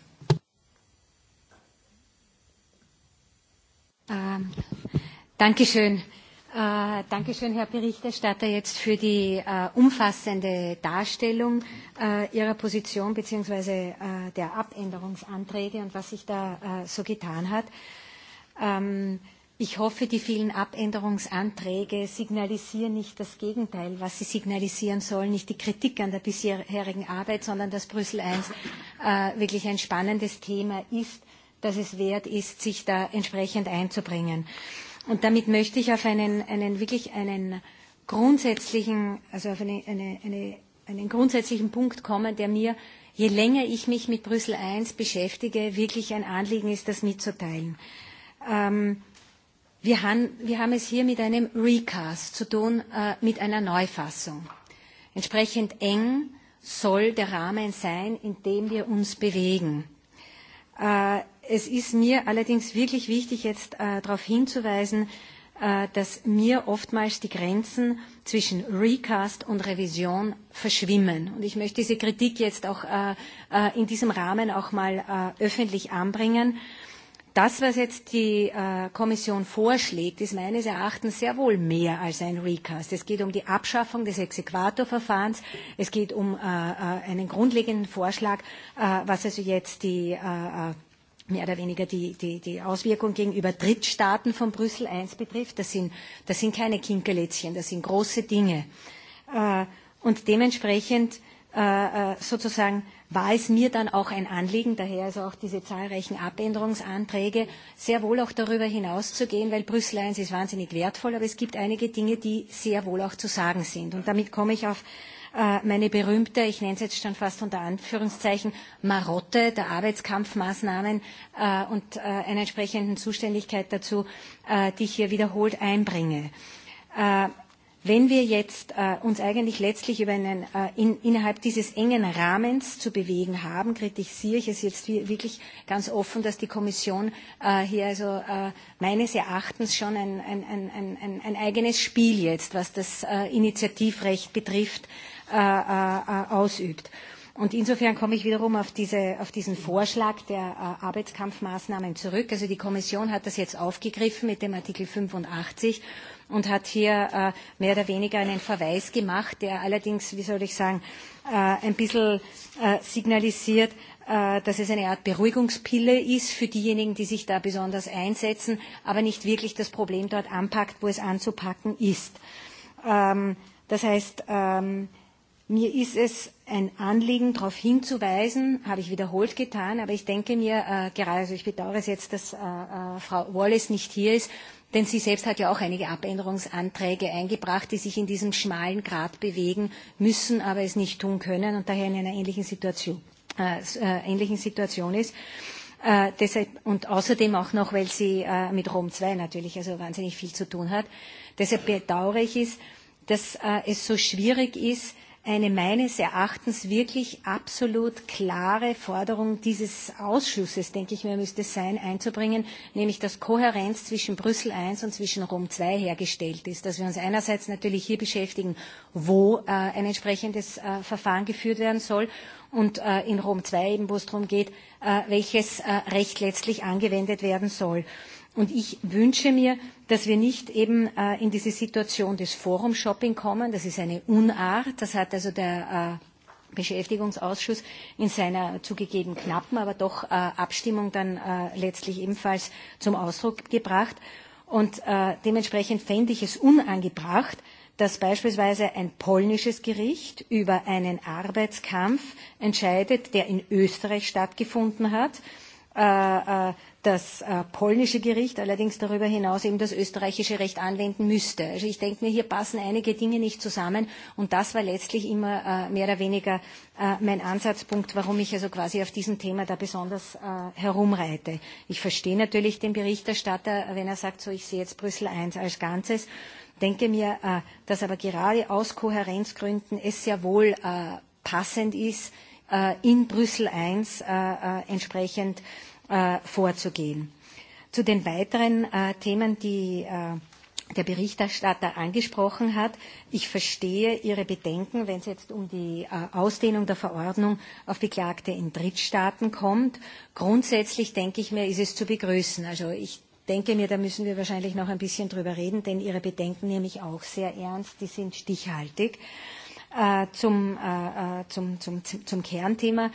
Ähm, Dankeschön. Äh, Dankeschön, Herr Berichterstatter, jetzt für die äh, umfassende Darstellung äh, Ihrer Position bzw. der Abänderungsanträge und was sich da so getan hat. Ähm, ich hoffe, die vielen Abänderungsanträge signalisieren nicht das Gegenteil, was sie signalisieren sollen, nicht die Kritik an der bisherigen Arbeit, sondern dass Brüssel I wirklich ein spannendes Thema ist dass es wert ist, sich da entsprechend einzubringen. Und damit möchte ich auf einen, einen wirklich einen grundsätzlichen, also auf eine, eine, eine, einen grundsätzlichen Punkt kommen, der mir, je länger ich mich mit Brüssel I beschäftige, wirklich ein Anliegen ist, das mitzuteilen. Ähm, wir, han, wir haben es hier mit einem Recast zu tun, äh, mit einer Neufassung. Entsprechend eng soll der Rahmen sein, in dem wir uns bewegen. Äh, es ist mir allerdings wirklich wichtig, jetzt äh, darauf hinzuweisen, äh, dass mir oftmals die Grenzen zwischen Recast und Revision verschwimmen. Und ich möchte diese Kritik jetzt auch in diesem Rahmen auch mal öffentlich anbringen Das, was jetzt die äh, Kommission vorschlägt, ist meines Erachtens sehr wohl mehr als ein Recast. Es geht um die Abschaffung des Exequaturverfahrens. Es geht um äh, äh, einen grundlegenden Vorschlag, äh, was also jetzt die äh, äh, mehr oder weniger die, die, die Auswirkung gegenüber Drittstaaten von Brüssel I betrifft. Das sind, das sind keine Kinkerlätzchen, das sind große Dinge. Äh, und dementsprechend äh, äh sozusagen war es mir dann auch ein Anliegen, daher also auch diese zahlreichen Abänderungsanträge, sehr wohl auch darüber hinauszugehen, weil Brüssel I ist wahnsinnig wertvoll, aber es gibt einige Dinge, die sehr wohl auch zu sagen sind. Und damit komme ich auf äh, meine berühmte, ich nenne es jetzt schon fast unter Anführungszeichen, Marotte der Arbeitskampfmaßnahmen äh, und äh, einer entsprechenden Zuständigkeit dazu, die ich hier wiederholt einbringe. Wenn wir jetzt äh, uns eigentlich letztlich über einen, äh, in, innerhalb dieses engen Rahmens zu bewegen haben, kritisiere ich es jetzt wirklich ganz offen, dass die Kommission äh, hier also äh, meines Erachtens schon ein, ein, ein, ein, ein eigenes Spiel jetzt, was das äh, Initiativrecht betrifft, äh, äh, ausübt. Und insofern komme ich wiederum auf, diese, auf diesen Vorschlag der äh, Arbeitskampfmaßnahmen zurück. Also die Kommission hat das jetzt aufgegriffen mit dem Artikel 85 und hat hier äh, mehr oder weniger einen Verweis gemacht, der allerdings, wie soll ich sagen, äh, ein bisschen äh, signalisiert, äh, dass es eine Art Beruhigungspille ist für diejenigen, die sich da besonders einsetzen, aber nicht wirklich das Problem dort anpackt, wo es anzupacken ist. Ähm, das heißt, ähm, mir ist es ein Anliegen, darauf hinzuweisen, habe ich wiederholt getan, aber ich denke mir, äh, gerade, also ich bedauere es jetzt, dass äh, äh, Frau Wallace nicht hier ist, Denn sie selbst hat ja auch einige Abänderungsanträge eingebracht, die sich in diesem schmalen Grat bewegen müssen, aber es nicht tun können und daher in einer ähnlichen Situation, äh, äh ähnlichen Situation ist. Äh, deshalb, und außerdem auch noch, weil sie äh, mit Rom II natürlich also wahnsinnig viel zu tun hat. Deshalb bedauere ich es, dass äh, es so schwierig ist, eine meines Erachtens wirklich absolut klare Forderung dieses Ausschusses, denke ich mir, müsste es sein, einzubringen, nämlich dass Kohärenz zwischen Brüssel I und zwischen Rom II hergestellt ist. Dass wir uns einerseits natürlich hier beschäftigen, wo äh, ein entsprechendes äh, Verfahren geführt werden soll und äh, in Rom II eben, wo es darum geht, äh, welches äh, Recht letztlich angewendet werden soll. Und ich wünsche mir, dass wir nicht eben äh, in diese Situation des Forum-Shopping kommen. Das ist eine Unart. Das hat also der äh, Beschäftigungsausschuss in seiner zugegeben knappen, aber doch äh, Abstimmung dann äh, letztlich ebenfalls zum Ausdruck gebracht. Und äh, dementsprechend fände ich es unangebracht, dass beispielsweise ein polnisches Gericht über einen Arbeitskampf entscheidet, der in Österreich stattgefunden hat. Äh, äh, das äh, polnische Gericht allerdings darüber hinaus eben das österreichische Recht anwenden müsste. Also ich denke mir, hier passen einige Dinge nicht zusammen und das war letztlich immer äh, mehr oder weniger äh, mein Ansatzpunkt, warum ich also quasi auf diesem Thema da besonders äh, herumreite. Ich verstehe natürlich den Berichterstatter, wenn er sagt, so ich sehe jetzt Brüssel I als Ganzes denke mir, äh, dass aber gerade aus Kohärenzgründen es sehr wohl äh, passend ist, äh, in Brüssel I entsprechend Äh, vorzugehen. Zu den weiteren äh, Themen, die äh, der Berichterstatter angesprochen hat. Ich verstehe Ihre Bedenken, wenn es jetzt um die Ausdehnung der Verordnung auf Beklagte in Drittstaaten kommt. Grundsätzlich denke ich mir, ist es zu begrüßen. Also ich denke mir, da müssen wir wahrscheinlich noch ein bisschen drüber reden, denn Ihre Bedenken nehme ich auch sehr ernst. Die sind stichhaltig. Zum, zum, zum, zum Kernthema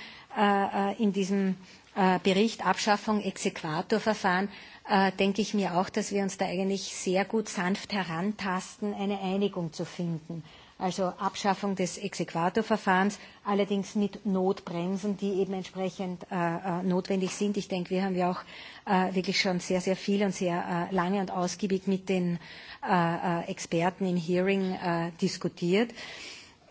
in diesem Äh, Bericht Abschaffung Exequaturverfahren äh, denke ich mir auch, dass wir uns da eigentlich sehr gut sanft herantasten, eine Einigung zu finden. Also Abschaffung des Exequaturverfahrens, allerdings mit Notbremsen, die eben entsprechend äh, äh, notwendig sind. Ich denke, wir haben ja auch äh, wirklich schon sehr, sehr viel und sehr äh, lange und ausgiebig mit den äh, Experten im Hearing äh, diskutiert. Äh,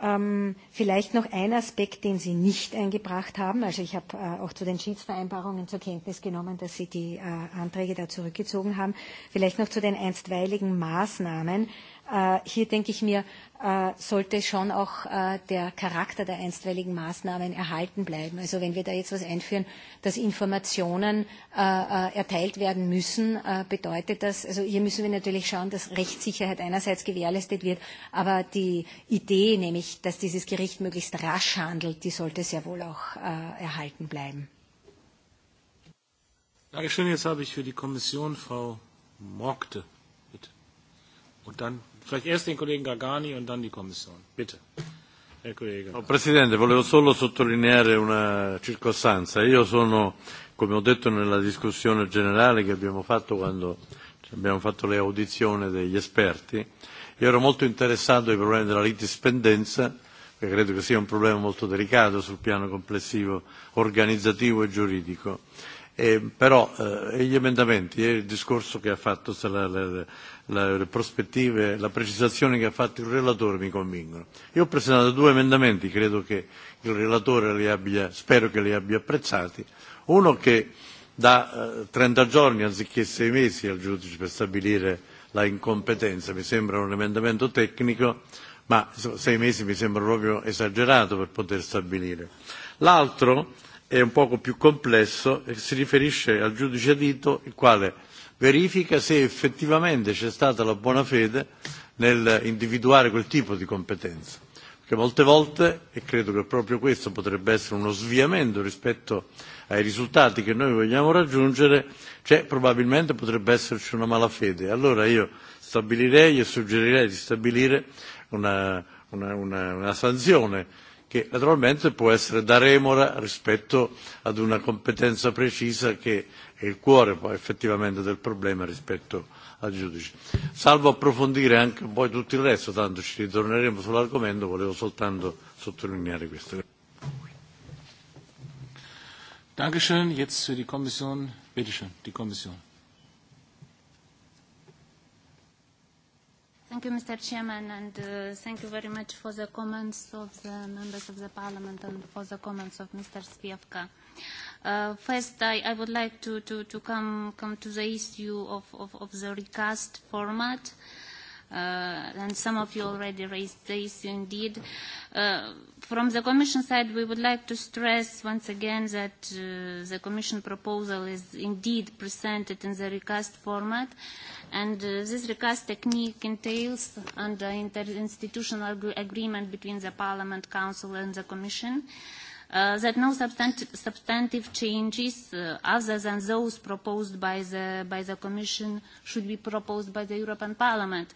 Ähm, vielleicht noch ein Aspekt, den Sie nicht eingebracht haben. Also ich habe äh, auch zu den Schiedsvereinbarungen zur Kenntnis genommen, dass Sie die äh, Anträge da zurückgezogen haben. Vielleicht noch zu den einstweiligen Maßnahmen. Äh, hier denke ich mir, äh, sollte schon auch äh, der Charakter der einstweiligen Maßnahmen erhalten bleiben. Also wenn wir da jetzt was einführen, dass Informationen erteilt werden müssen, bedeutet das, also hier müssen wir natürlich schauen, dass Rechtssicherheit einerseits gewährleistet wird, aber die Idee, nämlich, dass dieses Gericht möglichst rasch handelt, die sollte sehr wohl auch erhalten bleiben. Dankeschön. Jetzt habe ich für die Kommission Frau Morgte. Und dann Vielleicht erst den Kollegen Gargani und dann die Kommission. Bitte. Herr oh, Presidente, volevo solo sottolineare una circostanza. Io sono, come ho detto nella discussione generale che abbiamo fatto quando abbiamo fatto le audizioni degli esperti, io ero molto interessato ai problemi della litispendenza, che credo che sia un problema molto delicato sul piano complessivo organizzativo e giuridico Eh, però eh, e gli emendamenti e il discorso che ha fatto, la, la, la, le prospettive, la precisazione che ha fatto il relatore mi convincono. Io ho presentato due emendamenti, credo che il relatore li abbia, spero che li abbia apprezzati. Uno che da eh, 30 giorni anziché 6 mesi al giudice per stabilire la incompetenza, mi sembra un emendamento tecnico, ma 6 mesi mi sembra proprio esagerato per poter stabilire. L'altro è un poco più complesso e si riferisce al giudice dito il quale verifica se effettivamente c'è stata la buona fede nel individuare quel tipo di competenza. Perché molte volte, e credo che proprio questo potrebbe essere uno sviamento rispetto ai risultati che noi vogliamo raggiungere, cioè probabilmente potrebbe esserci una malafede. Allora io stabilirei e suggerirei di stabilire una, una, una, una sanzione che naturalmente può essere da remora rispetto ad una competenza precisa che è il cuore poi effettivamente del problema rispetto al giudice. Salvo approfondire anche poi tutto il resto, tanto ci ritorneremo sull'argomento, volevo soltanto sottolineare questo. Dankeschön. Jetzt für die Kommission. Bitteschön, die Kommission. Thank you, Mr. Chairman, and uh, thank you very much for the comments of the members of the Parliament and for the comments of Mr. Spievka. Uh, first, I, I would like to, to, to come, come to the issue of, of, of the recast format. Uh, uh, and some of you already raised this indeed. Uh, from the Commission side, we would like to stress once again that uh, the Commission proposal is indeed presented in the recast format, and uh, this recast technique entails under interinstitutional agreement between the Parliament, Council, and the Commission. Uh, Uh, that no substantive, substantive changes uh, other than those proposed by the, by the Commission should be proposed by the European Parliament.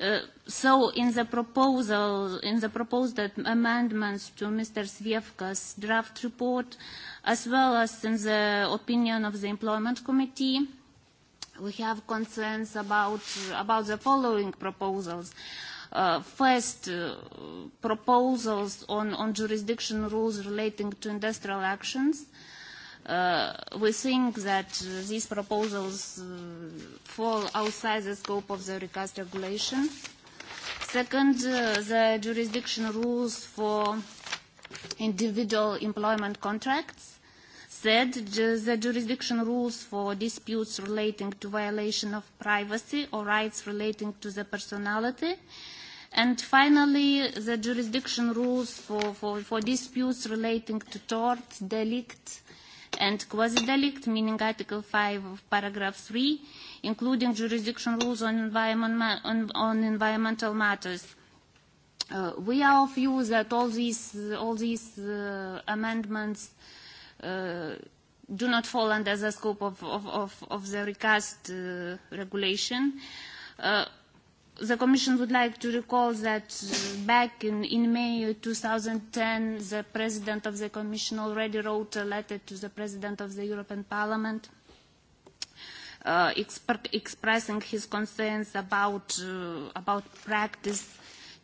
Uh, so in the proposal, in the proposed amendments to Mr. Svievka's draft report, as well as in the opinion of the Employment Committee, we have concerns about, about the following proposals. Uh, uh, first uh, proposals on, on jurisdiction rules relating to industrial actions. Uh, we think that uh, these proposals uh, fall outside the scope of the recast regulation. Second, uh, the jurisdiction rules for individual employment contracts. Third, the jurisdiction rules for disputes relating to violation of privacy or rights relating to the personality. Uh, And finally, the jurisdiction rules for, for, for disputes relating to tort, delict, and quasi-delict, meaning Article 5 of paragraph 3, including jurisdiction rules on, environment, on, on environmental matters. Uh, we are of view that all these, all these uh, amendments uh, do not fall under the scope of, of, of, of the recast uh, regulation. Uh, the Commission would like to recall that uh, back in, in May 2010, the President of the Commission already wrote a letter to the President of the European Parliament uh, exp expressing his concerns about, uh, about practice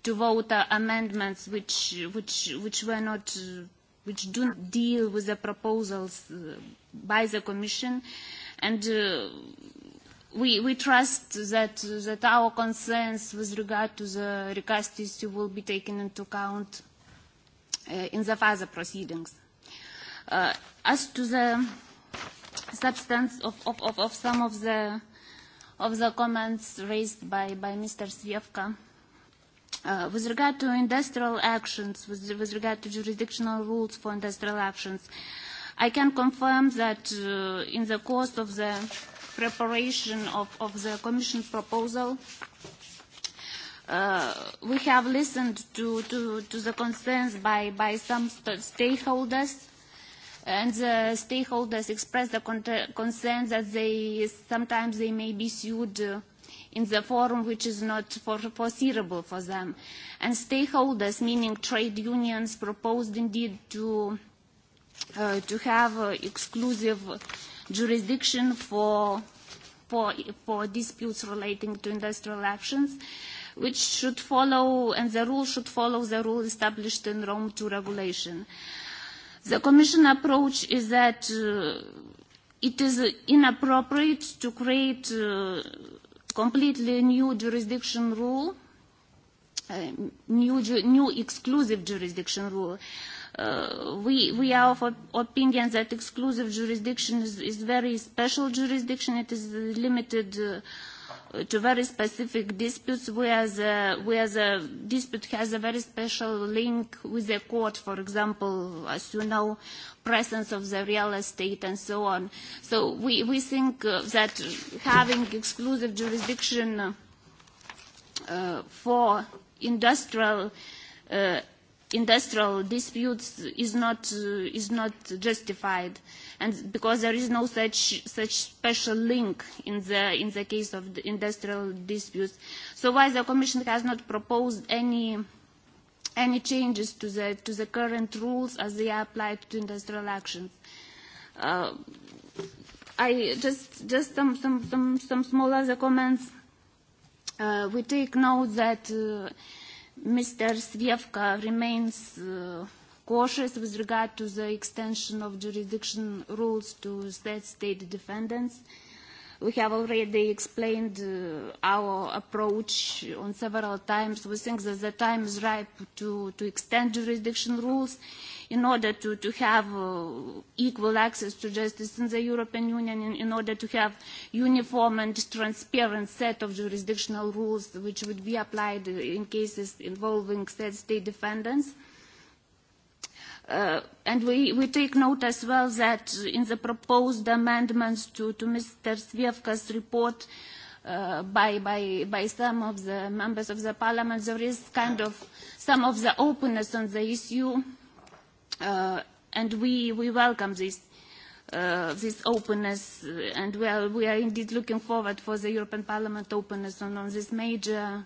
to vote uh, amendments which, which, which were not, uh, which do not deal with the proposals uh, by the Commission. And uh, we, we trust that, that our concerns with regard to the recast issue will be taken into account uh, in the further proceedings. Uh, as to the substance of, of, of, of some of the, of the comments raised by, by Mr. Svievka, Uh, with regard to industrial actions, with, with regard to jurisdictional rules for industrial actions, I can confirm that uh, in the course of the preparation of, of the Commission proposal, uh, we have listened to, to, to the concerns by, by some st stakeholders, and the stakeholders expressed the concern that they sometimes they may be sued uh, in the forum which is not for, foreseeable for them. And stakeholders, meaning trade unions, proposed indeed to, uh, to have uh, exclusive jurisdiction for, for, for disputes relating to industrial actions, which should follow, and the rule should follow the rule established in Rome II regulation. The Commission approach is that uh, it is inappropriate to create uh, completely new jurisdiction rule, uh, new, ju new exclusive jurisdiction rule. Uh, we, we are of opinion that exclusive jurisdiction is, is very special jurisdiction. It is limited uh, to very specific disputes where the, uh, where the dispute has a very special link with the court, for example, as you know, presence of the real estate and so on. So we, we think uh, that having exclusive jurisdiction uh, for industrial uh, industrial disputes is not, uh, is not justified and because there is no such, such special link in the, in the case of the industrial disputes. So why the Commission has not proposed any, any changes to the, to the current rules as they are applied to industrial actions? Uh, I just, just some, some, some, some small other comments. Uh, we take note that uh, Mr. Svievka remains uh, cautious with regard to the extension of jurisdiction rules to state state defendants. We have already explained uh, our approach on several times. We think that the time is ripe to, to extend jurisdiction rules in order to, to have uh, equal access to justice in the European Union, in, in order to have uniform and transparent set of jurisdictional rules which would be applied in cases involving state defendants. Uh, and we, we take note as well that in the proposed amendments to, to Mr. Svievka's report uh, by, by, by some of the members of the parliament, there is kind of some of the openness on the issue, uh, and we, we welcome this, uh, this openness, uh, and we are, we are indeed looking forward for the European Parliament openness on, on this major uh,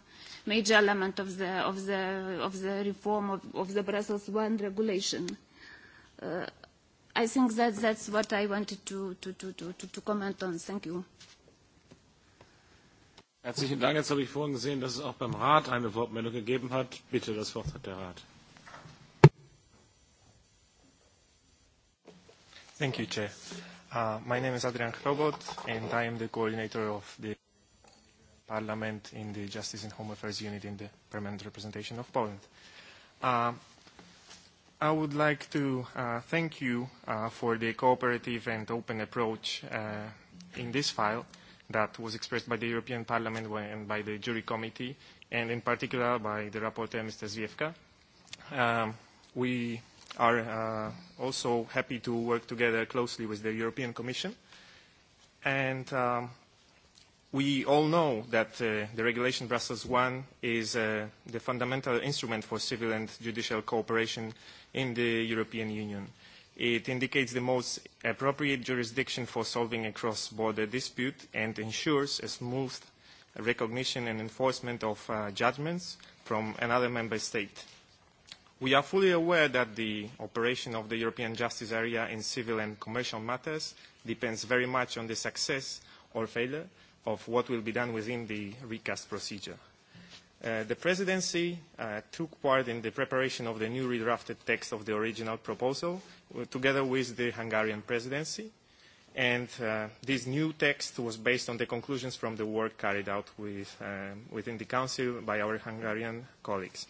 major element of the, of the, of the reform of, of the Brussels one regulation. Uh, I think that that's what I wanted to, to, to, to, to comment on. Thank you. Herzlichen Dank. Jetzt habe ich vorhin gesehen, dass es auch beim Rat eine Wortmeldung gegeben hat. Bitte, das Wort hat der Rat. Thank you, Chair. Uh, my name is Adrian Hrobot, and I am the coordinator of the Parliament, in the Justice and Home Affairs Unit, in the Permanent Representation of Poland. Uh, I would like to uh, thank you uh, for the cooperative and open approach uh, in this file that was expressed by the European Parliament and by the jury committee, and in particular by the rapporteur, Mr. Zwiefka. Um, we are uh, also happy to work together closely with the European Commission, and um, We all know that uh, the regulation Brussels I is uh, the fundamental instrument for civil and judicial cooperation in the European Union. It indicates the most appropriate jurisdiction for solving a cross-border dispute and ensures a smooth recognition and enforcement of uh, judgments from another member state. We are fully aware that the operation of the European justice area in civil and commercial matters depends very much on the success or failure of what will be done within the recast procedure. Uh, the Presidency uh, took part in the preparation of the new redrafted text of the original proposal uh, together with the Hungarian Presidency, and uh, this new text was based on the conclusions from the work carried out with, uh, within the Council by our Hungarian colleagues.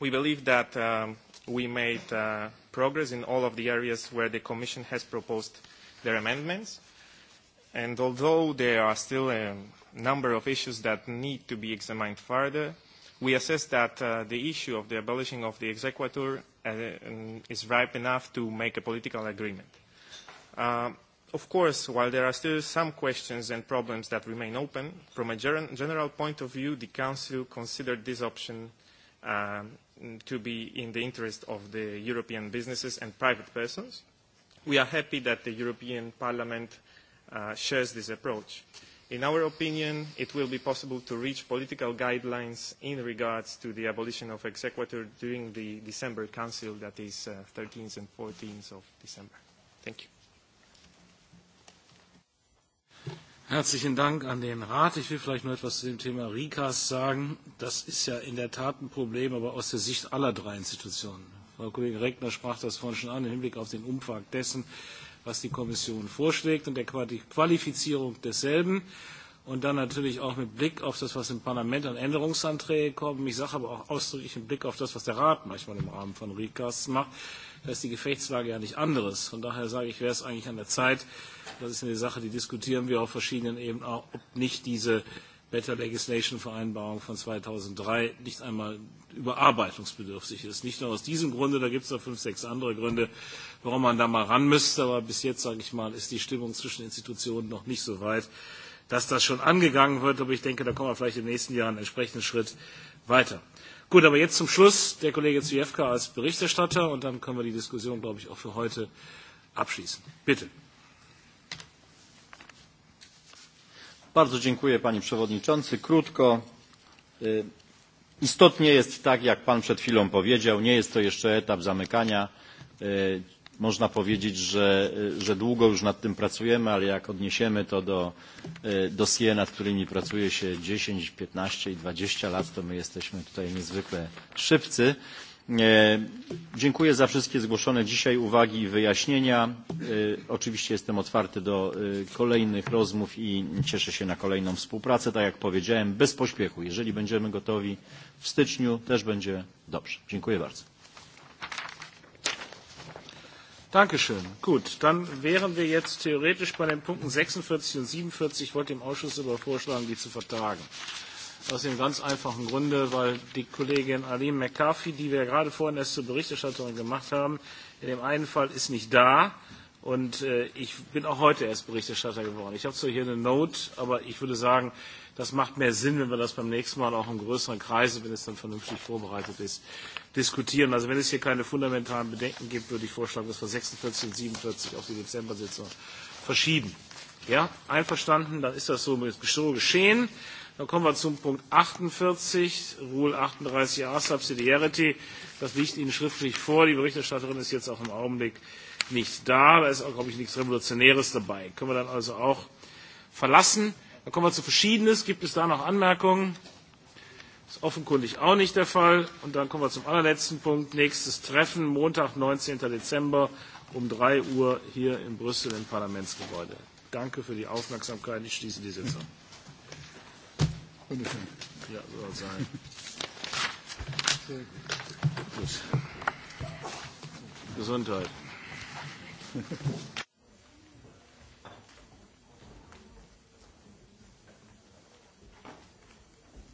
We believe that um, we made uh, progress in all of the areas where the Commission has proposed their amendments, And although there are still a number of issues that need to be examined further, we assess that uh, the issue of the abolishing of the exequatur uh, is ripe enough to make a political agreement. Uh, of course, while there are still some questions and problems that remain open, from a ger general point of view, the Council considered this option um, to be in the interest of the European businesses and private persons. We are happy that the European Parliament uh, uh, shares this approach. In our opinion, it will be possible to reach political guidelines in regards to the abolition of exequatur during the December Council, that is uh, 13th and 14th of December. Thank you. Herzlichen Dank an den Rat. Ich will vielleicht noch etwas zu dem Thema Rikas sagen. Das ist ja in der Tat ein Problem, aber aus der Sicht aller drei Institutionen. Frau Kollegin Regner sprach das vorhin schon an, im Hinblick auf den Umfang dessen, äh, was die Kommission vorschlägt und der Qualifizierung desselben und dann natürlich auch mit Blick auf das, was im Parlament an Änderungsanträgen kommen. Ich sage aber auch ausdrücklich mit Blick auf das, was der Rat manchmal im Rahmen von Recasts macht. Da ist die Gefechtslage ja nicht anderes. Von daher sage ich, wäre es eigentlich an der Zeit, das ist eine Sache, die diskutieren wir auf verschiedenen Ebenen, auch, ob nicht diese Better Legislation Vereinbarung von 2003 nicht einmal überarbeitungsbedürftig ist. Nicht nur aus diesem Grunde, da gibt es noch fünf, sechs andere Gründe, warum man da mal ran müsste. Aber bis jetzt, sage ich mal, ist die Stimmung zwischen Institutionen noch nicht so weit, dass das schon angegangen wird. Aber ich denke, da kommen wir vielleicht im nächsten Jahr einen entsprechenden Schritt weiter. Gut, aber jetzt zum Schluss der Kollege Zwiefka als Berichterstatter und dann können wir die Diskussion, glaube ich, auch für heute abschließen. Bitte. Bardzo dziękuję Panie Przewodniczący. Krótko. Istotnie jest tak, jak Pan przed chwilą powiedział, nie jest to jeszcze etap zamykania. Można powiedzieć, że, że długo już nad tym pracujemy, ale jak odniesiemy to do dossier, nad którymi pracuje się 10, 15 i 20 lat, to my jesteśmy tutaj niezwykle szybcy. E, dziękuję za wszystkie zgłoszone dzisiaj uwagi i wyjaśnienia. E, oczywiście jestem otwarty do e, kolejnych rozmów i cieszę się na kolejną współpracę. Tak jak powiedziałem, bez pośpiechu. Jeżeli będziemy gotowi w styczniu, też będzie dobrze. Dziękuję bardzo. Dankeschön. Gut, dann wären wir jetzt theoretisch bei den Punkten 46 und 47. Ich wollte dem Ausschuss aber vorschlagen, die zu vertagen. Aus dem ganz einfachen Grunde, weil die Kollegin Aline McCarthy, die wir gerade vorhin erst zur Berichterstatterin gemacht haben, in dem einen Fall ist nicht da. Und äh, ich bin auch heute erst Berichterstatter geworden. Ich habe zwar hier eine Note, aber ich würde sagen, das macht mehr Sinn, wenn wir das beim nächsten Mal auch im größeren Kreise, wenn es dann vernünftig vorbereitet ist, diskutieren. Also wenn es hier keine fundamentalen Bedenken gibt, würde ich vorschlagen, dass wir 46 und 47 auf die Dezember-Sitzung verschieben. Ja, einverstanden, dann ist das so, so geschehen. Dann kommen wir zum Punkt 48, Rule 38a, Subsidiarity. Das liegt Ihnen schriftlich vor. Die Berichterstatterin ist jetzt auch im Augenblick nicht da. Da ist auch, glaube ich, nichts Revolutionäres dabei. Können wir dann also auch verlassen. Dann kommen wir zu Verschiedenes. Gibt es da noch Anmerkungen? Das ist offenkundig auch nicht der Fall. Und dann kommen wir zum allerletzten Punkt. Nächstes Treffen, Montag, 19. Dezember um 3 Uhr hier in Brüssel im Parlamentsgebäude. Danke für die Aufmerksamkeit. Ich schließe die Sitzung. Bitteschön. Ja, soll sein. Sehr gut. Gesundheit.